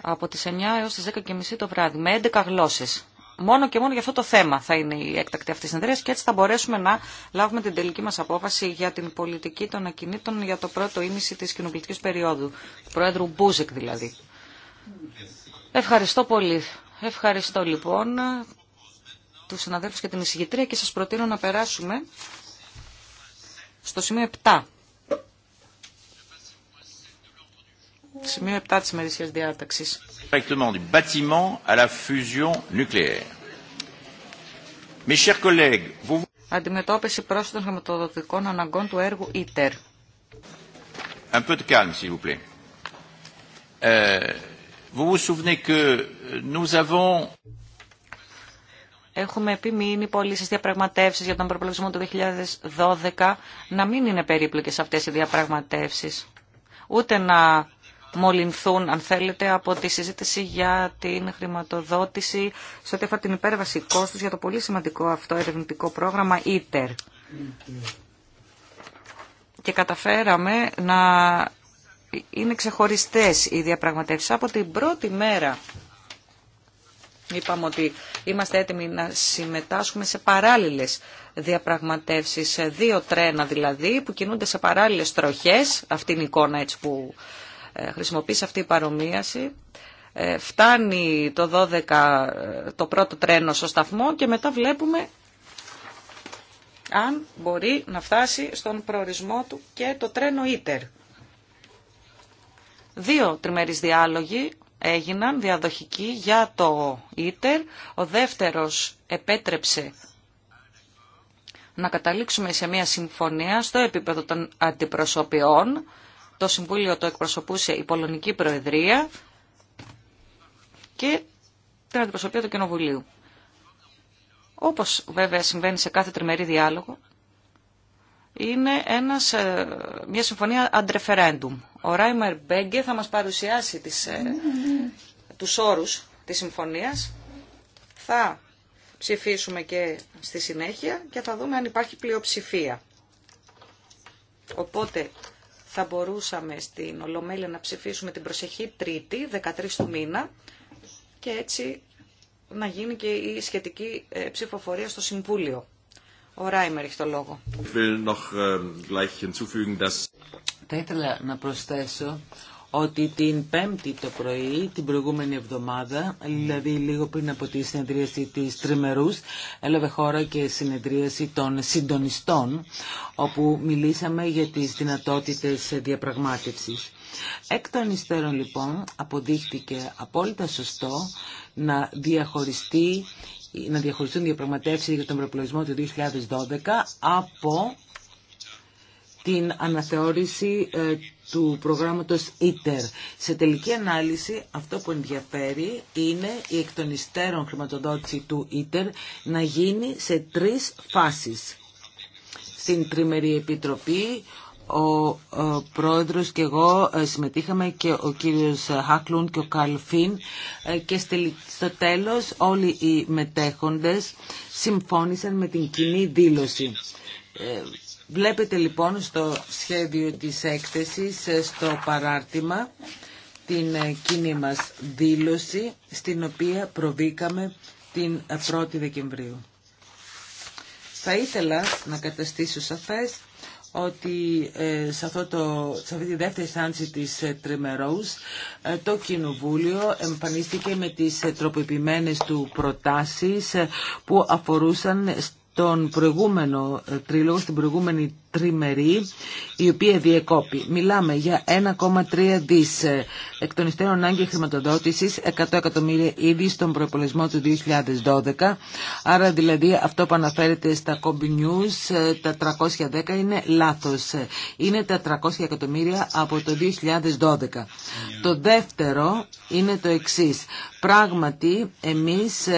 από τις 9 έως τις 10.30 το βράδυ, με 11 γλώσσες. Μόνο και μόνο για αυτό το θέμα θα είναι η έκτακτη αυτή συνεδρία και έτσι θα μπορέσουμε να λάβουμε την τελική μας απόφαση για την πολιτική των ακινήτων για το πρώτο ίμιση τη κοινοβουλευτική περίοδου, του Πρόεδρου Μπούζεκ δηλαδή. Ευχαριστώ πολύ. Ευχαριστώ λοιπόν τους συναδέλφους και την εισηγητρία και σας προτείνω να περάσουμε στο σημείο 7. Σημείο 7 της ημερησίας διάταξης. du bâtiment à la fusion nucléaire. Mes chers collègues, vous... Αντιμετώπιση πρόσθετων χρηματοδοτικών αναγκών του έργου ITER. Un peu de calme, s'il vous plaît. Euh, nous avons... Έχουμε επιμείνει πολύ στι διαπραγματεύσει για τον προπολογισμό του 2012 να μην είναι περίπλοκες αυτές οι διαπραγματεύσει. Ούτε να μολυνθούν, αν θέλετε, από τη συζήτηση για την χρηματοδότηση σε ό,τι αφορά την υπέρβαση κόστου για το πολύ σημαντικό αυτό ερευνητικό πρόγραμμα ITER. Και καταφέραμε να είναι ξεχωριστές οι διαπραγματεύσεις. Από την πρώτη μέρα είπαμε ότι είμαστε έτοιμοι να συμμετάσχουμε σε παράλληλες διαπραγματεύσεις, δύο τρένα δηλαδή που κινούνται σε παράλληλες τροχές, αυτή είναι η εικόνα έτσι που ε, χρησιμοποίει αυτή η παρομοίαση. Ε, φτάνει το 12 ε, το πρώτο τρένο στο σταθμό και μετά βλέπουμε αν μπορεί να φτάσει στον προορισμό του και το τρένο Ίτερ. Δύο τριμερείς διάλογοι έγιναν διαδοχικοί για το ίτερ. Ο δεύτερος επέτρεψε να καταλήξουμε σε μια συμφωνία στο επίπεδο των αντιπροσωπιών. Το Συμβούλιο το εκπροσωπούσε η Πολωνική Προεδρία και την αντιπροσωπεία του Κοινοβουλίου. Όπως βέβαια συμβαίνει σε κάθε τριμερή διάλογο, είναι ένας, ε, μια συμφωνία αντρεφερέντουμ. Ο Ράιμερ Μπέγκε θα μας παρουσιάσει τις, ε, τους όρους της συμφωνίας. Θα ψηφίσουμε και στη συνέχεια και θα δούμε αν υπάρχει πλειοψηφία. Οπότε θα μπορούσαμε στην Ολομέλεια να ψηφίσουμε την προσεχή Τρίτη, 13 του μήνα, και έτσι να γίνει και η σχετική ε, ψηφοφορία στο Συμβούλιο. Ο Ράιμερ έχει το λόγο. Ähm, Θα ήθελα να προσθέσω ότι την Πέμπτη το πρωί, την προηγούμενη εβδομάδα, δηλαδή λίγο πριν από τη συνεδρίαση της Τριμερούς, έλαβε χώρα και συνεδρίαση των συντονιστών, όπου μιλήσαμε για τις δυνατότητες διαπραγμάτευσης. Εκ των υστέρων λοιπόν αποδείχτηκε απόλυτα σωστό να διαχωριστεί να διαχωριστούν διαπραγματεύσεις για τον προπολογισμό του 2012 από την αναθεώρηση ε, του προγράμματος ITER. Σε τελική ανάλυση αυτό που ενδιαφέρει είναι η εκτονιστέρων των χρηματοδότηση του ITER να γίνει σε τρεις φάσεις. Στην Τριμερή Επιτροπή ο πρόεδρος και εγώ ε, συμμετείχαμε και ο κύριος Χάκλουν και ο Καλφίν ε, και στο τέλος όλοι οι μετέχοντες συμφώνησαν με την κοινή δήλωση. Ε, βλέπετε λοιπόν στο σχέδιο της έκθεσης, στο παράρτημα, την κοινή μας δήλωση στην οποία προβήκαμε την 1η Δεκεμβρίου. Θα ήθελα να καταστήσω σαφές ότι ε, σε, το, σε αυτή τη δεύτερη στάνση της ε, Τριμερός ε, το Κοινοβούλιο εμφανίστηκε με τις τροποποιημένες του προτάσεις που αφορούσαν τον προηγούμενο ε, τρίλογο, στην προηγούμενη τριμερή, η οποία διεκόπη. Μιλάμε για 1,3 δις ε, εκ των υστέρων ανάγκη χρηματοδότησης, 100 εκατομμύρια ήδη στον προπολισμό του 2012. Άρα δηλαδή αυτό που αναφέρεται στα Combi News, ε, τα 310 είναι λάθος. Είναι τα 300 εκατομμύρια από το 2012. Το δεύτερο είναι το εξής. Πράγματι, εμείς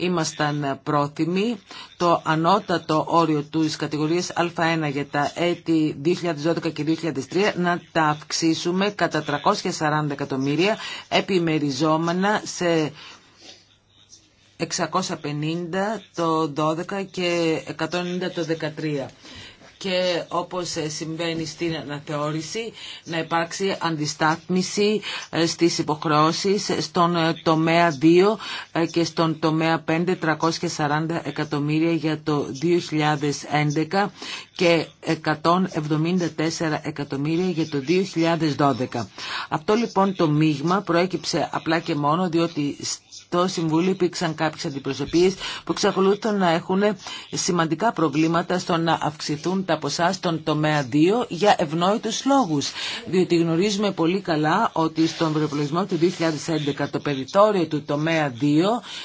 ήμασταν πρόθυμοι. Το ανώτατο όριο του κατηγορίας Α1 για τα έτη 2012 και 2003 να τα αυξήσουμε κατά 340 εκατομμύρια επιμεριζόμενα σε 650 το 12 και 190 το 13 και όπως ε, συμβαίνει στην αναθεώρηση να υπάρξει αντιστάθμιση ε, στις υποχρεώσεις ε, στον τομέα 2 και στον τομέα 5 340 εκατομμύρια για το 2011 και 174 εκατομμύρια για το 2012. Αυτό λοιπόν το μείγμα προέκυψε απλά και μόνο διότι το Συμβούλιο υπήρξαν κάποιες αντιπροσωπείες που εξακολουθούν να έχουν σημαντικά προβλήματα στο να αυξηθούν τα ποσά στον τομέα 2 για ευνόητους λόγους. Διότι γνωρίζουμε πολύ καλά ότι στον προπολογισμό του 2011 το περιθώριο του τομέα 2,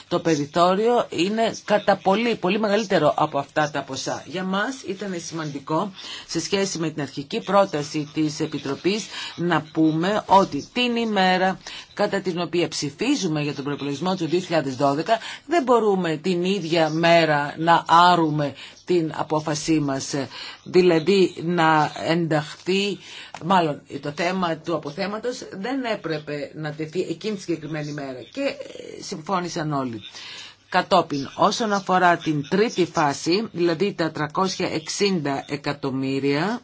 το περιθώριο είναι κατά πολύ, μεγαλύτερο από αυτά τα ποσά. Για μας ήταν σημαντικό σε σχέση με την αρχική πρόταση της Επιτροπής να πούμε ότι την ημέρα κατά την οποία ψηφίζουμε για τον προπολογισμό του 2012 δεν μπορούμε την ίδια μέρα να άρουμε την απόφασή μας. Ε, δηλαδή να ενταχθεί, μάλλον το θέμα του αποθέματος δεν έπρεπε να τεθεί εκείνη τη συγκεκριμένη μέρα και ε, συμφώνησαν όλοι. Κατόπιν, όσον αφορά την τρίτη φάση, δηλαδή τα 360 εκατομμύρια,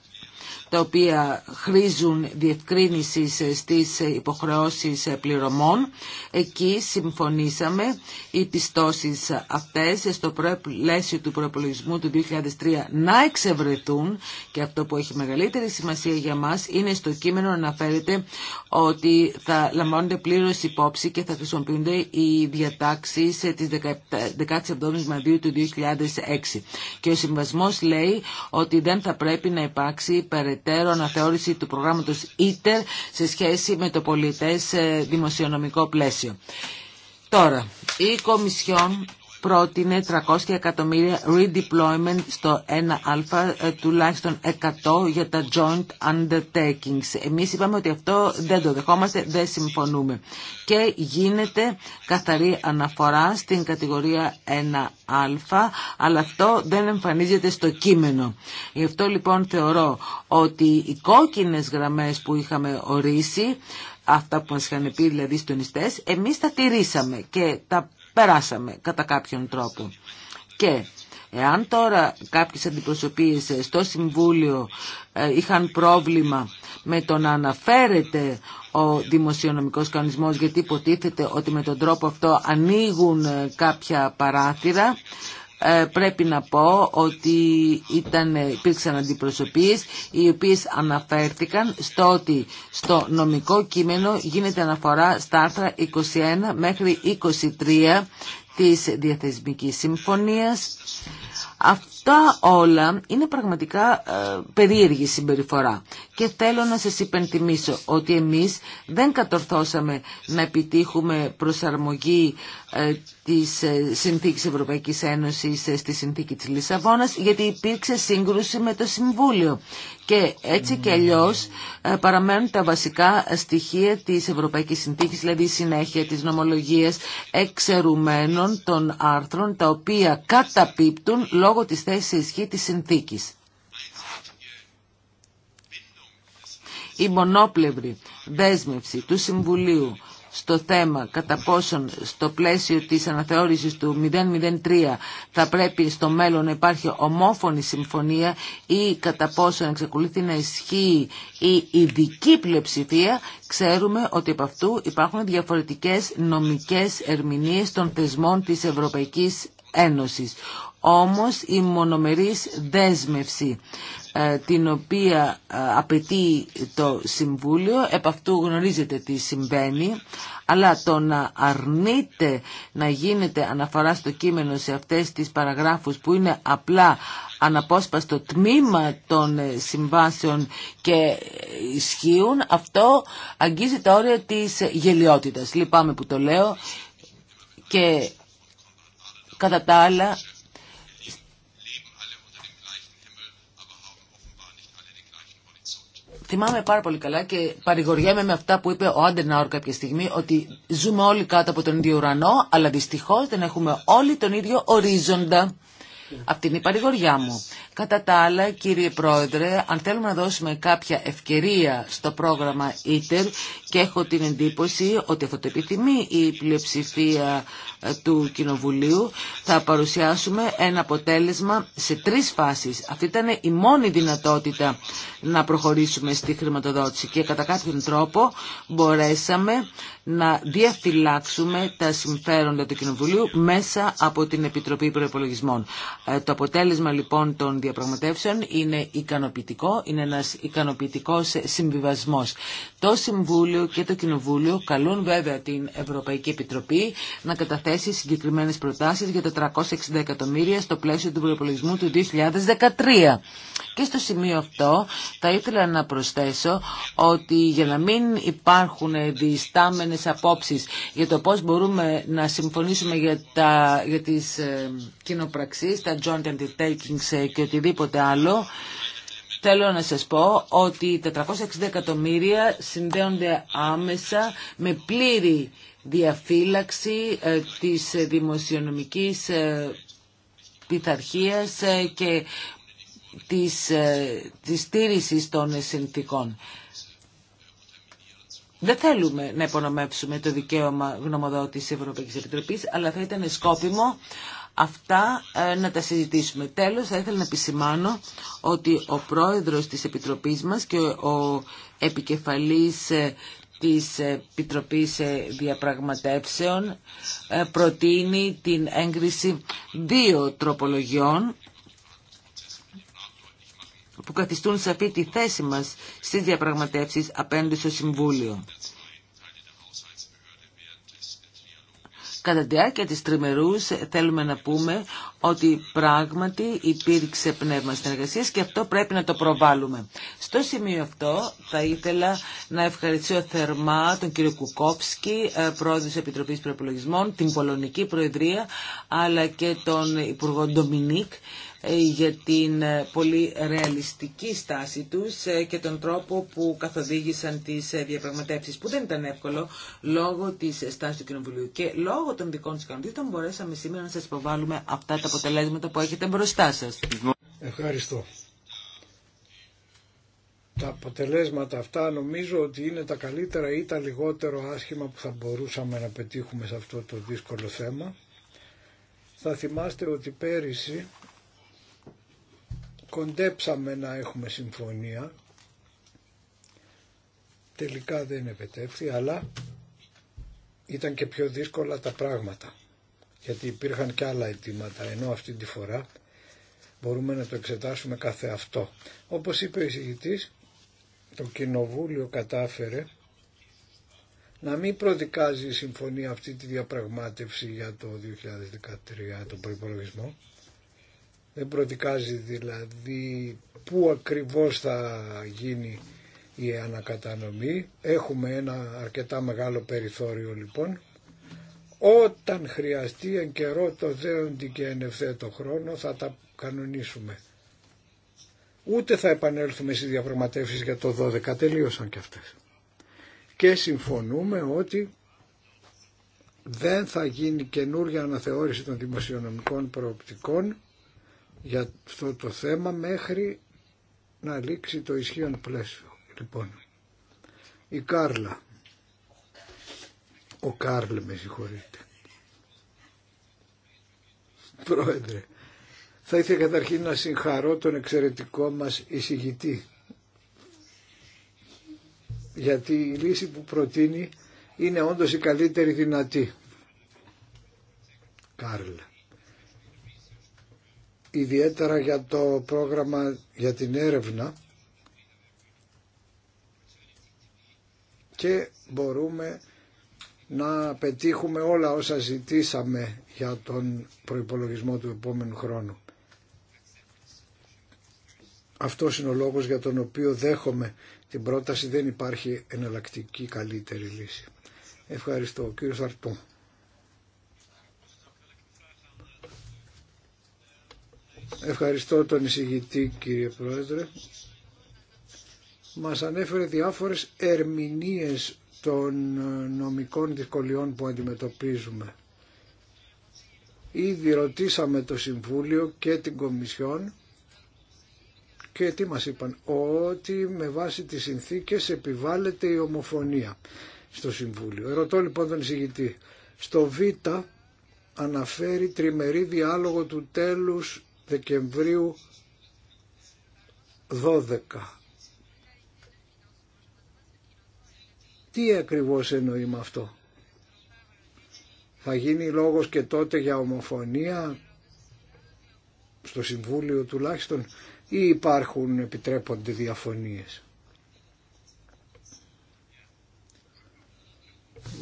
τα οποία χρήζουν διευκρίνηση στις υποχρεώσεις πληρωμών. Εκεί συμφωνήσαμε οι πιστώσεις αυτές στο πλαίσιο του προπολογισμού του 2003 να εξευρεθούν και αυτό που έχει μεγαλύτερη σημασία για μας είναι στο κείμενο να αναφέρεται ότι θα λαμβάνονται πλήρως υπόψη και θα χρησιμοποιούνται οι διατάξεις της 17ης Μαδίου του 2006. Και ο συμβασμός λέει ότι δεν θα πρέπει να υπάρξει περαιτέρω περαιτέρω αναθεώρηση του προγράμματος ΙΤΕΡ σε σχέση με το πολιτέ ε, δημοσιονομικό πλαίσιο. Τώρα, η Κομισιόν πρότεινε 300 εκατομμύρια redeployment στο 1α, ε, τουλάχιστον 100 για τα joint undertakings. Εμείς είπαμε ότι αυτό δεν το δεχόμαστε, δεν συμφωνούμε. Και γίνεται καθαρή αναφορά στην κατηγορία 1α, αλλά αυτό δεν εμφανίζεται στο κείμενο. Γι' αυτό λοιπόν θεωρώ ότι οι κόκκινες γραμμές που είχαμε ορίσει, αυτά που μας είχαν πει δηλαδή οι εμείς τα τηρήσαμε και τα περάσαμε κατά κάποιον τρόπο. Και εάν τώρα κάποιες αντιπροσωπείες στο Συμβούλιο ε, είχαν πρόβλημα με το να αναφέρεται ο δημοσιονομικός κανονισμός γιατί υποτίθεται ότι με τον τρόπο αυτό ανοίγουν ε, κάποια παράθυρα ε, πρέπει να πω ότι ήταν, υπήρξαν αντιπροσωπείες οι οποίες αναφέρθηκαν στο ότι στο νομικό κείμενο γίνεται αναφορά στα άρθρα 21 μέχρι 23 της Διαθεσμικής Συμφωνίας. Τα όλα είναι πραγματικά ε, περίεργη συμπεριφορά και θέλω να σας υπενθυμίσω ότι εμείς δεν κατορθώσαμε να επιτύχουμε προσαρμογή ε, της ε, Συνθήκης Ευρωπαϊκής Ένωσης στη Συνθήκη της Λισαβόνας γιατί υπήρξε σύγκρουση με το Συμβούλιο και έτσι και αλλιώ ε, παραμένουν τα βασικά στοιχεία της Ευρωπαϊκής Συνθήκης, δηλαδή η συνέχεια της νομολογίας εξαιρουμένων των άρθρων, τα οποία καταπίπτουν λόγω της θέσης ισχύ της συνθήκης. Η μονόπλευρη δέσμευση του Συμβουλίου στο θέμα κατά πόσον στο πλαίσιο της αναθεώρησης του 003 θα πρέπει στο μέλλον να υπάρχει ομόφωνη συμφωνία ή κατά πόσον εξακολουθεί να ισχύει η ειδική πλειοψηφία, ξέρουμε ότι από αυτού υπάρχουν διαφορετικές νομικές ερμηνείες των θεσμών της Ευρωπαϊκής Ένωσης. Όμως η μονομερής δέσμευση ε, την οποία ε, απαιτεί το Συμβούλιο. Επ' αυτού γνωρίζετε τι συμβαίνει, αλλά το να αρνείτε να γίνεται αναφορά στο κείμενο σε αυτές τις παραγράφους που είναι απλά αναπόσπαστο τμήμα των ε, συμβάσεων και ισχύουν, αυτό αγγίζει τα όρια της γελιότητας. Λυπάμαι που το λέω και κατά τα άλλα Θυμάμαι πάρα πολύ καλά και παρηγοριέμαι με αυτά που είπε ο Άντερναουρ κάποια στιγμή ότι ζούμε όλοι κάτω από τον ίδιο ουρανό αλλά δυστυχώς δεν έχουμε όλοι τον ίδιο ορίζοντα. Αυτή είναι η παρηγοριά μου. Κατά τα άλλα, κύριε Πρόεδρε, αν θέλουμε να δώσουμε κάποια ευκαιρία στο πρόγραμμα ITER, και έχω την εντύπωση ότι αυτό το επιθυμεί η πλειοψηφία ε, του Κοινοβουλίου. Θα παρουσιάσουμε ένα αποτέλεσμα σε τρεις φάσεις. Αυτή ήταν η μόνη δυνατότητα να προχωρήσουμε στη χρηματοδότηση και κατά κάποιον τρόπο μπορέσαμε να διαφυλάξουμε τα συμφέροντα του Κοινοβουλίου μέσα από την Επιτροπή Προπολογισμών. Ε, το αποτέλεσμα λοιπόν των διαπραγματεύσεων είναι ικανοποιητικό, είναι ένας ικανοποιητικός συμβιβασμός. Το Συμβούλιο και το Κοινοβούλιο καλούν βέβαια την Ευρωπαϊκή Επιτροπή να καταθέσει συγκεκριμένες προτάσεις για τα 360 εκατομμύρια στο πλαίσιο του προπολογισμού του 2013. Και στο σημείο αυτό θα ήθελα να προσθέσω ότι για να μην υπάρχουν διστάμενες απόψεις για το πώς μπορούμε να συμφωνήσουμε για, τα, για τις ε, κοινοπραξίες, τα joint undertakings ε, και οτιδήποτε άλλο, Θέλω να σας πω ότι 460 εκατομμύρια συνδέονται άμεσα με πλήρη διαφύλαξη ε, της δημοσιονομικής ε, πειθαρχίας ε, και της, της στήρησης των συνθήκων. Δεν θέλουμε να υπονομεύσουμε το δικαίωμα γνωμοδότης Ευρωπαϊκής Επιτροπής, αλλά θα ήταν σκόπιμο Αυτά ε, να τα συζητήσουμε. Τέλος, θα ήθελα να επισημάνω ότι ο πρόεδρος της Επιτροπής μας και ο επικεφαλής ε, της Επιτροπής ε, Διαπραγματεύσεων προτείνει την έγκριση δύο τροπολογιών που καθιστούν αυτή τη θέση μας στις διαπραγματεύσεις απέναντι στο Συμβούλιο. Κατά τη διάρκεια της τριμερούς θέλουμε να πούμε ότι πράγματι υπήρξε πνεύμα συνεργασίας και αυτό πρέπει να το προβάλλουμε. Στο σημείο αυτό θα ήθελα να ευχαριστήσω θερμά τον κύριο Κουκόψκι, ε, πρόεδρο της Επιτροπής Προπολογισμών, την Πολωνική Προεδρία, αλλά και τον Υπουργό Ντομινίκ, ε, για την ε, πολύ ρεαλιστική στάση τους ε, και τον τρόπο που καθοδήγησαν τις διαπραγματεύσεις που δεν ήταν εύκολο λόγω της στάσης του Κοινοβουλίου και λόγω των δικών της κανοντήτων μπορέσαμε σήμερα να σας υποβάλουμε αυτά τα αποτελέσματα που έχετε μπροστά σας. Ευχαριστώ. Τα αποτελέσματα αυτά νομίζω ότι είναι τα καλύτερα ή τα λιγότερο άσχημα που θα μπορούσαμε να πετύχουμε σε αυτό το δύσκολο θέμα. Θα θυμάστε ότι πέρυσι κοντέψαμε να έχουμε συμφωνία. Τελικά δεν επετεύθη, αλλά ήταν και πιο δύσκολα τα πράγματα. Γιατί υπήρχαν και άλλα αιτήματα, ενώ αυτή τη φορά μπορούμε να το εξετάσουμε κάθε αυτό. Όπως είπε ο εισηγητής, το Κοινοβούλιο κατάφερε να μην προδικάζει η συμφωνία αυτή τη διαπραγμάτευση για το 2013, τον προϋπολογισμό, δεν προδικάζει δηλαδή πού ακριβώς θα γίνει η ανακατανομή. Έχουμε ένα αρκετά μεγάλο περιθώριο λοιπόν. Όταν χρειαστεί εν καιρό το δέοντι και εν ευθέτω χρόνο θα τα κανονίσουμε. Ούτε θα επανέλθουμε στις διαπραγματεύσεις για το 12, τελείωσαν και αυτές. Και συμφωνούμε ότι δεν θα γίνει καινούργια αναθεώρηση των δημοσιονομικών προοπτικών για αυτό το θέμα μέχρι να λήξει το ισχύον πλαίσιο. Λοιπόν, η Κάρλα, ο Κάρλ με συγχωρείτε, πρόεδρε, θα ήθελα καταρχήν να συγχαρώ τον εξαιρετικό μας εισηγητή, γιατί η λύση που προτείνει είναι όντως η καλύτερη δυνατή. Κάρλα ιδιαίτερα για το πρόγραμμα για την έρευνα και μπορούμε να πετύχουμε όλα όσα ζητήσαμε για τον προϋπολογισμό του επόμενου χρόνου. Αυτό είναι ο λόγος για τον οποίο δέχομαι την πρόταση. Δεν υπάρχει εναλλακτική καλύτερη λύση. Ευχαριστώ. Κύριο Σαρτπού. Ευχαριστώ τον εισηγητή κύριε Πρόεδρε. Μας ανέφερε διάφορες ερμηνείες των νομικών δυσκολιών που αντιμετωπίζουμε. Ήδη ρωτήσαμε το Συμβούλιο και την Κομισιόν και τι μας είπαν, ότι με βάση τις συνθήκες επιβάλλεται η ομοφωνία στο Συμβούλιο. Ρωτώ λοιπόν τον εισηγητή, στο Β αναφέρει τριμερή διάλογο του τέλους Δεκεμβρίου 12. Τι ακριβώς εννοεί με αυτό. Θα γίνει λόγος και τότε για ομοφωνία στο Συμβούλιο τουλάχιστον ή υπάρχουν επιτρέπονται διαφωνίες.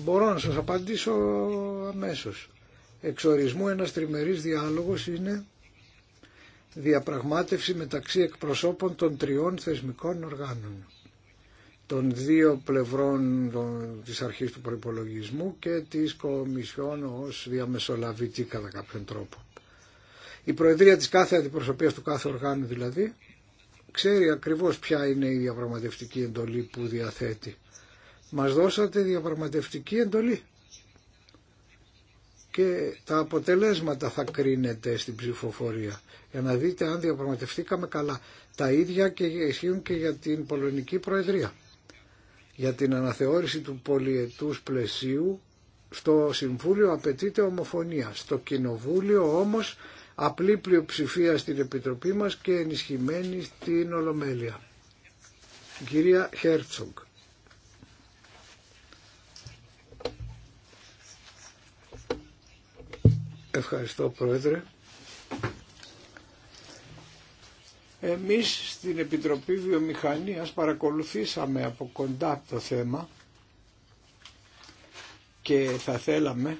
Μπορώ να σας απαντήσω αμέσως. Εξορισμού ένας τριμερής διάλογος είναι διαπραγμάτευση μεταξύ εκπροσώπων των τριών θεσμικών οργάνων των δύο πλευρών της αρχής του προϋπολογισμού και της Κομισιόν ως διαμεσολαβητή κατά κάποιον τρόπο. Η Προεδρία της κάθε αντιπροσωπείας του κάθε οργάνου δηλαδή ξέρει ακριβώς ποια είναι η διαπραγματευτική εντολή που διαθέτει. Μας δώσατε διαπραγματευτική εντολή και τα αποτελέσματα θα κρίνεται στην ψηφοφορία για να δείτε αν διαπραγματευτήκαμε καλά. Τα ίδια και ισχύουν και για την Πολωνική Προεδρία. Για την αναθεώρηση του πολιετούς πλαισίου στο Συμβούλιο απαιτείται ομοφωνία. Στο Κοινοβούλιο όμως απλή πλειοψηφία στην Επιτροπή μας και ενισχυμένη στην Ολομέλεια. Κυρία Χέρτσογκ. Ευχαριστώ Πρόεδρε. Εμείς στην Επιτροπή Βιομηχανίας παρακολουθήσαμε από κοντά το θέμα και θα θέλαμε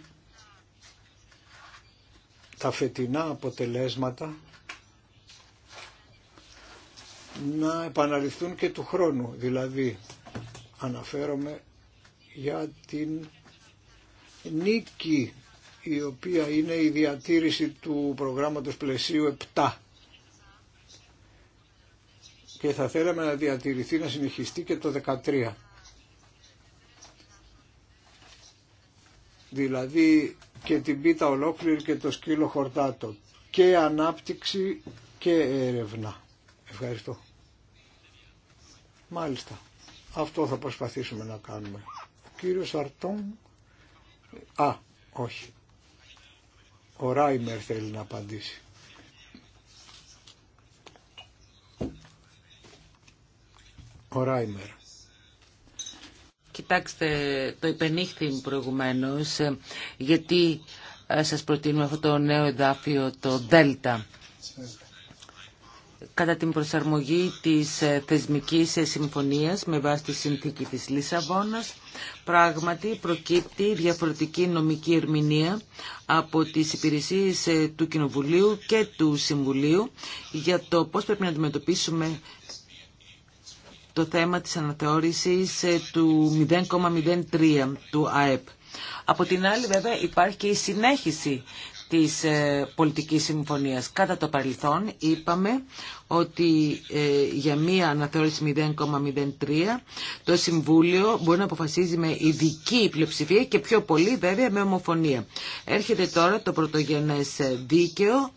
τα φετινά αποτελέσματα να επαναληφθούν και του χρόνου. Δηλαδή αναφέρομαι για την νίκη η οποία είναι η διατήρηση του προγράμματος πλαισίου 7 και θα θέλαμε να διατηρηθεί να συνεχιστεί και το 13. Δηλαδή και την πίτα ολόκληρη και το σκύλο χορτάτο και ανάπτυξη και έρευνα. Ευχαριστώ. Μάλιστα. Αυτό θα προσπαθήσουμε να κάνουμε. Ο κύριος Αρτών... Α, όχι. Ο Ράιμερ θέλει να απαντήσει. Ο Ράιμερ. Κοιτάξτε, το υπενήχθη προηγουμένως, ε, γιατί ε, σας προτείνουμε αυτό το νέο εδάφιο, το Δέλτα κατά την προσαρμογή της ε, θεσμικής ε, συμφωνίας με βάση τη συνθήκη της Λισαβόνας. Πράγματι προκύπτει διαφορετική νομική ερμηνεία από τις υπηρεσίες ε, του Κοινοβουλίου και του Συμβουλίου για το πώς πρέπει να αντιμετωπίσουμε το θέμα της αναθεώρησης του 0,03 του ΑΕΠ. Από την άλλη βέβαια υπάρχει και η συνέχιση της ε, πολιτικής συμφωνίας. Κατά το παρελθόν είπαμε ότι ε, για μία αναθεώρηση 0,03 το Συμβούλιο μπορεί να αποφασίζει με ειδική πλειοψηφία και πιο πολύ βέβαια με ομοφωνία. Έρχεται τώρα το πρωτογενές δίκαιο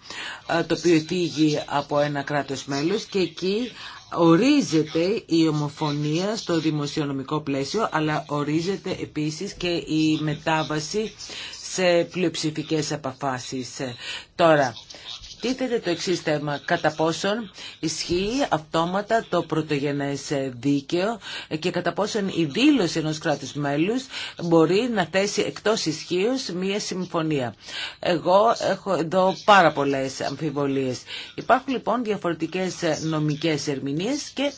ε, το οποίο θίγει από ένα κράτος μέλος και εκεί ορίζεται η ομοφωνία στο δημοσιονομικό πλαίσιο αλλά ορίζεται επίσης και η μετάβαση σε πλειοψηφικές αποφάσεις. Ε, τώρα, τίθεται το εξής θέμα. Κατά πόσον ισχύει αυτόματα το πρωτογενές ε, δίκαιο ε, και κατά πόσον η δήλωση ενός κράτους μέλους μπορεί να θέσει εκτός ισχύω μία συμφωνία. Εγώ έχω εδώ πάρα πολλές αμφιβολίες. Υπάρχουν λοιπόν διαφορετικές νομικές ερμηνείες και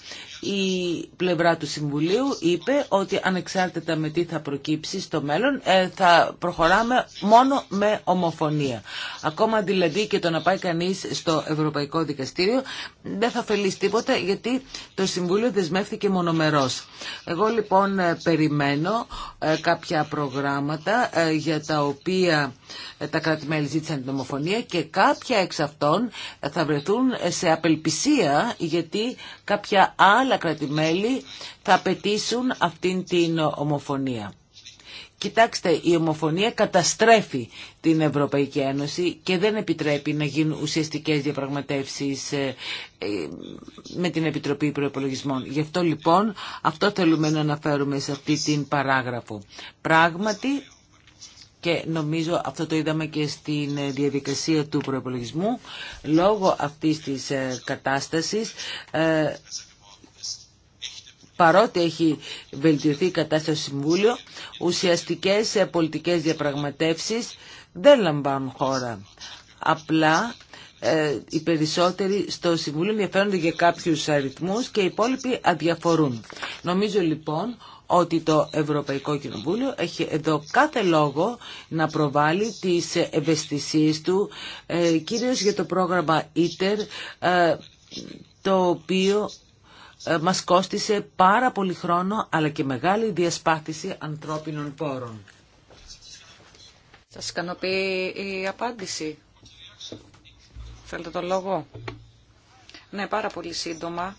η πλευρά του Συμβουλίου είπε ότι ανεξάρτητα με τι θα προκύψει στο μέλλον ε, θα προχωράμε μόνο με ομοφωνία. Ακόμα δηλαδή και το να πάει κανείς στο Ευρωπαϊκό Δικαστήριο δεν θα ωφελήσει τίποτα γιατί το Συμβούλιο δεσμεύτηκε μονομερός. Εγώ λοιπόν ε, περιμένω ε, κάποια προγράμματα για τα οποία τα κράτη-μέλη ζήτησαν την ομοφωνία και κάποια εξ αυτών θα βρεθούν σε απελπισία γιατί κάποια άλλα κρατημέλη θα απαιτήσουν αυτήν την ομοφωνία. Κοιτάξτε, η ομοφωνία καταστρέφει την Ευρωπαϊκή Ένωση και δεν επιτρέπει να γίνουν ουσιαστικές διαπραγματεύσεις ε, ε, με την Επιτροπή Προϋπολογισμών. Γι' αυτό λοιπόν αυτό θέλουμε να αναφέρουμε σε αυτή την παράγραφο. Πράγματι και νομίζω αυτό το είδαμε και στην ε, διαδικασία του προπολογισμού Λόγω αυτής της ε, κατάστασης ε, παρότι έχει βελτιωθεί η κατάσταση στο Συμβούλιο, ουσιαστικές πολιτικές διαπραγματεύσεις δεν λαμβάνουν χώρα. Απλά οι περισσότεροι στο Συμβούλιο ενδιαφέρονται για κάποιους αριθμούς και οι υπόλοιποι αδιαφορούν. Νομίζω λοιπόν ότι το Ευρωπαϊκό Κοινοβούλιο έχει εδώ κάθε λόγο να προβάλλει τις ευαισθησίες του, ε, κυρίως για το πρόγραμμα ITER, ε, το οποίο ε, μας κόστισε πάρα πολύ χρόνο, αλλά και μεγάλη διασπάθηση ανθρώπινων πόρων. Σας ικανοποιεί η απάντηση. Θέλετε το λόγο. Ναι, πάρα πολύ σύντομα.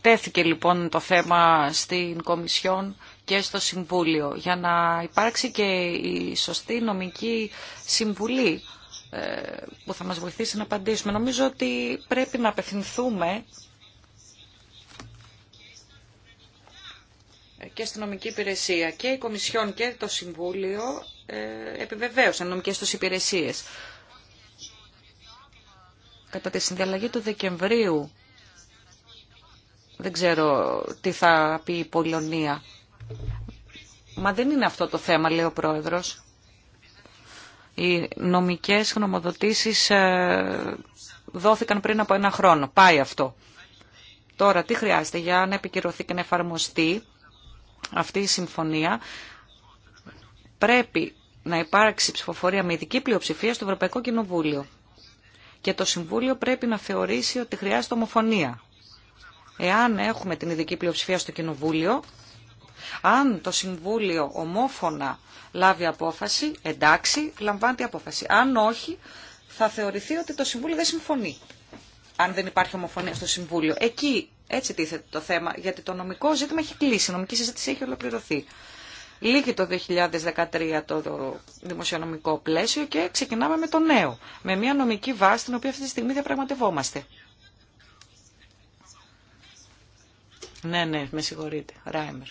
Τέθηκε λοιπόν το θέμα στην Κομισιόν και στο Συμβούλιο για να υπάρξει και η σωστή νομική συμβουλή ε, που θα μας βοηθήσει να απαντήσουμε. Νομίζω ότι πρέπει να απευθυνθούμε και στην νομική υπηρεσία και η Κομισιόν και το Συμβούλιο ε, επιβεβαίωσαν νομικές τους υπηρεσίες. Κατά τη συνδιαλλαγή του Δεκεμβρίου δεν ξέρω τι θα πει η Πολωνία. Μα δεν είναι αυτό το θέμα, λέει ο Πρόεδρος. Οι νομικές γνωμοδοτήσεις ε, δόθηκαν πριν από ένα χρόνο. Πάει αυτό. Τώρα τι χρειάζεται για να επικυρωθεί και να εφαρμοστεί αυτή η συμφωνία. Πρέπει να υπάρξει ψηφοφορία με ειδική πλειοψηφία στο Ευρωπαϊκό Κοινοβούλιο. Και το Συμβούλιο πρέπει να θεωρήσει ότι χρειάζεται ομοφωνία. Εάν έχουμε την ειδική πλειοψηφία στο Κοινοβούλιο, αν το Συμβούλιο ομόφωνα λάβει απόφαση, εντάξει, λαμβάνει απόφαση. Αν όχι, θα θεωρηθεί ότι το Συμβούλιο δεν συμφωνεί. Αν δεν υπάρχει ομοφωνία στο Συμβούλιο. Εκεί έτσι τίθεται το θέμα, γιατί το νομικό ζήτημα έχει κλείσει, η νομική συζήτηση έχει ολοκληρωθεί. Λύγει το 2013 το δημοσιονομικό πλαίσιο και ξεκινάμε με το νέο, με μια νομική βάση την οποία αυτή τη στιγμή διαπραγματευόμαστε. Ναι, ναι, με συγχωρείτε. Ράιμερ.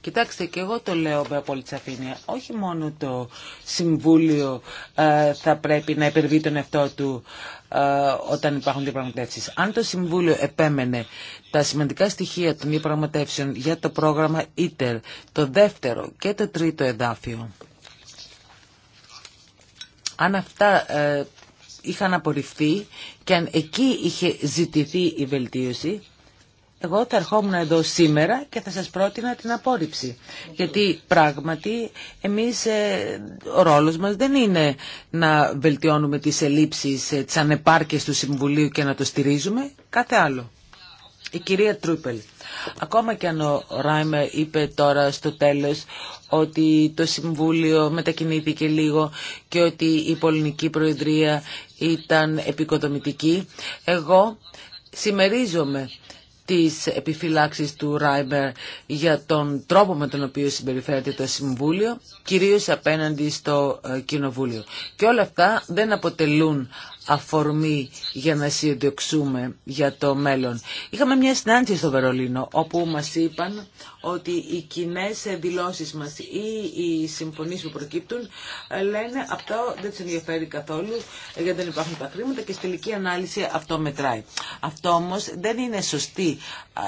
Κοιτάξτε, και εγώ το λέω με απόλυτη σαφήνεια. Όχι μόνο το Συμβούλιο ε, θα πρέπει να υπερβεί τον εαυτό του ε, όταν υπάρχουν διαπραγματεύσει. Αν το Συμβούλιο επέμενε τα σημαντικά στοιχεία των διαπραγματεύσεων για το πρόγραμμα ITER, το δεύτερο και το τρίτο εδάφιο, αν αυτά ε, είχαν απορριφθεί και αν εκεί είχε ζητηθεί η βελτίωση, εγώ θα ερχόμουν εδώ σήμερα και θα σας πρότεινα την απόρριψη. Γιατί πράγματι εμείς ε, ο ρόλος μας δεν είναι να βελτιώνουμε τις ελλείψεις, ε, τις ανεπάρκειες του Συμβουλίου και να το στηρίζουμε, κάθε άλλο. Η κυρία Τρούπελ. Ακόμα και αν ο Ράιμερ είπε τώρα στο τέλος ότι το Συμβούλιο μετακινήθηκε λίγο και ότι η πολιτική Προεδρία ήταν επικοδομητική. Εγώ συμμερίζομαι τις επιφυλάξεις του Ράιμπερ για τον τρόπο με τον οποίο συμπεριφέρεται το Συμβούλιο, κυρίως απέναντι στο ε, Κοινοβούλιο. Και όλα αυτά δεν αποτελούν αφορμή για να συνδεξούμε για το μέλλον. Είχαμε μια συνάντηση στο Βερολίνο όπου μας είπαν ότι οι κοινέ δηλώσεις μας ή οι συμφωνίες που προκύπτουν ε, λένε αυτό δεν τους ενδιαφέρει καθόλου γιατί δεν υπάρχουν τα χρήματα και στη τελική ανάλυση αυτό μετράει. Αυτό όμως δεν είναι σωστή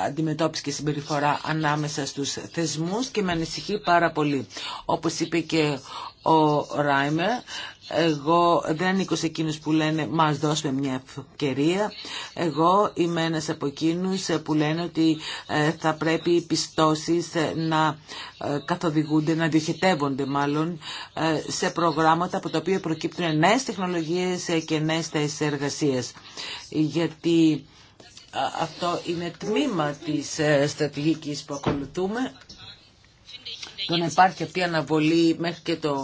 αντιμετώπιση και συμπεριφορά ανάμεσα στους θεσμούς και με ανησυχεί πάρα πολύ. Όπως είπε και ο Ράιμερ, εγώ δεν ανήκω σε εκείνους που λένε μας δώσουμε μια ευκαιρία. Εγώ είμαι ένας από εκείνους ε, που λένε ότι ε, θα πρέπει οι πιστώσεις ε, να καθοδηγούνται, να διοχετεύονται μάλλον σε προγράμματα από τα οποία προκύπτουν νέες τεχνολογίες και νέες θέσεις Γιατί αυτό είναι τμήμα της στρατηγικής που ακολουθούμε το υπάρχει αυτή η αναβολή μέχρι και το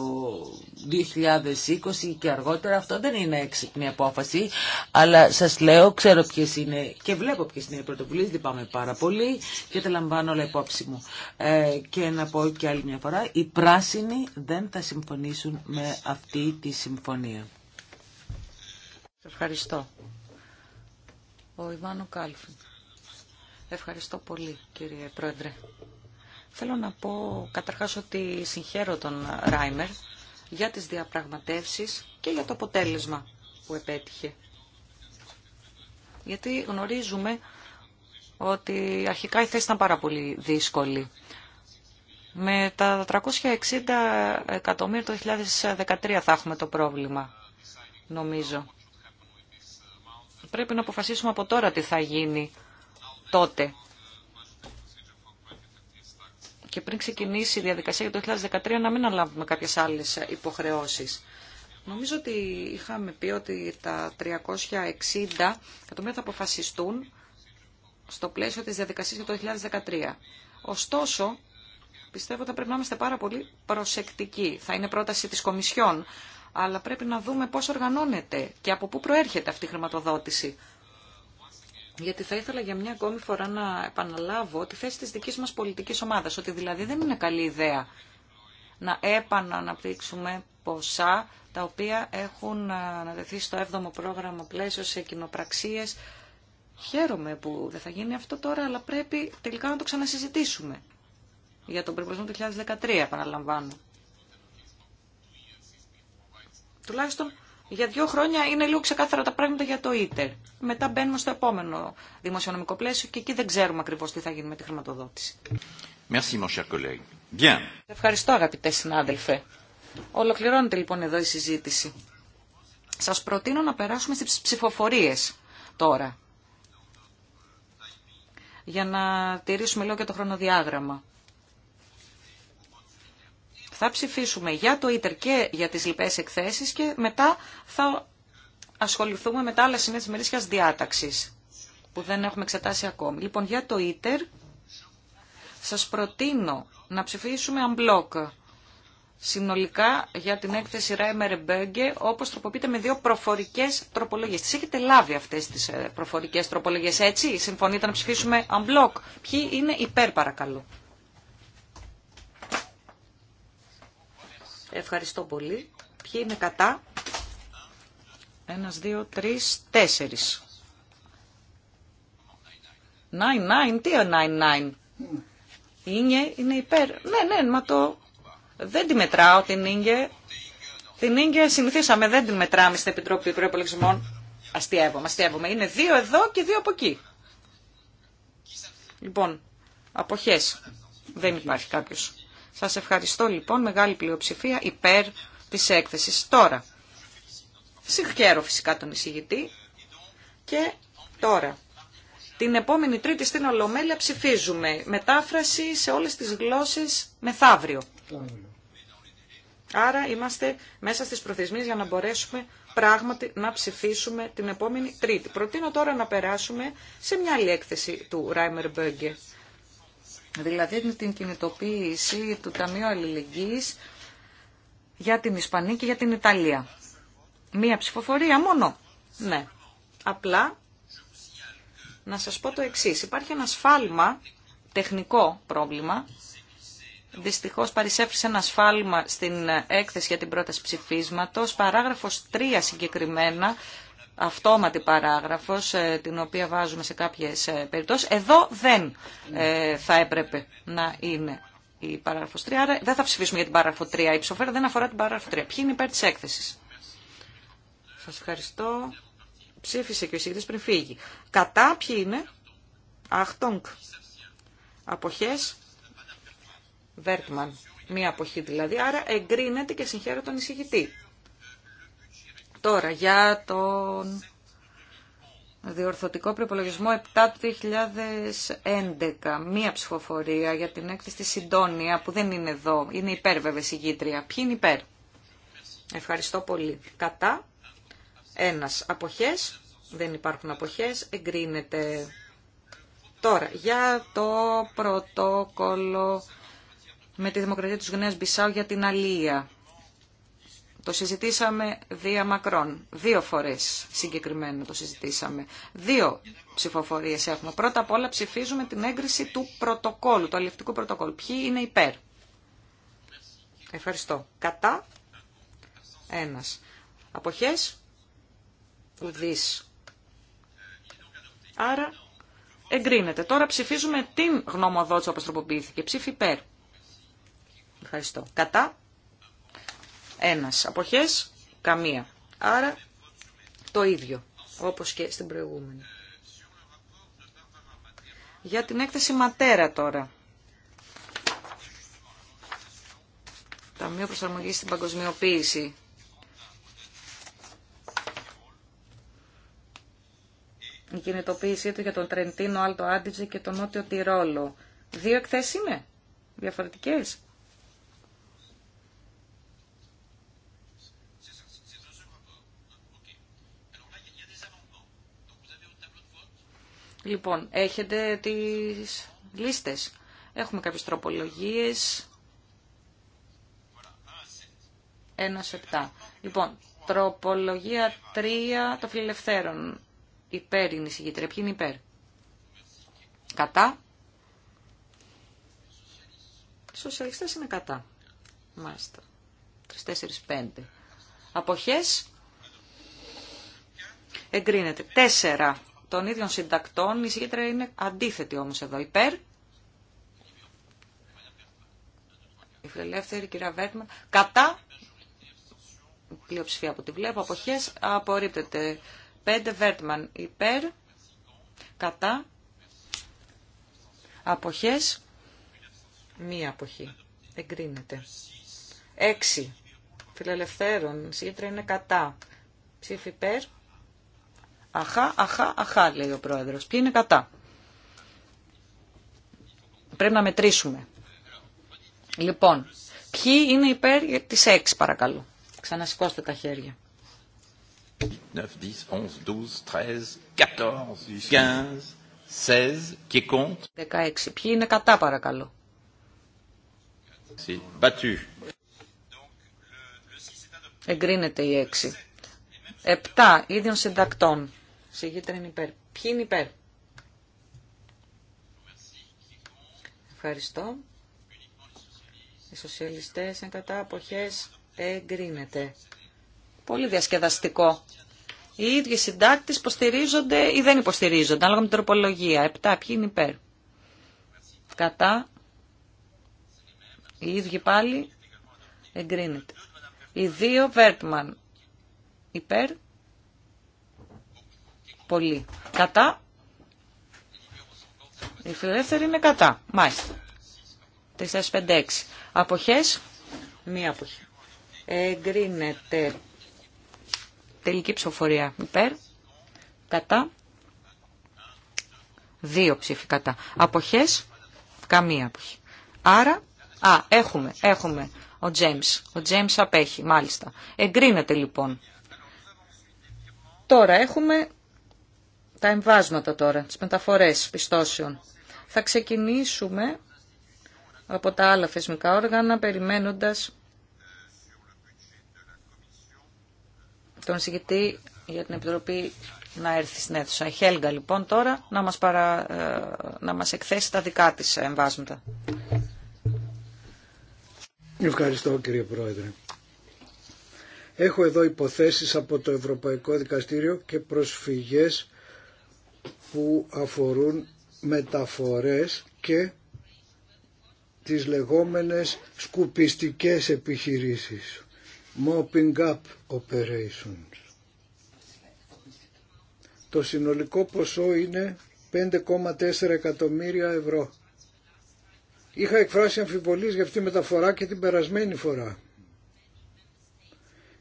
2020 και αργότερα, αυτό δεν είναι έξυπνη απόφαση, αλλά σας λέω, ξέρω ποιες είναι και βλέπω ποιες είναι οι πρωτοβουλίες, λυπάμαι πάρα πολύ και τα λαμβάνω όλα υπόψη μου. Ε, και να πω και άλλη μια φορά, οι πράσινοι δεν θα συμφωνήσουν με αυτή τη συμφωνία. Ευχαριστώ. Ο Ιβάνο Κάλφιν. Ευχαριστώ πολύ κύριε Πρόεδρε. Θέλω να πω καταρχάς ότι συγχαίρω τον Ράιμερ για τις διαπραγματεύσεις και για το αποτέλεσμα που επέτυχε. Γιατί γνωρίζουμε ότι αρχικά η θέση ήταν πάρα πολύ δύσκολη. Με τα 360 εκατομμύρια το 2013 θα έχουμε το πρόβλημα, νομίζω. Πρέπει να αποφασίσουμε από τώρα τι θα γίνει τότε και πριν ξεκινήσει η διαδικασία για το 2013 να μην αναλάβουμε κάποιες άλλες υποχρεώσεις. Νομίζω ότι είχαμε πει ότι τα 360 εκατομμύρια θα αποφασιστούν στο πλαίσιο της διαδικασίας για το 2013. Ωστόσο, πιστεύω ότι πρέπει να είμαστε πάρα πολύ προσεκτικοί. Θα είναι πρόταση της Κομισιόν, αλλά πρέπει να δούμε πώς οργανώνεται και από πού προέρχεται αυτή η χρηματοδότηση γιατί θα ήθελα για μια ακόμη φορά να επαναλάβω τη θέση της δικής μας πολιτικής ομάδας, ότι δηλαδή δεν είναι καλή ιδέα να επαναναπτύξουμε ποσά τα οποία έχουν αναδεθεί στο 7ο πρόγραμμα πλαίσιο σε κοινοπραξίες. Χαίρομαι που δεν θα γίνει αυτό τώρα, αλλά πρέπει τελικά να το ξανασυζητήσουμε. Για τον προπολογισμό του 2013, επαναλαμβάνω. Τουλάχιστον για δύο χρόνια είναι λίγο ξεκάθαρα τα πράγματα για το ίτερ. Μετά μπαίνουμε στο επόμενο δημοσιονομικό πλαίσιο και εκεί δεν ξέρουμε ακριβώς τι θα γίνει με τη χρηματοδότηση. Merci, mon cher Bien. Ευχαριστώ αγαπητέ συνάδελφε. Ολοκληρώνεται λοιπόν εδώ η συζήτηση. Σας προτείνω να περάσουμε στις ψηφοφορίες τώρα. Για να τηρήσουμε λίγο και το χρονοδιάγραμμα. Θα ψηφίσουμε για το ίτερ και για τις λοιπές εκθέσεις και μετά θα ασχοληθούμε με τα άλλα σημεία της μερίσιας διάταξης που δεν έχουμε εξετάσει ακόμη. Λοιπόν, για το ίτερ σας προτείνω να ψηφίσουμε unblock συνολικά για την έκθεση Ρέμερ Μπέγκε, όπως τροποποιείται με δύο προφορικές τροπολογίες. Τις έχετε λάβει αυτές τις ε, προφορικές τροπολογίες, έτσι. Συμφωνείτε να ψηφίσουμε unblock. Ποιοι είναι υπέρ, παρακαλώ. Ευχαριστώ πολύ. Ποιοι είναι κατά. Ένας, δύο, τρεις, τέσσερις. Nine, nine, τι ο nine, nine. Είναι, είναι υπέρ. Ναι, ναι, μα το... Δεν τη μετράω την Ίνγε Την Ίνγε συνηθίσαμε, δεν την μετράμε στην Επιτροπή Προεπολογισμών. Αστείευομαι, αστείευομαι. Είναι δύο εδώ και δύο από εκεί. Λοιπόν, αποχές. Δεν υπάρχει κάποιος. Σας ευχαριστώ λοιπόν, μεγάλη πλειοψηφία υπέρ της έκθεσης. Τώρα, συγχαίρω φυσικά τον εισηγητή και τώρα. Την επόμενη Τρίτη στην Ολομέλεια ψηφίζουμε μετάφραση σε όλες τις γλώσσες μεθαύριο. Άρα είμαστε μέσα στις προθεσμίες για να μπορέσουμε πράγματι να ψηφίσουμε την επόμενη Τρίτη. Προτείνω τώρα να περάσουμε σε μια άλλη έκθεση του Ράιμερ Μπέγκε δηλαδή την κινητοποίηση του Ταμείου Αλληλεγγύης για την Ισπανία και για την Ιταλία. Μία ψηφοφορία μόνο. Ναι. Απλά να σας πω το εξής. Υπάρχει ένα σφάλμα, τεχνικό πρόβλημα. Δυστυχώς παρισέφρισε ένα σφάλμα στην έκθεση για την πρόταση ψηφίσματος. Παράγραφος 3 συγκεκριμένα αυτόματη παράγραφος ε, την οποία βάζουμε σε κάποιες ε, περιπτώσεις. Εδώ δεν ε, θα έπρεπε να είναι η παράγραφος 3, άρα δεν θα ψηφίσουμε για την παράγραφο 3. Η δεν αφορά την παράγραφο 3. Ποιοι είναι υπέρ της έκθεσης. Σας ευχαριστώ. Ψήφισε και ο εισηγητής πριν φύγει. Κατά ποιοι είναι. Αχτονκ. Αποχές. Βέρτμαν. Μία αποχή δηλαδή. Άρα εγκρίνεται και συγχαίρω τον εισηγητή. Τώρα, για τον διορθωτικό προπολογισμό 7 του 2011. Μία ψηφοφορία για την έκθεση στη Συντόνια που δεν είναι εδώ. Είναι υπέρ βέβαια συγκήτρια. Ποιοι είναι υπέρ. Ευχαριστώ πολύ. Κατά. Ένας. Αποχές. Δεν υπάρχουν αποχές. Εγκρίνεται. Τώρα, για το πρωτόκολλο με τη Δημοκρατία της Γνέας Μπισάου για την Αλία. Το συζητήσαμε δύο μακρόν. Δύο φορές συγκεκριμένα το συζητήσαμε. Δύο ψηφοφορίες έχουμε. Πρώτα απ' όλα ψηφίζουμε την έγκριση του πρωτοκόλου, του αλληλευτικού πρωτοκόλου. Ποιοι είναι υπέρ. Ευχαριστώ. Κατά. Ένας. Αποχές. Ουδής. Άρα εγκρίνεται. Τώρα ψηφίζουμε την γνωμοδότηση όπως τροποποιήθηκε. Ψήφι υπέρ. Ευχαριστώ. Κατά. Ένας. Αποχές, καμία. Άρα το ίδιο, όπως και στην προηγούμενη. Για την έκθεση ματέρα τώρα. Ταμείο προσαρμογής στην παγκοσμιοποίηση. η κινητοποίησή του για τον Τρεντίνο, Άλτο Άντιτζε και τον Νότιο Τυρόλο. Δύο εκθέσεις είναι διαφορετικές. Λοιπόν, έχετε τις λίστες. Έχουμε κάποιες τροπολογίες. 1-7. Λοιπόν, τροπολογία 3 των φιλελευθέρων. Υπέρ είναι η συγκήτρια. Ποιοι είναι υπέρ. Κατά. σοσιαλιστές είναι κατά. Μάλιστα. 3-4-5. Αποχές. Εγκρίνεται. 4 των ίδιων συντακτών. Η συγκέντρια είναι αντίθετη όμως εδώ. Υπέρ. Η φιλελεύθερη κυρία Βέρτμαν. Κατά. Πλειοψηφία από τη βλέπω. Αποχές απορρίπτεται. Πέντε Βέρτμαν. Υπέρ. Κατά. Αποχές. Μία αποχή. Εγκρίνεται. Έξι Φιλελευθέρων. Η συγκέντρια είναι κατά. Ψήφι υπέρ. Αχά, αχά, αχά, λέει ο πρόεδρος. Ποιοι είναι κατά. Πρέπει να μετρήσουμε. Λοιπόν, ποιοι είναι υπέρ της 6 παρακαλώ. Ξανασηκώστε τα χέρια. 9, 10, 11, 12, 13, 14, 15, 16. 16. Ποιοι είναι κατά παρακαλώ. Εγκρίνεται η 6. 7. Ίδιων συντακτών. Συγγήτρια είναι υπέρ. Ποιοι είναι υπέρ. Ευχαριστώ. Οι σοσιαλιστές εν κατά αποχές εγκρίνεται. Πολύ διασκεδαστικό. Οι ίδιοι συντάκτες υποστηρίζονται ή δεν υποστηρίζονται, ανάλογα με την τροπολογία. Επτά, ποιοι είναι υπέρ. Κατά. Οι ίδιοι πάλι εγκρίνεται. Οι δύο Βέρτμαν υπέρ. Πολύ. Κατά. Η φιλελεύθερη είναι κατά. Μάλιστα. 4-5-6. Αποχές. Μία αποχή. Εγκρίνεται. Τελική ψηφοφορία. Υπέρ. Κατά. Δύο ψήφοι κατά. Αποχές. Καμία αποχή. Άρα. Α, έχουμε. Έχουμε. Ο Τζέιμ. Ο Τζέιμ απέχει. Μάλιστα. Εγκρίνεται λοιπόν. Τώρα έχουμε τα εμβάσματα τώρα, τις μεταφορές πιστώσεων. Θα ξεκινήσουμε από τα άλλα θεσμικά όργανα, περιμένοντας τον συγκητή για την Επιτροπή να έρθει στην αίθουσα. Η Χέλγα λοιπόν τώρα να μας, παρα... Ε, να μας εκθέσει τα δικά της εμβάσματα. Ευχαριστώ κύριε Πρόεδρε. Έχω εδώ υποθέσεις από το Ευρωπαϊκό Δικαστήριο και προσφυγές που αφορούν μεταφορές και τις λεγόμενες σκουπιστικές επιχειρήσεις. Mopping up operations. Το συνολικό ποσό είναι 5,4 εκατομμύρια ευρώ. Είχα εκφράσει αμφιβολίες για αυτή τη μεταφορά και την περασμένη φορά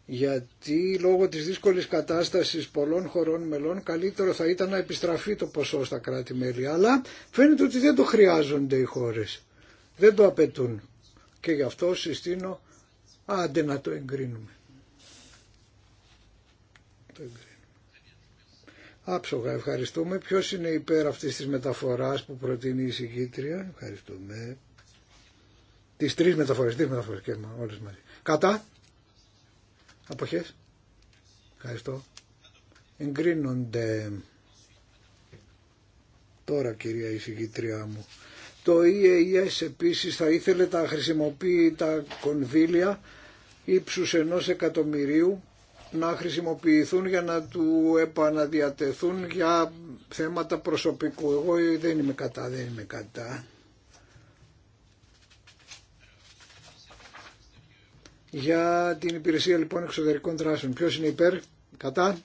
γιατί λόγω της δύσκολης κατάστασης πολλών χωρών μελών καλύτερο θα ήταν να επιστραφεί το ποσό στα κράτη-μέλη. Αλλά φαίνεται ότι δεν το χρειάζονται οι χώρες. Δεν το απαιτούν. Και γι' αυτό συστήνω άντε να το εγκρίνουμε. Το Άψογα ευχαριστούμε. Ποιος είναι υπέρ αυτής της μεταφοράς που προτείνει η συγκήτρια. Ευχαριστούμε. Τις τρεις μεταφορές, τρεις μεταφορές και όλες μαζί. Κατά. Αποχές. Ευχαριστώ. Εγκρίνονται. Τώρα κυρία εισηγήτρια μου. Το EAS επίσης θα ήθελε τα χρησιμοποιεί τα κονδύλια ύψους ενός εκατομμυρίου να χρησιμοποιηθούν για να του επαναδιατεθούν για θέματα προσωπικού. Εγώ δεν είμαι κατά, δεν είμαι κατά. Για την υπηρεσία λοιπόν εξωτερικών δράσεων. Ποιος είναι υπέρ, κατά,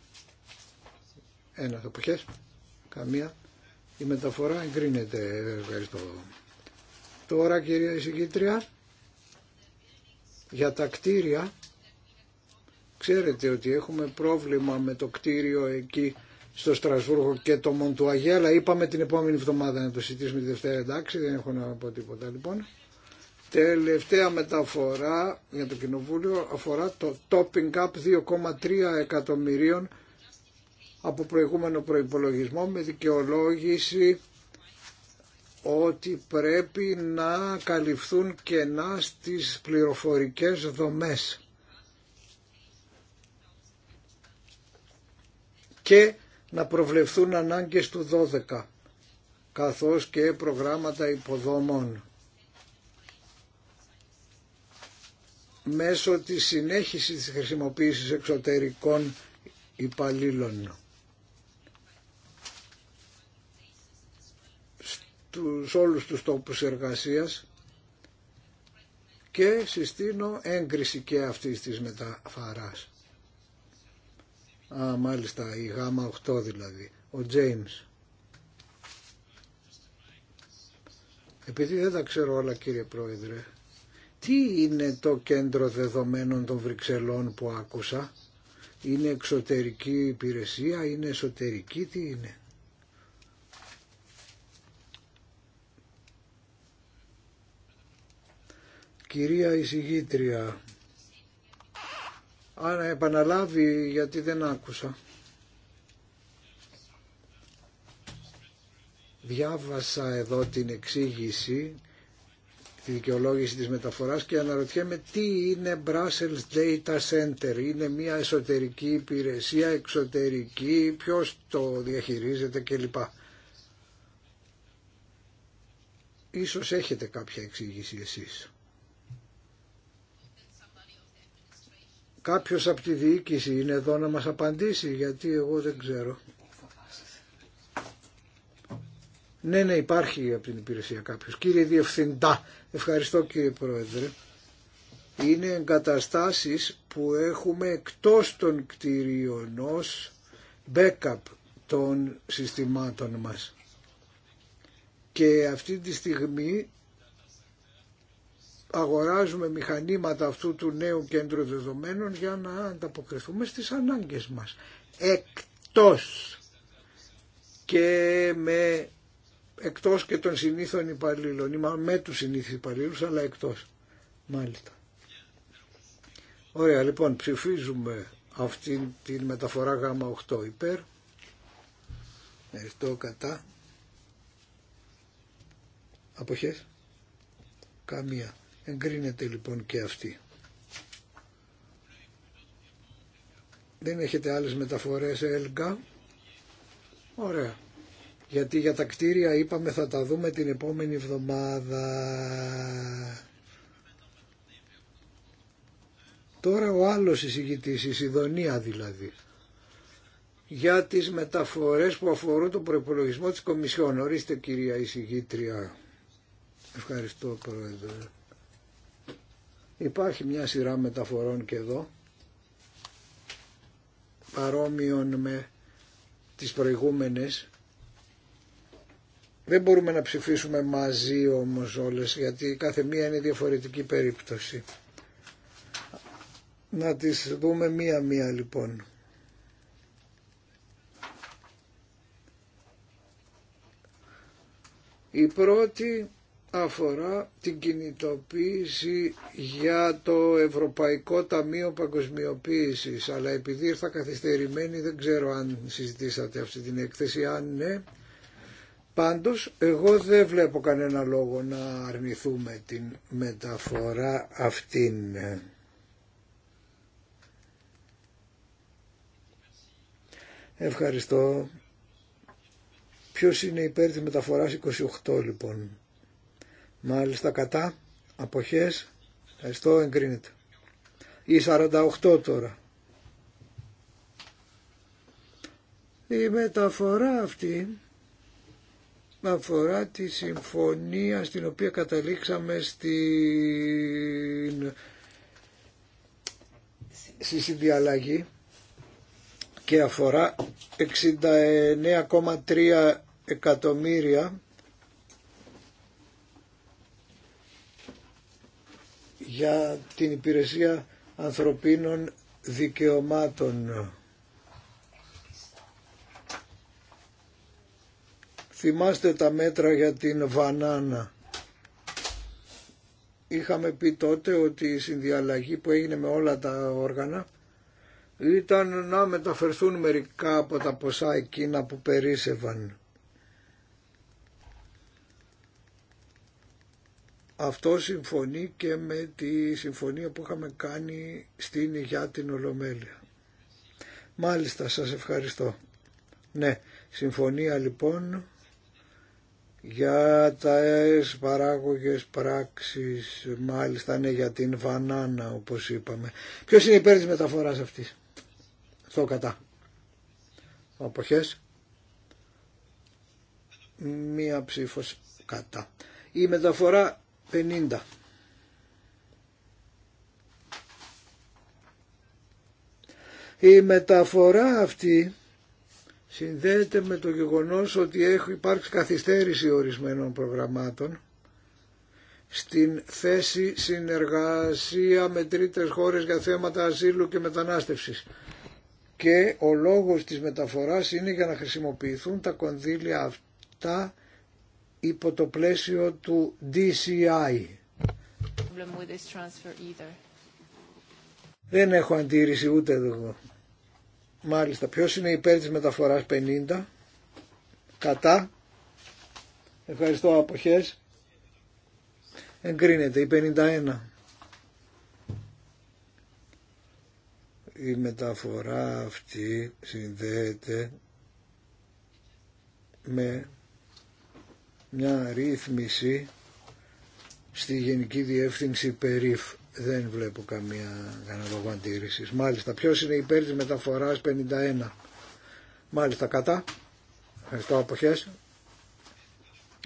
ένα αποχές, καμία. Η μεταφορά εγκρίνεται, ευχαριστώ. Τώρα κυρία εισηγήτρια, για τα κτίρια, ξέρετε ότι έχουμε πρόβλημα με το κτίριο εκεί στο Στρασβούργο και το Μοντουαγέλα. Είπαμε την επόμενη εβδομάδα να το συζητήσουμε τη Δευτέρα, εντάξει, δεν έχω να πω τίποτα λοιπόν. Τελευταία μεταφορά για το Κοινοβούλιο αφορά το topping up 2,3 εκατομμυρίων από προηγούμενο προϋπολογισμό με δικαιολόγηση ότι πρέπει να καλυφθούν κενά στις πληροφορικές δομές. Και να προβλεφθούν ανάγκες του 12 καθώς και προγράμματα υποδομών. μέσω της συνέχισης της χρησιμοποίησης εξωτερικών υπαλλήλων. Στους όλους τους τόπους εργασίας και συστήνω έγκριση και αυτής της μεταφαράς. Α, μάλιστα, η γάμα 8 δηλαδή, ο Τζέιμς. Επειδή δεν τα ξέρω όλα κύριε Πρόεδρε, τι είναι το κέντρο δεδομένων των Βρυξελών που άκουσα. Είναι εξωτερική υπηρεσία, είναι εσωτερική, τι είναι. Κυρία εισηγήτρια, αν επαναλάβει γιατί δεν άκουσα. Διάβασα εδώ την εξήγηση τη δικαιολόγηση της μεταφοράς και αναρωτιέμαι τι είναι Brussels Data Center. Είναι μια εσωτερική υπηρεσία, εξωτερική, ποιος το διαχειρίζεται κλπ. Ίσως έχετε κάποια εξήγηση εσείς. Κάποιος από τη διοίκηση είναι εδώ να μας απαντήσει γιατί εγώ δεν ξέρω. Ναι, ναι, υπάρχει από την υπηρεσία κάποιο. Κύριε Διευθυντά, ευχαριστώ κύριε Πρόεδρε. Είναι εγκαταστάσεις που έχουμε εκτός των κτηρίων ως backup των συστημάτων μας. Και αυτή τη στιγμή αγοράζουμε μηχανήματα αυτού του νέου κέντρου δεδομένων για να ανταποκριθούμε στις ανάγκες μας. Εκτός και με εκτός και των συνήθων υπαλλήλων, ή με τους συνήθους υπαλλήλους, αλλά εκτός. Μάλιστα. Ωραία, λοιπόν, ψηφίζουμε αυτή τη μεταφορά γάμα 8 υπέρ. Ευχαριστώ κατά. Αποχές. Καμία. Εγκρίνεται λοιπόν και αυτή. Δεν έχετε άλλες μεταφορές, ΕΛΓΑ. Ωραία γιατί για τα κτίρια είπαμε θα τα δούμε την επόμενη εβδομάδα. Τώρα ο άλλος εισηγητής, η Σιδονία δηλαδή, για τις μεταφορές που αφορούν τον προπολογισμό της Κομισιόν. Ορίστε κυρία εισηγήτρια. Ευχαριστώ πρόεδρε. Υπάρχει μια σειρά μεταφορών και εδώ, παρόμοιων με τις προηγούμενες δεν μπορούμε να ψηφίσουμε μαζί όμως όλες γιατί κάθε μία είναι διαφορετική περίπτωση. Να τις δούμε μία-μία λοιπόν. Η πρώτη αφορά την κινητοποίηση για το Ευρωπαϊκό Ταμείο Παγκοσμιοποίησης αλλά επειδή ήρθα καθυστερημένη δεν ξέρω αν συζητήσατε αυτή την έκθεση αν ναι Πάντως εγώ δεν βλέπω κανένα λόγο να αρνηθούμε την μεταφορά αυτήν. Ευχαριστώ. Ποιος είναι υπέρ της μεταφοράς 28 λοιπόν. Μάλιστα κατά. Αποχές. Ευχαριστώ εγκρίνεται. Ή 48 τώρα. Η μεταφορά αυτή αφορά τη συμφωνία στην οποία καταλήξαμε στην... στη συνδιαλλαγή και αφορά 69,3 εκατομμύρια για την υπηρεσία ανθρωπίνων δικαιωμάτων. Θυμάστε τα μέτρα για την βανάνα. Είχαμε πει τότε ότι η συνδιαλλαγή που έγινε με όλα τα όργανα ήταν να μεταφερθούν μερικά από τα ποσά εκείνα που περίσευαν. Αυτό συμφωνεί και με τη συμφωνία που είχαμε κάνει στην για την Ολομέλεια. Μάλιστα, σας ευχαριστώ. Ναι, συμφωνία λοιπόν για τα ΕΣ παράγωγες πράξεις, μάλιστα είναι για την βανάνα όπως είπαμε. Ποιος είναι υπέρ της μεταφοράς αυτής, στο κατά. Αποχές, μία ψήφος κατά. Η μεταφορά 50. Η μεταφορά αυτή συνδέεται με το γεγονός ότι έχει υπάρξει καθυστέρηση ορισμένων προγραμμάτων στην θέση συνεργασία με τρίτες χώρες για θέματα ασύλου και μετανάστευσης. Και ο λόγος της μεταφοράς είναι για να χρησιμοποιηθούν τα κονδύλια αυτά υπό το πλαίσιο του DCI. Δεν έχω αντίρρηση ούτε εδώ. Μάλιστα, ποιος είναι υπέρ της μεταφοράς 50, κατά, ευχαριστώ αποχές, εγκρίνεται η 51. Η μεταφορά αυτή συνδέεται με μια ρύθμιση στη Γενική Διεύθυνση Περίφ δεν βλέπω καμία κανένα αντίρρηση. Μάλιστα, ποιο είναι υπέρ τη μεταφορά 51. Μάλιστα, κατά. Ευχαριστώ, αποχέ.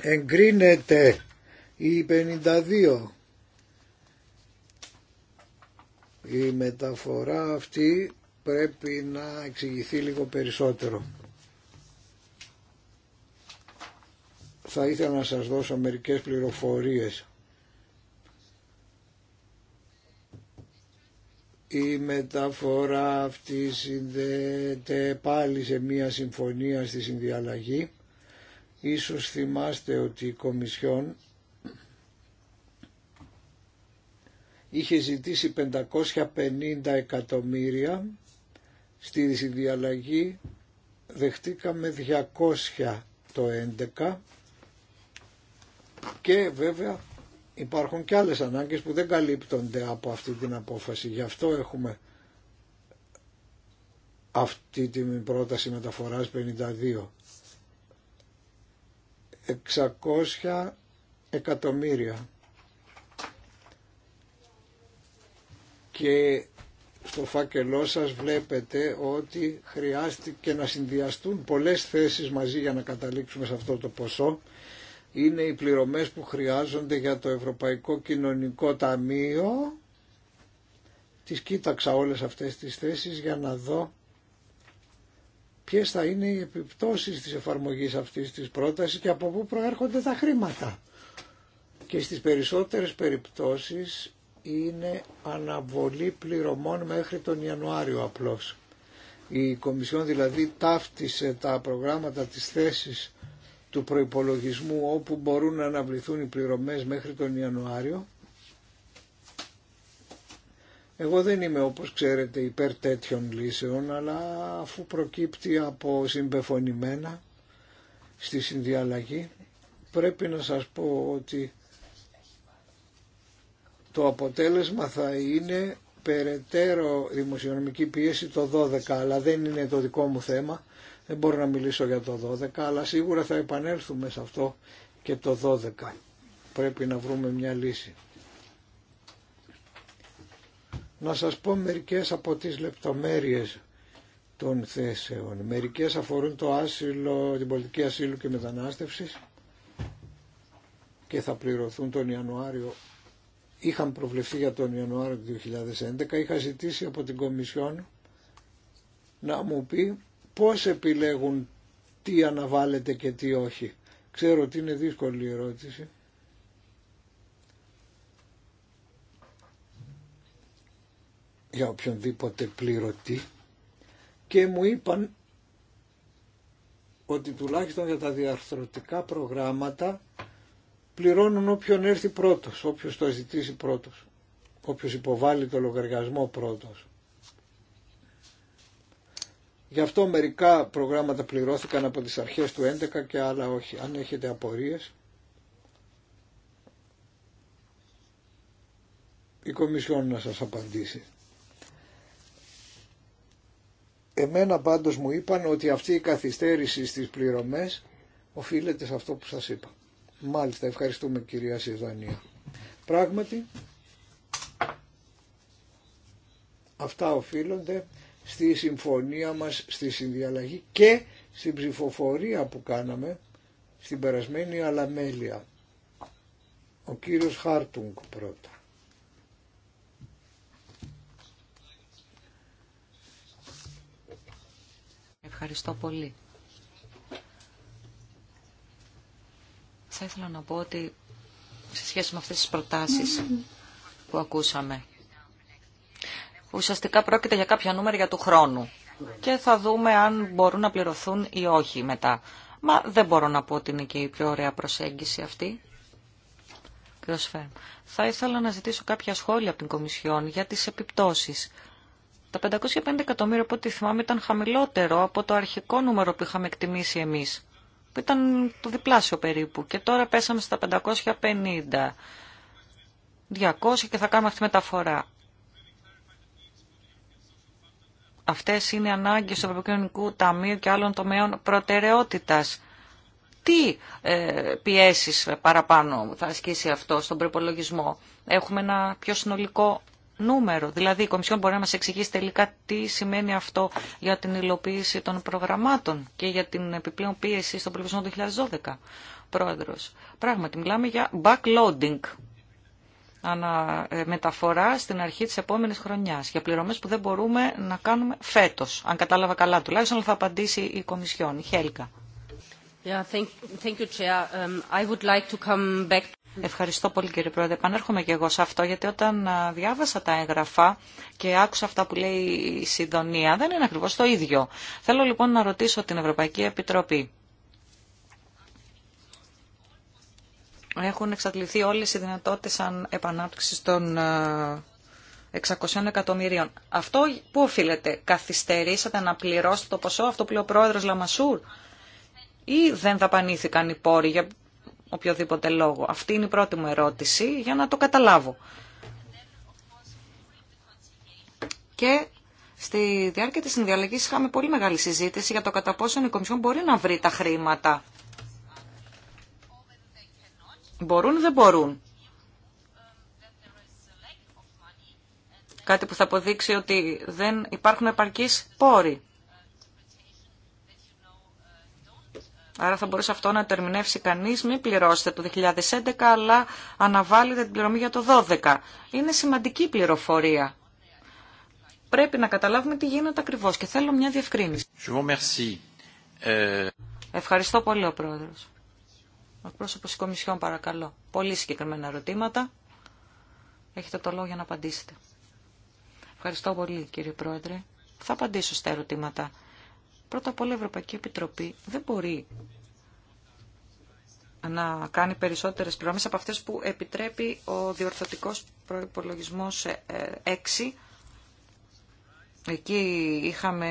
Εγκρίνεται η 52. Η μεταφορά αυτή πρέπει να εξηγηθεί λίγο περισσότερο. Θα ήθελα να σας δώσω μερικές πληροφορίες. η μεταφορά αυτή συνδέεται πάλι σε μια συμφωνία στη συνδιαλλαγή. Ίσως θυμάστε ότι η Κομισιόν είχε ζητήσει 550 εκατομμύρια στη συνδιαλλαγή δεχτήκαμε 200 το 11 και βέβαια υπάρχουν και άλλες ανάγκες που δεν καλύπτονται από αυτή την απόφαση. Γι' αυτό έχουμε αυτή την πρόταση μεταφοράς 52. 600 εκατομμύρια. Και στο φάκελό σας βλέπετε ότι χρειάστηκε να συνδυαστούν πολλές θέσεις μαζί για να καταλήξουμε σε αυτό το ποσό είναι οι πληρωμές που χρειάζονται για το Ευρωπαϊκό Κοινωνικό Ταμείο. Τις κοίταξα όλες αυτές τις θέσεις για να δω ποιες θα είναι οι επιπτώσεις της εφαρμογής αυτής της πρότασης και από πού προέρχονται τα χρήματα. Και στις περισσότερες περιπτώσεις είναι αναβολή πληρωμών μέχρι τον Ιανουάριο απλώς. Η Κομισιόν δηλαδή ταύτισε τα προγράμματα της θέσης του προϋπολογισμού όπου μπορούν να αναβληθούν οι πληρωμές μέχρι τον Ιανουάριο. Εγώ δεν είμαι όπως ξέρετε υπέρ τέτοιων λύσεων αλλά αφού προκύπτει από συμπεφωνημένα στη συνδιαλλαγή πρέπει να σας πω ότι το αποτέλεσμα θα είναι περαιτέρω δημοσιονομική πίεση το 12 αλλά δεν είναι το δικό μου θέμα δεν μπορώ να μιλήσω για το 12, αλλά σίγουρα θα επανέλθουμε σε αυτό και το 12. Πρέπει να βρούμε μια λύση. Να σας πω μερικές από τις λεπτομέρειες των θέσεων. Μερικές αφορούν το άσυλο, την πολιτική ασύλου και μετανάστευσης και θα πληρωθούν τον Ιανουάριο. Είχαν προβλεφθεί για τον Ιανουάριο του 2011. Είχα ζητήσει από την Κομισιόν να μου πει πώς επιλέγουν τι αναβάλλεται και τι όχι. Ξέρω ότι είναι δύσκολη η ερώτηση. για οποιονδήποτε πληρωτή και μου είπαν ότι τουλάχιστον για τα διαρθρωτικά προγράμματα πληρώνουν όποιον έρθει πρώτος, όποιος το ζητήσει πρώτος, όποιος υποβάλλει το λογαριασμό πρώτος. Γι' αυτό μερικά προγράμματα πληρώθηκαν από τις αρχές του 11 και άλλα όχι. Αν έχετε απορίες, η Κομισιόν να σας απαντήσει. Εμένα πάντως μου είπαν ότι αυτή η καθυστέρηση στις πληρωμές οφείλεται σε αυτό που σας είπα. Μάλιστα, ευχαριστούμε κυρία Σιδανία. Πράγματι, αυτά οφείλονται στη συμφωνία μας, στη συνδιαλλαγή και στην ψηφοφορία που κάναμε στην περασμένη Αλαμέλεια. Ο κύριος Χάρτουγκ πρώτα. Ευχαριστώ πολύ. Θα ήθελα να πω ότι σε σχέση με αυτές τις προτάσεις που ακούσαμε Ουσιαστικά πρόκειται για κάποια νούμερα για του χρόνου και θα δούμε αν μπορούν να πληρωθούν ή όχι μετά. Μα δεν μπορώ να πω ότι είναι και η πιο ωραία προσέγγιση αυτή. Θα ήθελα να ζητήσω κάποια σχόλια από την Κομισιόν για τις επιπτώσεις. Τα 550 εκατομμύρια, από ό,τι θυμάμαι, ήταν χαμηλότερο από το αρχικό νούμερο που είχαμε εκτιμήσει εμείς, που ήταν το διπλάσιο περίπου. Και τώρα πέσαμε στα 550, 200 και θα κάνουμε αυτή τη μεταφορά. Αυτές είναι ανάγκες του Ευρωπαϊκού Ταμείου και άλλων τομέων προτεραιότητας. Τι ε, πιέσεις παραπάνω θα ασκήσει αυτό στον προπολογισμό. Έχουμε ένα πιο συνολικό νούμερο. Δηλαδή η Κομισιόν μπορεί να μας εξηγήσει τελικά τι σημαίνει αυτό για την υλοποίηση των προγραμμάτων και για την επιπλέον πίεση στον προπολογισμό του 2012. Πρόεδρος, πράγματι μιλάμε για backloading ε, μεταφορά στην αρχή της επόμενης χρονιάς για πληρωμές που δεν μπορούμε να κάνουμε φέτος. Αν κατάλαβα καλά τουλάχιστον θα απαντήσει η Κομισιόν, η Χέλκα. Ευχαριστώ πολύ κύριε Πρόεδρε. Επανέρχομαι και εγώ σε αυτό γιατί όταν διάβασα τα έγγραφα και άκουσα αυτά που λέει η Συντονία δεν είναι ακριβώς το ίδιο. Θέλω λοιπόν να ρωτήσω την Ευρωπαϊκή Επιτροπή. έχουν εξαντληθεί όλες οι δυνατότητες αν επανάπτυξη των 600 ε, εκατομμυρίων. Αυτό που οφείλεται, καθυστερήσατε να πληρώσετε το ποσό, αυτό που λέει ο πρόεδρος Λαμασούρ, ή δεν δαπανήθηκαν οι πόροι για οποιοδήποτε λόγο. Αυτή είναι η πρώτη μου ερώτηση για να το καταλάβω. Και στη διάρκεια της συνδιαλλαγής είχαμε πολύ μεγάλη συζήτηση για το κατά πόσο η Κομισιόν μπορεί να βρει τα χρήματα μπορούν, δεν μπορούν. Κάτι που θα αποδείξει ότι δεν υπάρχουν επαρκείς πόροι. Άρα θα μπορούσε αυτό να τερμινεύσει κανείς, μην πληρώσετε το 2011, αλλά αναβάλλετε την πληρωμή για το 2012. Είναι σημαντική πληροφορία. Πρέπει να καταλάβουμε τι γίνεται ακριβώς και θέλω μια διευκρίνηση. Ε, Ευχαριστώ πολύ ο Πρόεδρος. Ο πρόσωπος Κομισιόν παρακαλώ. Πολύ συγκεκριμένα ερωτήματα. Έχετε το λόγο για να απαντήσετε. Ευχαριστώ πολύ κύριε Πρόεδρε. Θα απαντήσω στα ερωτήματα. Πρώτα απ' όλα η Ευρωπαϊκή Επιτροπή δεν μπορεί να κάνει περισσότερες πληρώμες από αυτές που επιτρέπει ο διορθωτικός προϋπολογισμός 6 ε, ε, Εκεί είχαμε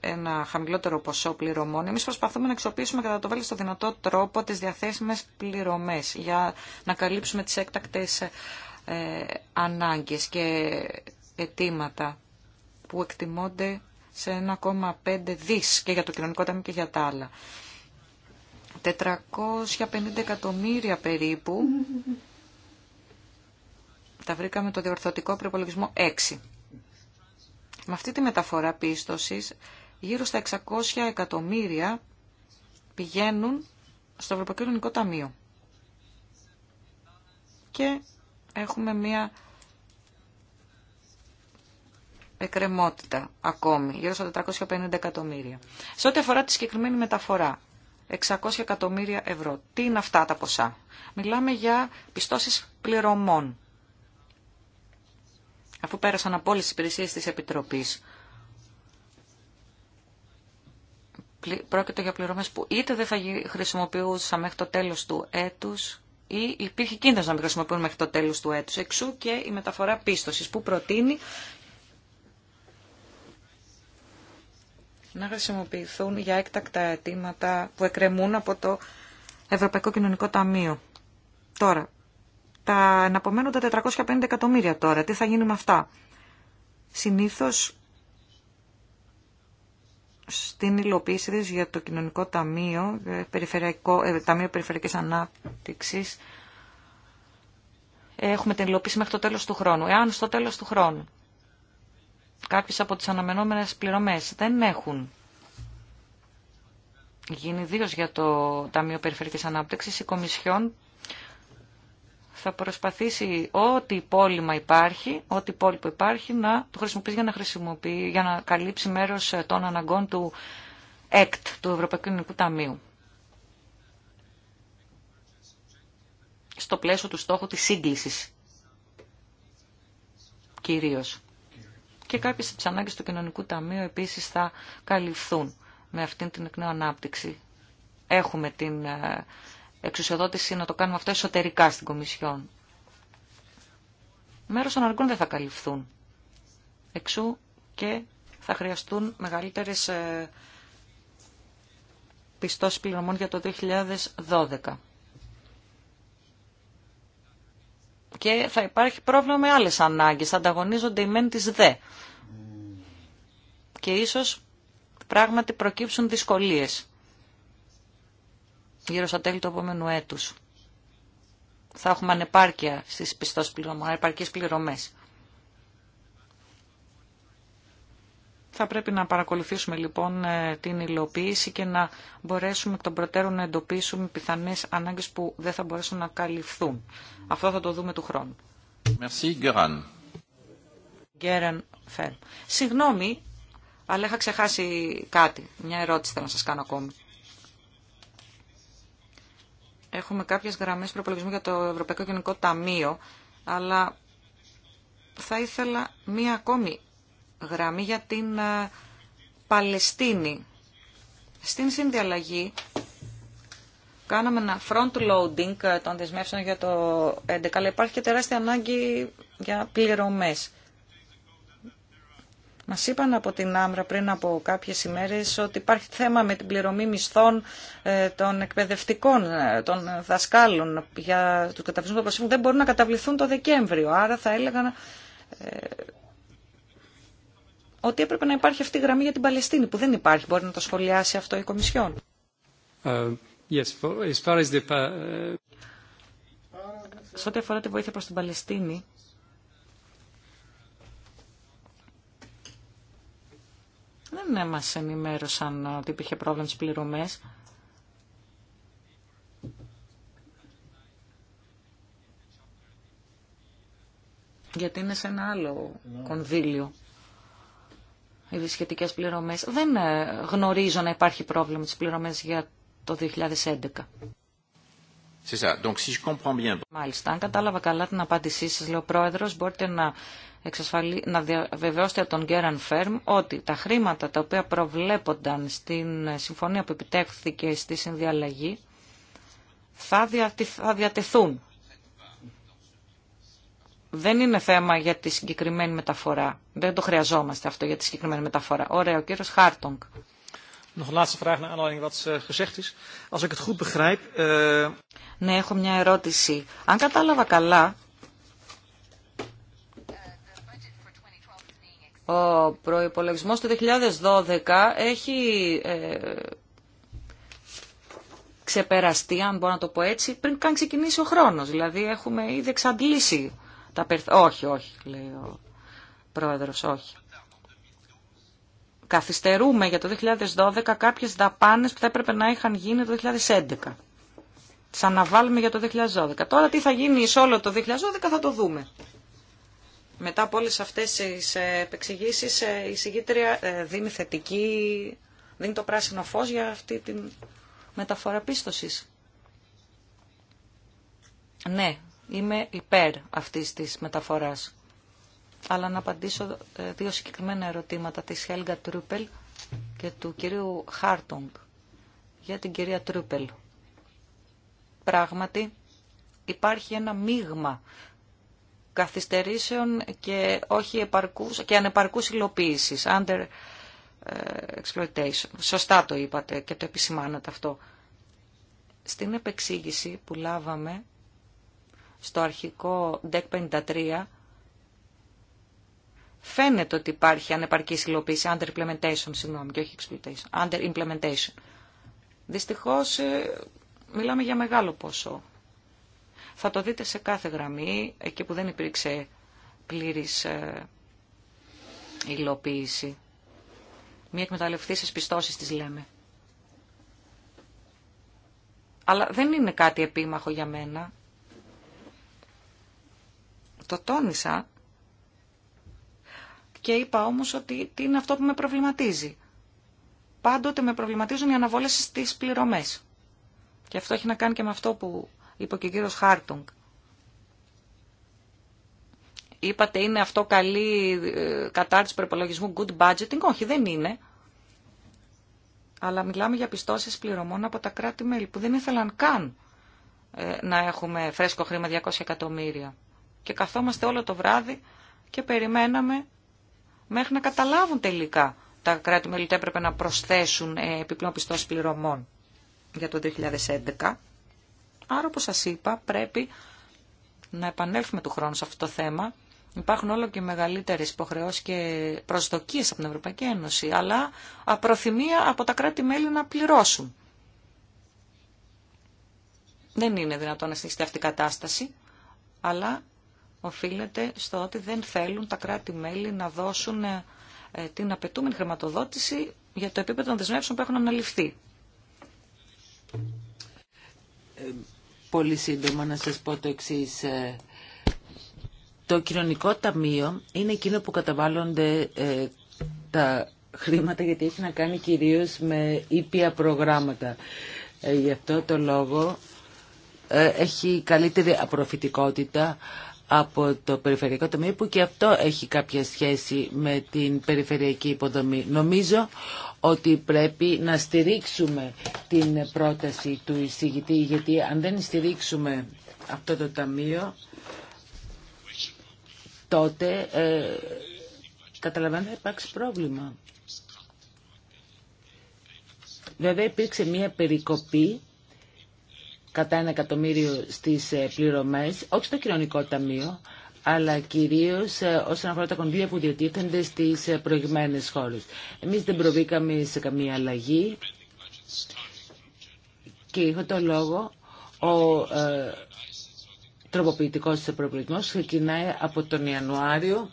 ένα χαμηλότερο ποσό πληρωμών. Εμεί προσπαθούμε να εξοπλίσουμε κατά το βέλτιστο δυνατό τρόπο τις διαθέσιμες πληρωμέ, για να καλύψουμε τις έκτακτες ε, ανάγκες και αιτήματα που εκτιμώνται σε 1,5 δι και για το κοινωνικό ταμείο και για τα άλλα. 450 εκατομμύρια περίπου [laughs] τα βρήκαμε το διορθωτικό προπολογισμό 6. Με αυτή τη μεταφορά πίστοσης, γύρω στα 600 εκατομμύρια πηγαίνουν στο Ευρωπαϊκό Ελληνικό Ταμείο. Και έχουμε μία εκκρεμότητα ακόμη, γύρω στα 450 εκατομμύρια. Σε ό,τι αφορά τη συγκεκριμένη μεταφορά, 600 εκατομμύρια ευρώ. Τι είναι αυτά τα ποσά. Μιλάμε για πιστώσεις πληρωμών αφού πέρασαν από όλες τις υπηρεσίες της Επιτροπής. Πρόκειται για πληρώμες που είτε δεν θα χρησιμοποιούσαν μέχρι το τέλος του έτους, ή υπήρχε κίνδυνος να μην χρησιμοποιούν μέχρι το τέλος του έτους. Εξού και η μεταφορά πίστοσης που προτείνει να χρησιμοποιηθούν για έκτακτα αιτήματα που εκκρεμούν από το Ευρωπαϊκό Κοινωνικό Ταμείο. Τώρα, τα αναπομένοντα 450 εκατομμύρια τώρα. Τι θα γίνει με αυτά. Συνήθως στην υλοποίηση της για το Κοινωνικό Ταμείο, ε, περιφερειακό, ε, Ταμείο Περιφερειακής Ανάπτυξης, έχουμε την υλοποίηση μέχρι το τέλος του χρόνου. Εάν στο τέλος του χρόνου κάποιες από τις αναμενόμενες πληρωμές δεν έχουν γίνει ιδίω για το Ταμείο Περιφερειακής Ανάπτυξης, η Κομισιόν θα προσπαθήσει ό,τι υπόλοιμα υπάρχει, ό,τι υπόλοιπο υπάρχει να το χρησιμοποιήσει για να, χρησιμοποιεί, για να καλύψει μέρος ε, των αναγκών του ΕΚΤ, του Ευρωπαϊκού Κοινωνικού Ταμείου. Στο πλαίσιο του στόχου της σύγκλησης, κυρίως. Και κάποιες από τις του Κοινωνικού Ταμείου επίσης θα καλυφθούν με αυτήν την εκ νέου ανάπτυξη. Έχουμε την ε, εξουσιοδότηση να το κάνουμε αυτό εσωτερικά στην Κομισιόν. Μέρος των αργών δεν θα καλυφθούν. Εξού και θα χρειαστούν μεγαλύτερες ε, πιστώσεις πληρωμών για το 2012. Και θα υπάρχει πρόβλημα με άλλες ανάγκες. Θα ανταγωνίζονται οι μεν τις δε. Και ίσως πράγματι προκύψουν δυσκολίες γύρω στα τέλη του επόμενου έτου. Θα έχουμε ανεπάρκεια στις πιστός πληρωμέ. Θα πρέπει να παρακολουθήσουμε λοιπόν ε, την υλοποίηση και να μπορέσουμε εκ των προτέρων να εντοπίσουμε πιθανές ανάγκες που δεν θα μπορέσουν να καλυφθούν. Αυτό θα το δούμε του χρόνου. Merci, Geran. Geran Συγγνώμη, αλλά είχα ξεχάσει κάτι. Μια ερώτηση θέλω να σας κάνω ακόμη. Έχουμε κάποιες γραμμές προπολογισμού για το Ευρωπαϊκό Κοινωνικό Ταμείο, αλλά θα ήθελα μία ακόμη γραμμή για την ε, Παλαιστίνη. Στην συνδιαλλαγή κάναμε ένα front loading ε, των δεσμεύσεων για το 2011, αλλά υπάρχει και τεράστια ανάγκη για πληρωμές. Μα είπαν από την Άμρα πριν από κάποιες ημέρες ότι υπάρχει θέμα με την πληρωμή μισθών ε, των εκπαιδευτικών, ε, των δασκάλων για του των Δεν μπορούν να καταβληθούν το Δεκέμβριο. Άρα θα έλεγα ε, ότι έπρεπε να υπάρχει αυτή η γραμμή για την Παλαιστίνη που δεν υπάρχει. Μπορεί να το σχολιάσει αυτό η Κομισιόν. yes, as far as the... Σε ό,τι αφορά τη βοήθεια προς την Παλαιστίνη, δεν ε, μας ενημέρωσαν ε, ότι υπήρχε πρόβλημα στις πληρωμέ. Γιατί είναι σε ένα άλλο κονδύλιο. Οι σχετικέ πληρωμές δεν ε, γνωρίζω να υπάρχει πρόβλημα στις πληρωμέ για το 2011. Μάλιστα, αν κατάλαβα καλά την απάντησή σας, λέει ο Πρόεδρος, μπορείτε να, εξασφαλί... να τον Γκέραν Φέρμ ότι τα χρήματα τα οποία προβλέπονταν στην συμφωνία που επιτέχθηκε στη συνδιαλλαγή θα, διατεθούν. Δεν είναι θέμα για τη συγκεκριμένη μεταφορά. Δεν το χρειαζόμαστε αυτό για τη συγκεκριμένη μεταφορά. Ωραία, ο κύριος Χάρτονγκ. Ναι, έχω μια ερώτηση. Αν κατάλαβα καλά. Ο προϋπολογισμός του 2012 έχει ε, ξεπεραστεί, αν μπορώ να το πω έτσι, πριν καν ξεκινήσει ο χρόνος. Δηλαδή έχουμε ήδη εξαντλήσει τα περθ... Όχι, όχι, λέει ο πρόεδρος, όχι. Καθυστερούμε για το 2012 κάποιες δαπάνες που θα έπρεπε να είχαν γίνει το 2011. Τις αναβάλουμε για το 2012. Τώρα τι θα γίνει σε όλο το 2012 θα το δούμε. Μετά από όλες αυτές τις ε, επεξηγήσεις ε, η συγκήτρια ε, δίνει θετική, δίνει το πράσινο φως για αυτή την μεταφορά πίστοσης. Ναι, είμαι υπέρ αυτής της μεταφοράς αλλά να απαντήσω ε, δύο συγκεκριμένα ερωτήματα της Χέλγα Τρούπελ και του κυρίου Χάρτονγκ για την κυρία Τρούπελ. Πράγματι, υπάρχει ένα μείγμα καθυστερήσεων και, όχι επαρκούς, και ανεπαρκούς υλοποίησης, under ε, exploitation. Σωστά το είπατε και το επισημάνατε αυτό. Στην επεξήγηση που λάβαμε στο αρχικό DEC 53 φαίνεται ότι υπάρχει ανεπαρκή υλοποίηση, under implementation, συγγνώμη, και όχι exploitation, under implementation. Δυστυχώς ε, μιλάμε για μεγάλο ποσό. Θα το δείτε σε κάθε γραμμή, εκεί που δεν υπήρξε πλήρης ε, υλοποίηση. Μη εκμεταλλευτήσεις πιστώσεις τις λέμε. Αλλά δεν είναι κάτι επίμαχο για μένα. Το τόνισα και είπα όμως ότι τι είναι αυτό που με προβληματίζει. Πάντοτε με προβληματίζουν οι αναβόλες στις πληρωμές. Και αυτό έχει να κάνει και με αυτό που είπε και ο κύριος Χάρτονγκ. Είπατε είναι αυτό καλή ε, κατάρτιση προπολογισμού, good budgeting. Όχι, δεν είναι. Αλλά μιλάμε για πιστώσεις πληρωμών από τα κράτη-μέλη που δεν ήθελαν καν ε, να έχουμε φρέσκο χρήμα 200 εκατομμύρια. Και καθόμαστε όλο το βράδυ και περιμέναμε μέχρι να καταλάβουν τελικά τα κράτη-μέλη έπρεπε να προσθέσουν ε, επιπλέον πιστώσεις πληρωμών για το 2011. Άρα, όπως σας είπα, πρέπει να επανέλθουμε του χρόνου σε αυτό το θέμα. Υπάρχουν όλο και μεγαλύτερες υποχρεώσεις και προσδοκίες από την Ευρωπαϊκή Ένωση, αλλά απροθυμία από τα κράτη-μέλη να πληρώσουν. Δεν είναι δυνατόν να συνεχιστεί αυτή η κατάσταση, αλλά οφείλεται στο ότι δεν θέλουν τα κράτη-μέλη να δώσουν ε, την απαιτούμενη χρηματοδότηση για το επίπεδο των δεσμεύσεων που έχουν αναλυφθεί. Ε, πολύ σύντομα να σας πω το εξής. Ε, το κοινωνικό ταμείο είναι εκείνο που καταβάλλονται τα χρήματα γιατί έχει να κάνει κυρίως με ήπια προγράμματα. Γι' αυτό το λόγο έχει καλύτερη απροφητικότητα από το Περιφερειακό Ταμείο που και αυτό έχει κάποια σχέση με την περιφερειακή υποδομή. Νομίζω ότι πρέπει να στηρίξουμε την πρόταση του εισηγητή γιατί αν δεν στηρίξουμε αυτό το ταμείο τότε ε, καταλαβαίνετε θα υπάρξει πρόβλημα. Βέβαια υπήρξε μία περικοπή κατά ένα εκατομμύριο στις ε, πληρωμές, όχι στο κοινωνικό ταμείο, αλλά κυρίως ε, όσον αφορά τα κονδύλια που διατίθενται στις ε, προηγμένες χώρες. Εμείς δεν προβήκαμε σε καμία αλλαγή και είχα το λόγο ο ε, τροποποιητικός προπολογισμός ξεκινάει από τον Ιανουάριο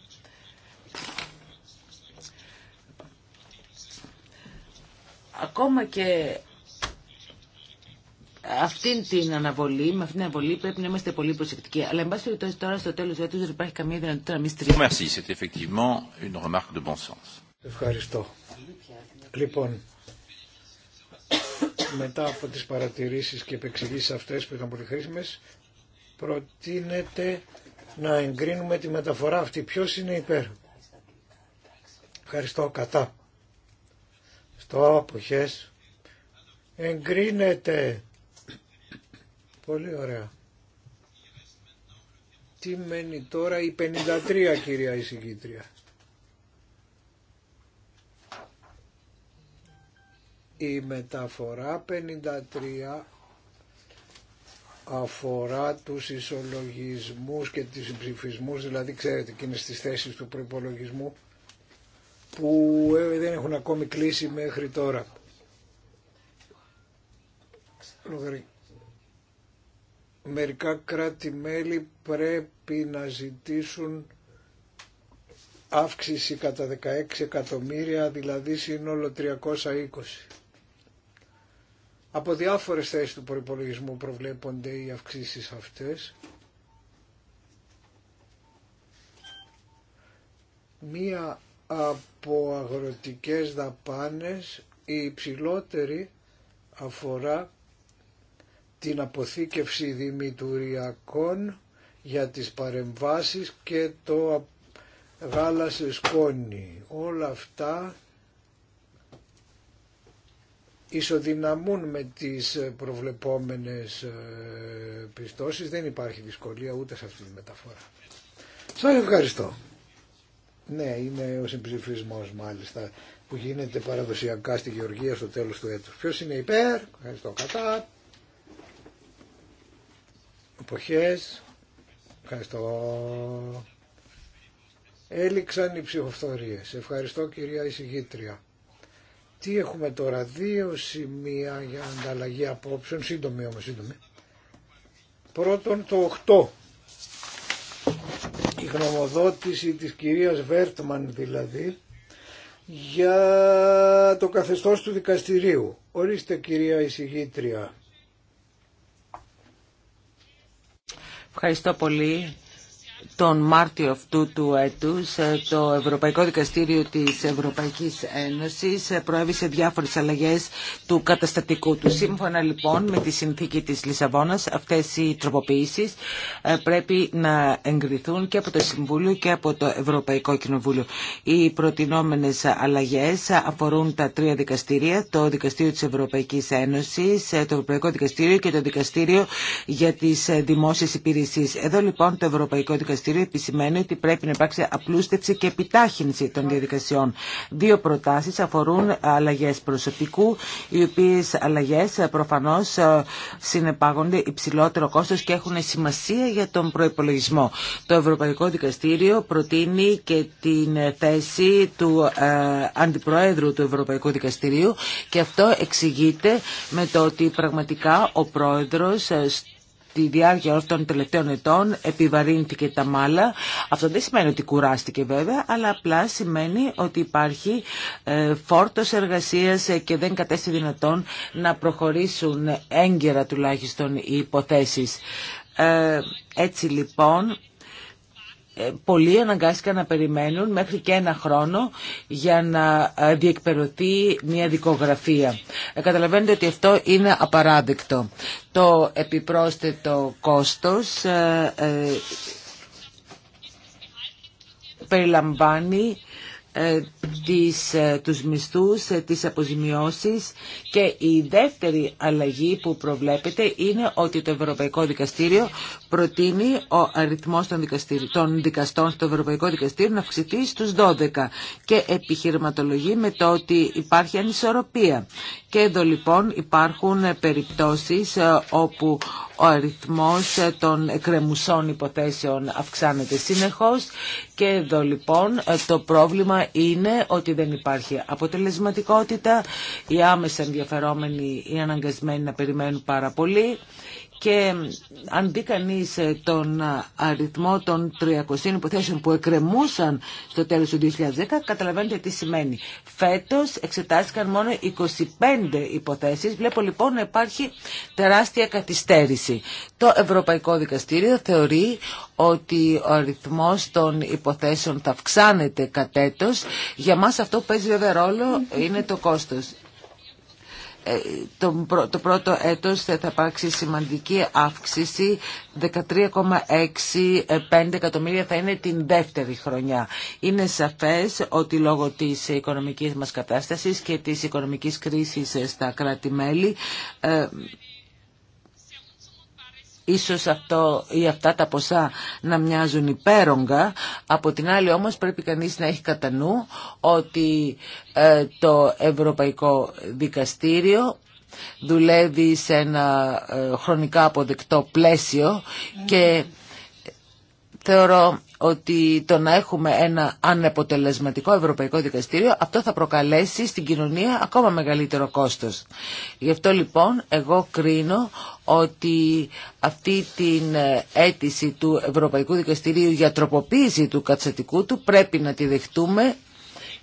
ακόμα και αυτή την αναβολή, με αυτήν την αναβολή πρέπει να είμαστε πολύ προσεκτικοί. Αλλά, εν πάση περιπτώσει, τώρα στο τέλο του έτου δεν υπάρχει καμία δυνατότητα να μην στρίψουμε. Ευχαριστώ. Λοιπόν, μετά από τι παρατηρήσει και επεξηγήσει αυτέ που ήταν πολύ χρήσιμε, προτείνεται να εγκρίνουμε τη μεταφορά αυτή. ποιο είναι υπέρ. Ευχαριστώ. Κατά. Στο αποχές. Εγκρίνεται. Πολύ ωραία. Τι μένει τώρα η 53 κυρία εισηγήτρια. Η μεταφορά 53 αφορά τους ισολογισμούς και τις ψηφισμούς, δηλαδή ξέρετε και είναι στις θέσεις του προϋπολογισμού που ε, δεν έχουν ακόμη κλείσει μέχρι τώρα μερικά κράτη-μέλη πρέπει να ζητήσουν αύξηση κατά 16 εκατομμύρια, δηλαδή σύνολο 320. Από διάφορες θέσεις του προϋπολογισμού προβλέπονται οι αυξήσεις αυτές. Μία από αγροτικές δαπάνες, η υψηλότερη αφορά την αποθήκευση δημητουριακών για τις παρεμβάσεις και το γάλα σε σκόνη. Όλα αυτά ισοδυναμούν με τις προβλεπόμενες ε, πιστώσεις. Δεν υπάρχει δυσκολία ούτε σε αυτή τη μεταφορά. Σας ευχαριστώ. Ναι, είναι ο συμψηφισμός μάλιστα που γίνεται παραδοσιακά στη Γεωργία στο τέλος του έτους. Ποιος είναι υπέρ, ευχαριστώ κατά, Εποχές, Ευχαριστώ. Έληξαν οι ψυχοφθορίες Ευχαριστώ κυρία εισηγήτρια. Τι έχουμε τώρα, δύο σημεία για ανταλλαγή απόψεων, σύντομη όμως σύντομη. Πρώτον το 8, η γνωμοδότηση της κυρίας Βέρτμαν δηλαδή, για το καθεστώς του δικαστηρίου. Ορίστε κυρία εισηγήτρια. Ευχαριστώ πολύ τον Μάρτιο αυτού του έτου, ε, το Ευρωπαϊκό Δικαστήριο της Ευρωπαϊκής Ένωσης ε, προέβησε διάφορες αλλαγές του καταστατικού του. Σύμφωνα λοιπόν με τη συνθήκη της Λισαβόνας αυτές οι τροποποιήσεις ε, πρέπει να εγκριθούν και από το Συμβούλιο και από το Ευρωπαϊκό Κοινοβούλιο. Οι προτινόμενες αλλαγές αφορούν τα τρία δικαστήρια, το Δικαστήριο της Ευρωπαϊκής Ένωσης, το Ευρωπαϊκό Δικαστήριο και το Δικαστήριο για τις Δημόσιες Υπηρεσίες. Εδώ λοιπόν το Ευρωπαϊκό Δικαστήριο Δικαστήριο επισημαίνει ότι πρέπει να υπάρξει απλούστευση και επιτάχυνση των διαδικασιών. Δύο προτάσεις αφορούν αλλαγές προσωπικού, οι οποίες αλλαγές ε, προφανώς ε, συνεπάγονται υψηλότερο κόστος και έχουν σημασία για τον προϋπολογισμό. Το Ευρωπαϊκό Δικαστήριο προτείνει και την θέση του ε, Αντιπροέδρου του Ευρωπαϊκού Δικαστηρίου και αυτό εξηγείται με το ότι πραγματικά ο Πρόεδρος τη διάρκεια όλων των τελευταίων ετών επιβαρύνθηκε τα μάλα. Αυτό δεν σημαίνει ότι κουράστηκε βέβαια, αλλά απλά σημαίνει ότι υπάρχει ε, φόρτος εργασίας ε, και δεν κατέστη δυνατόν να προχωρήσουν έγκαιρα τουλάχιστον οι υποθέσεις. Ε, έτσι λοιπόν ε, πολλοί αναγκάστηκαν να περιμένουν μέχρι και ένα χρόνο για να ε, διεκπαιρωθεί μια δικογραφία. Ε, καταλαβαίνετε ότι αυτό είναι απαράδεκτο. Το επιπρόσθετο κόστος περιλαμβάνει ε, τις, ε, τους μισθούς, ε, τις αποζημιώσεις και η δεύτερη αλλαγή που προβλέπεται είναι ότι το Ευρωπαϊκό Δικαστήριο προτείνει ο αριθμός των, των δικαστών στο Ευρωπαϊκό Δικαστήριο να αυξηθεί στους 12 και επιχειρηματολογεί με το ότι υπάρχει ανισορροπία. Και εδώ λοιπόν υπάρχουν περιπτώσεις όπου ο αριθμός ε, των εκκρεμουσών υποθέσεων αυξάνεται συνεχώς και εδώ λοιπόν ε, το πρόβλημα είναι ότι δεν υπάρχει αποτελεσματικότητα, οι άμεσα ενδιαφερόμενοι ή αναγκασμένοι να περιμένουν πάρα πολύ και αν δει κανεί ε, τον ε, αριθμό των 300 υποθέσεων που εκκρεμούσαν στο τέλος του 2010, καταλαβαίνετε τι σημαίνει. Φέτος εξετάστηκαν μόνο 25 υποθέσεις. Βλέπω λοιπόν να υπάρχει τεράστια καθυστέρηση. Το Ευρωπαϊκό Δικαστήριο θεωρεί ότι ο αριθμός των υποθέσεων θα αυξάνεται κατέτος. Για μας αυτό που παίζει βέβαια ρόλο είναι το κόστος. Ε, το πρώτο έτος θα υπάρξει σημαντική αύξηση 13,65 εκατομμύρια θα είναι την δεύτερη χρονιά. Είναι σαφές ότι λόγω της οικονομικής μας κατάστασης και της οικονομικής κρίσης στα κράτη-μέλη ε, Ίσως αυτό ή αυτά τα ποσά να μοιάζουν υπέρογγα, Από την άλλη όμως πρέπει κανείς να έχει κατά νου ότι ε, το Ευρωπαϊκό Δικαστήριο δουλεύει σε ένα ε, χρονικά αποδεκτό πλαίσιο και θεωρώ ότι το να έχουμε ένα ανεποτελεσματικό Ευρωπαϊκό Δικαστήριο αυτό θα προκαλέσει στην κοινωνία ακόμα μεγαλύτερο κόστος. Γι' αυτό λοιπόν εγώ κρίνω ότι αυτή την ε, αίτηση του Ευρωπαϊκού Δικαστηρίου για τροποποίηση του κατσατικού του πρέπει να τη δεχτούμε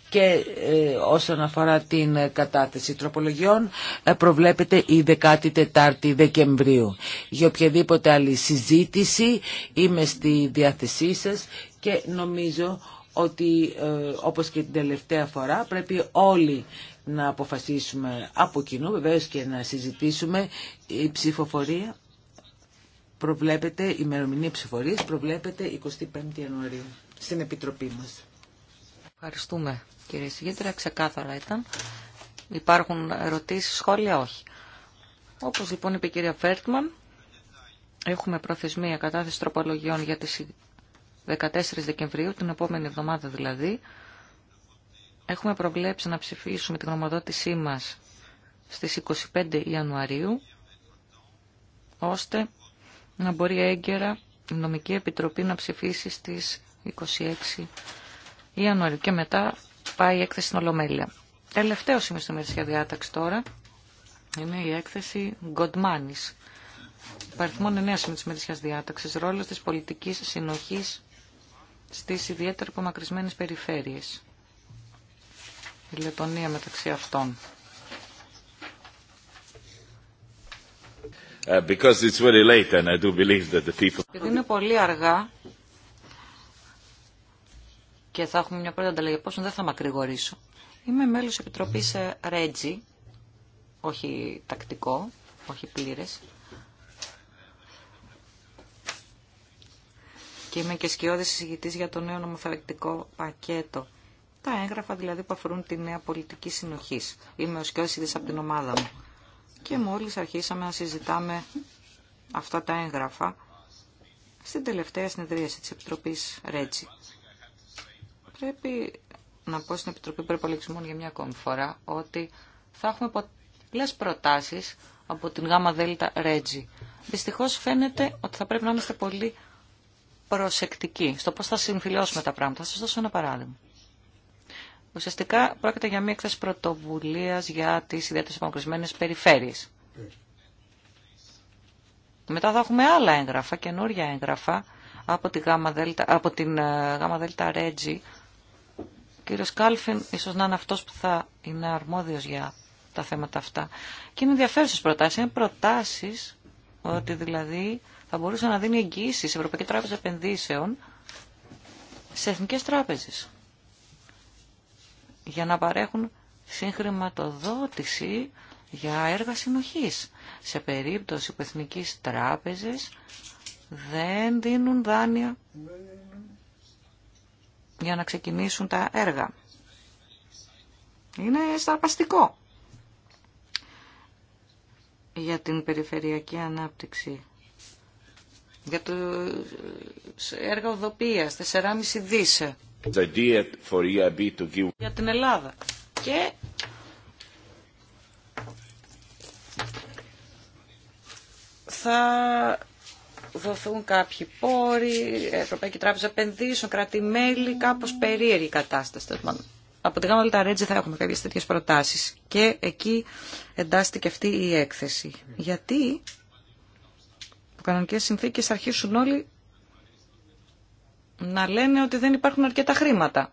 και ε, όσον αφορά την κατάθεση τροπολογιών ε, προβλέπεται η 14η Δεκεμβρίου. Για οποιαδήποτε άλλη συζήτηση είμαι στη διάθεσή σας και νομίζω ότι ε, όπως και την τελευταία φορά πρέπει όλοι να αποφασίσουμε από κοινού βεβαίω και να συζητήσουμε η ψηφοφορία προβλέπεται, η ημερομηνία ψηφοφοριας προβλέπεται 25 Ιανουαρίου στην Επιτροπή μας. Ευχαριστούμε κύριε Σιγήτρια, ξεκάθαρα ήταν. Υπάρχουν ερωτήσεις, σχόλια, όχι. Όπως λοιπόν είπε η κυρία Φέρτμαν, έχουμε προθεσμία κατάθεση τροπολογιών για τις 14 Δεκεμβρίου, την επόμενη εβδομάδα δηλαδή. Έχουμε προβλέψει να ψηφίσουμε την γνωμοδότησή μας στις 25 Ιανουαρίου, ώστε να μπορεί έγκαιρα η Νομική Επιτροπή να ψηφίσει στις 26 Ιανουαρίου και μετά πάει η έκθεση στην Ολομέλεια. Τελευταίο σημείο στη Μερσία διάταξη τώρα είναι η έκθεση Godmanis. Παριθμόν 9 σημείο τη μερική διάταξη. Ρόλο τη πολιτική συνοχή στι ιδιαίτερα απομακρυσμένε περιφέρειε. Η Λετωνία μεταξύ αυτών. Ε, because it's very late and I do believe that the people... Είναι πολύ αργά και θα έχουμε μια πρώτη ανταλλαγή πόσο δεν θα μακρηγορήσω. Είμαι μέλος Επιτροπής ε, Ρέτζι, όχι τακτικό, όχι πλήρε. Και είμαι και σκιώδη συζητητή για το νέο νομοθετικό πακέτο. Τα έγγραφα δηλαδή που αφορούν τη νέα πολιτική συνοχή. Είμαι ο σκιώδης από την ομάδα μου. Και μόλις αρχίσαμε να συζητάμε αυτά τα έγγραφα στην τελευταία συνεδρίαση της Επιτροπής Ρέτζι πρέπει να πω στην Επιτροπή Προπολογισμών για μια ακόμη φορά ότι θα έχουμε πολλές προτάσεις από την ΓΑΜΑ ΔΕΛΤΑ ΡΕΤΖΙ. Δυστυχώς φαίνεται ότι θα πρέπει να είμαστε πολύ προσεκτικοί στο πώς θα συμφιλώσουμε τα πράγματα. Θα σας δώσω ένα παράδειγμα. Ουσιαστικά πρόκειται για μια έκθεση πρωτοβουλία για τι ιδιαίτερε απομακρυσμένε περιφέρειε. Μετά θα έχουμε άλλα έγγραφα, καινούρια έγγραφα από, τη γάμα δελτα, από την ε, κύριος Κάλφιν ίσως να είναι αυτός που θα είναι αρμόδιος για τα θέματα αυτά. Και είναι ενδιαφέρουσες προτάσεις. Είναι προτάσεις ότι δηλαδή θα μπορούσε να δίνει εγγύηση σε Ευρωπαϊκή Τράπεζα Επενδύσεων σε εθνικές τράπεζες για να παρέχουν συγχρηματοδότηση για έργα συνοχής σε περίπτωση που εθνικές τράπεζες δεν δίνουν δάνεια για να ξεκινήσουν τα έργα. Είναι σταρπαστικό για την περιφερειακή ανάπτυξη. Για το ε, έργα οδοπίας, 4,5 δίσε. Για την Ελλάδα. Και θα δοθούν κάποιοι πόροι, Ευρωπαϊκή Τράπεζα Επενδύσεων, κρατημέλη, κάπως περίεργη η κατάσταση. Από την τα Ρέτζε θα έχουμε κάποιες τέτοιες προτάσεις. Και εκεί εντάστηκε αυτή η έκθεση. Γιατί οι κανονικές συνθήκες αρχίσουν όλοι να λένε ότι δεν υπάρχουν αρκετά χρήματα.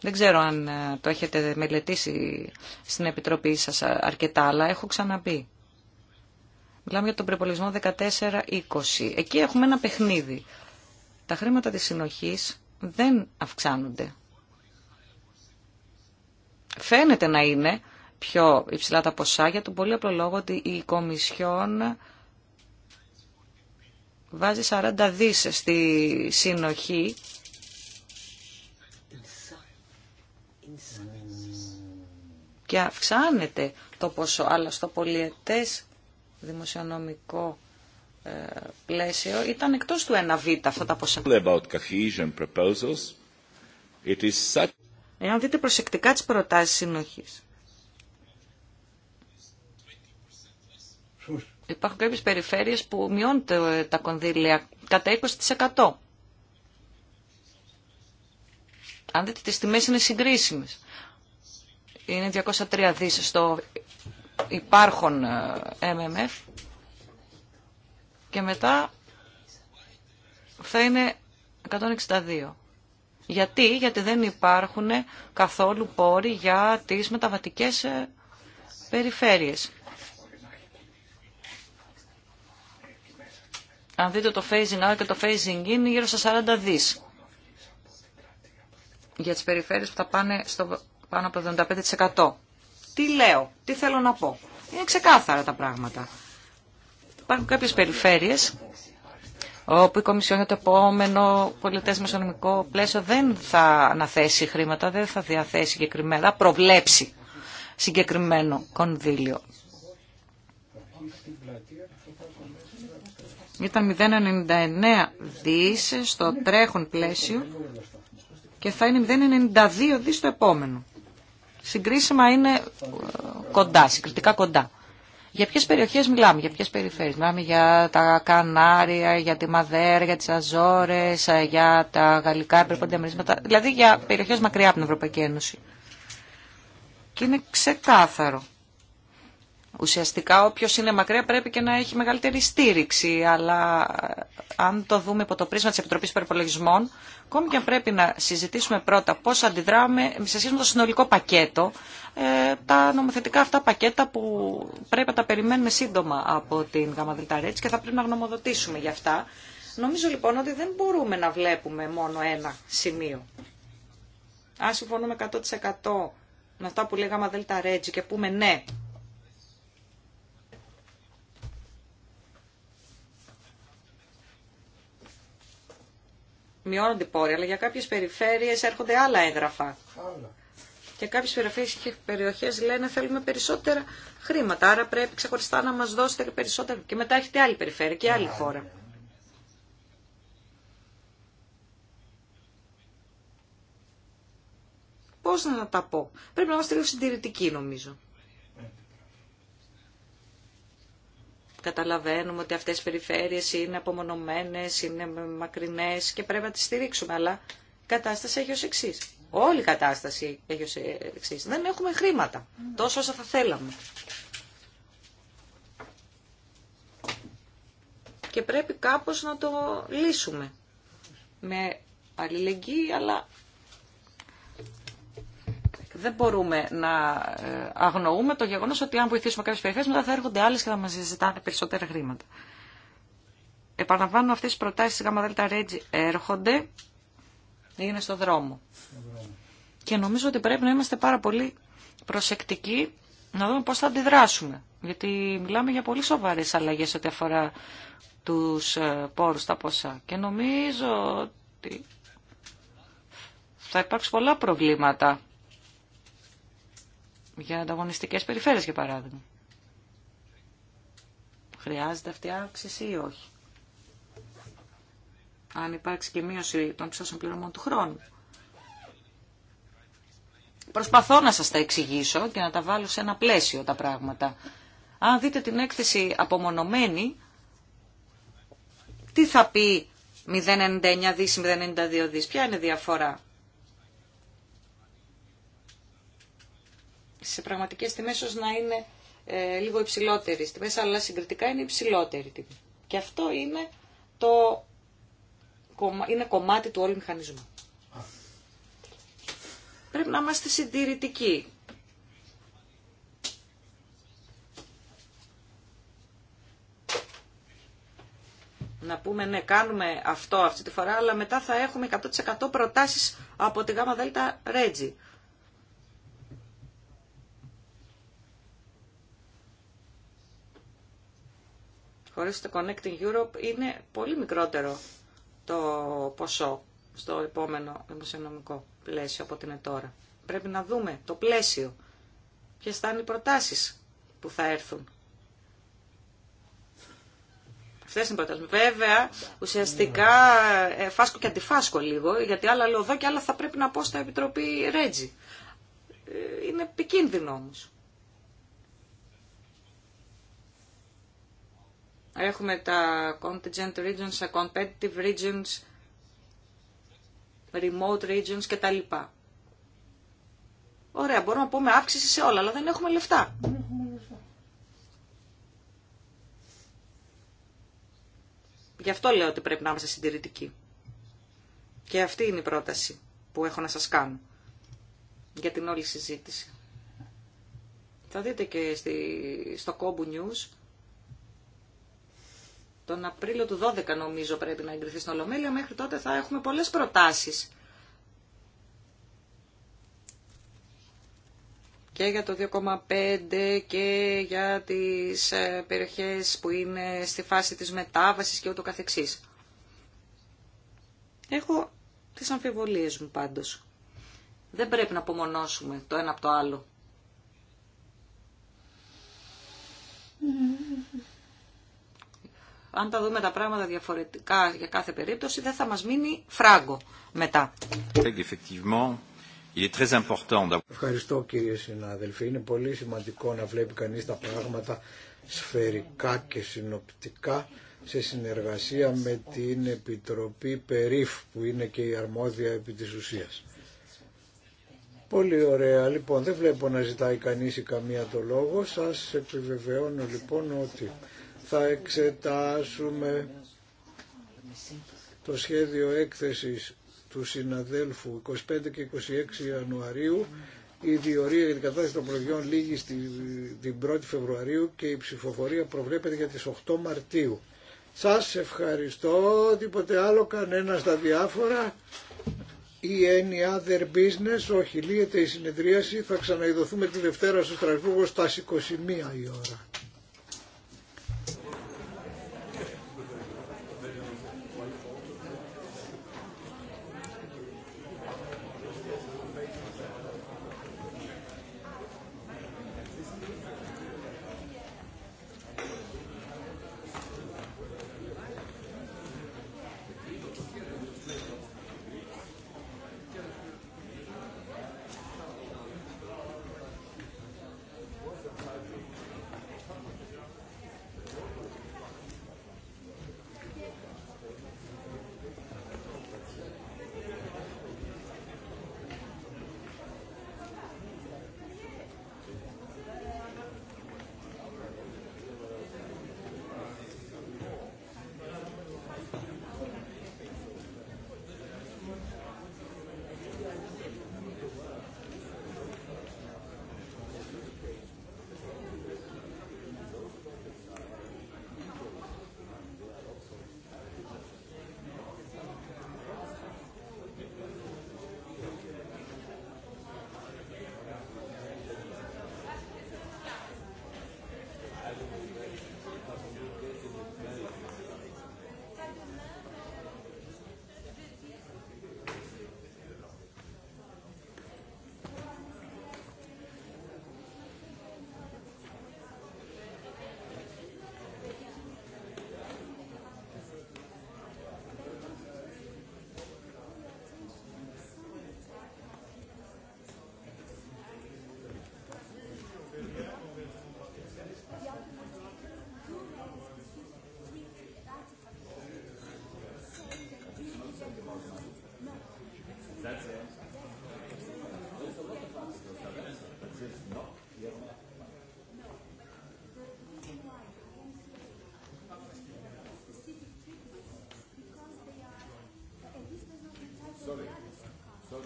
Δεν ξέρω αν ε, το έχετε μελετήσει στην Επιτροπή σας αρκετά, αλλά έχω ξαναπεί Μιλάμε για τον προπολογισμό 14-20. Εκεί έχουμε ένα παιχνίδι. Τα χρήματα της συνοχής δεν αυξάνονται. Φαίνεται να είναι πιο υψηλά τα ποσά για τον πολύ απλό λόγο ότι η Κομισιόν βάζει 40 δις στη συνοχή και αυξάνεται το ποσό, αλλά στο πολιετές δημοσιονομικό ε, πλαίσιο ήταν εκτός του 1β αυτά τα ποσά. Εάν δείτε προσεκτικά τις προτάσεις συνοχής. Υπάρχουν κάποιες περιφέρειες που μειώνται ε, τα κονδύλια κατά 20%. Αν δείτε τις τιμές είναι συγκρίσιμες. Είναι 203 δις στο Υπάρχουν ε, MMF και μετά θα είναι 162. Γιατί, γιατί δεν υπάρχουν καθόλου πόροι για τις μεταβατικές ε, περιφέρειες. Αν δείτε το phasing out και το phasing in είναι γύρω στα 40 δις. Για τις περιφέρειες που θα πάνε στο πάνω από το 75%. Τι λέω, τι θέλω να πω. Είναι ξεκάθαρα τα πράγματα. Υπάρχουν κάποιες περιφέρειες όπου η Κομισιόν για το επόμενο πολιτές μεσονομικό πλαίσιο δεν θα αναθέσει χρήματα, δεν θα διαθέσει συγκεκριμένα, θα προβλέψει συγκεκριμένο κονδύλιο. Ήταν 0,99 δις στο τρέχον πλαίσιο και θα είναι 0,92 δις στο επόμενο συγκρίσιμα είναι ε, κοντά, συγκριτικά κοντά. Για ποιες περιοχές μιλάμε, για ποιες περιφέρειες. Μιλάμε για τα Κανάρια, για τη Μαδέρα, για τις Αζόρες, ε, για τα γαλλικά υπερποντια μερίσματα. Δηλαδή για περιοχές μακριά από την Ευρωπαϊκή Ένωση. Και είναι ξεκάθαρο. Ουσιαστικά όποιος είναι μακριά πρέπει και να έχει μεγαλύτερη στήριξη, αλλά ε, αν το δούμε υπό το πρίσμα της Επιτροπής Περιπολογισμών, Ακόμη και αν πρέπει να συζητήσουμε πρώτα πώς αντιδράμε σε σχέση με το συνολικό πακέτο, ε, τα νομοθετικά αυτά πακέτα που πρέπει να τα περιμένουμε σύντομα από την ΓΔΡ και θα πρέπει να γνωμοδοτήσουμε γι' αυτά. Νομίζω λοιπόν ότι δεν μπορούμε να βλέπουμε μόνο ένα σημείο. Αν συμφωνούμε 100% με αυτά που λέγαμε ΔΕΛΤΑ και πούμε ναι μειώνονται οι πόροι, αλλά για κάποιες περιφέρειες έρχονται άλλα έγγραφα. Και κάποιες περιφέρειες και περιοχές λένε θέλουμε περισσότερα χρήματα, άρα πρέπει ξεχωριστά να μας δώσετε περισσότερα. Και μετά έχετε άλλη περιφέρεια και άλλη χώρα. Πώς να τα πω. Πρέπει να είμαστε λίγο συντηρητικοί νομίζω. Καταλαβαίνουμε ότι αυτές οι περιφέρειες είναι απομονωμένες, είναι μακρινές και πρέπει να τις στηρίξουμε, αλλά η κατάσταση έχει ως εξή. Όλη η κατάσταση έχει ως εξή. Δεν έχουμε χρήματα, τόσο όσα θα θέλαμε. Και πρέπει κάπως να το λύσουμε με αλληλεγγύη, αλλά δεν μπορούμε να ε, αγνοούμε το γεγονό ότι αν βοηθήσουμε κάποιε περιφέρειες μετά θα έρχονται άλλε και θα μα ζητάνε περισσότερα χρήματα. Επαναλαμβάνω αυτές τις προτάσεις ΓΔ Ρέτζι έρχονται, είναι στο δρόμο. Και νομίζω ότι πρέπει να είμαστε πάρα πολύ προσεκτικοί να δούμε πώ θα αντιδράσουμε. Γιατί μιλάμε για πολύ σοβαρέ αλλαγέ ό,τι αφορά του ε, πόρου τα ποσά. Και νομίζω ότι θα υπάρξουν πολλά προβλήματα για ανταγωνιστικές περιφέρειες, για παράδειγμα. Χρειάζεται αυτή η αύξηση ή όχι. Αν υπάρξει και μείωση των ψώσεων πληρωμών του χρόνου. Προσπαθώ να σας τα εξηγήσω και να τα βάλω σε ένα πλαίσιο τα πράγματα. Αν δείτε την έκθεση απομονωμένη, τι θα πει 0,99 δις, 0,92 δις, ποια είναι η διαφορά. σε πραγματικές τιμές ώστε να είναι ε, λίγο υψηλότερη μέσα. αλλά συγκριτικά είναι υψηλότερη Και αυτό είναι, το, είναι κομμάτι του όλου μηχανισμού. Πρέπει να είμαστε συντηρητικοί. να πούμε ναι κάνουμε αυτό αυτή τη φορά αλλά μετά θα έχουμε 100% προτάσεις από τη ΓΔ Ρέτζι. χωρίς το Connecting Europe είναι πολύ μικρότερο το ποσό στο επόμενο δημοσιονομικό πλαίσιο από είναι τώρα. Πρέπει να δούμε το πλαίσιο, Ποιε θα είναι οι προτάσεις που θα έρθουν. Αυτέ είναι οι προτάσει. Βέβαια, ουσιαστικά ε, φάσκω και αντιφάσκω λίγο, γιατί άλλα λέω εδώ και άλλα θα πρέπει να πω στα Επιτροπή Ρέτζι. Ε, είναι επικίνδυνο όμω. Έχουμε τα contingent regions, τα competitive regions, remote regions κτλ. Ωραία, μπορούμε να πούμε αύξηση σε όλα, αλλά δεν έχουμε λεφτά. Γι' αυτό λέω ότι πρέπει να είμαστε συντηρητικοί. Και αυτή είναι η πρόταση που έχω να σας κάνω για την όλη συζήτηση. Θα δείτε και στο Κόμπου News τον Απρίλιο του 12 νομίζω πρέπει να εγκριθεί στην Ολομέλεια. Μέχρι τότε θα έχουμε πολλές προτάσεις. και για το 2,5 και για τις ε, περιοχές που είναι στη φάση της μετάβασης και ούτω καθεξής. Έχω τις αμφιβολίες μου πάντως. Δεν πρέπει να απομονώσουμε το ένα από το άλλο αν τα δούμε τα πράγματα διαφορετικά για κάθε περίπτωση, δεν θα μας μείνει φράγκο μετά. Ευχαριστώ κύριε συνάδελφε. Είναι πολύ σημαντικό να βλέπει κανείς τα πράγματα σφαιρικά και συνοπτικά σε συνεργασία με την Επιτροπή Περίφ που είναι και η αρμόδια επί της ουσίας. Πολύ ωραία. Λοιπόν, δεν βλέπω να ζητάει κανείς ή καμία το λόγο. Σας επιβεβαιώνω λοιπόν ότι θα εξετάσουμε το σχέδιο έκθεσης του συναδέλφου 25 και 26 Ιανουαρίου η διορία για την κατάσταση των προβιών την 1η Φεβρουαρίου και η ψηφοφορία προβλέπεται για τις 8 Μαρτίου. Σας ευχαριστώ, τίποτε άλλο, κανένα στα διάφορα. Η any other business, όχι, η συνεδρίαση, θα ξαναειδωθούμε τη Δευτέρα στο Στρασβούργο στα 21 η ώρα.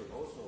και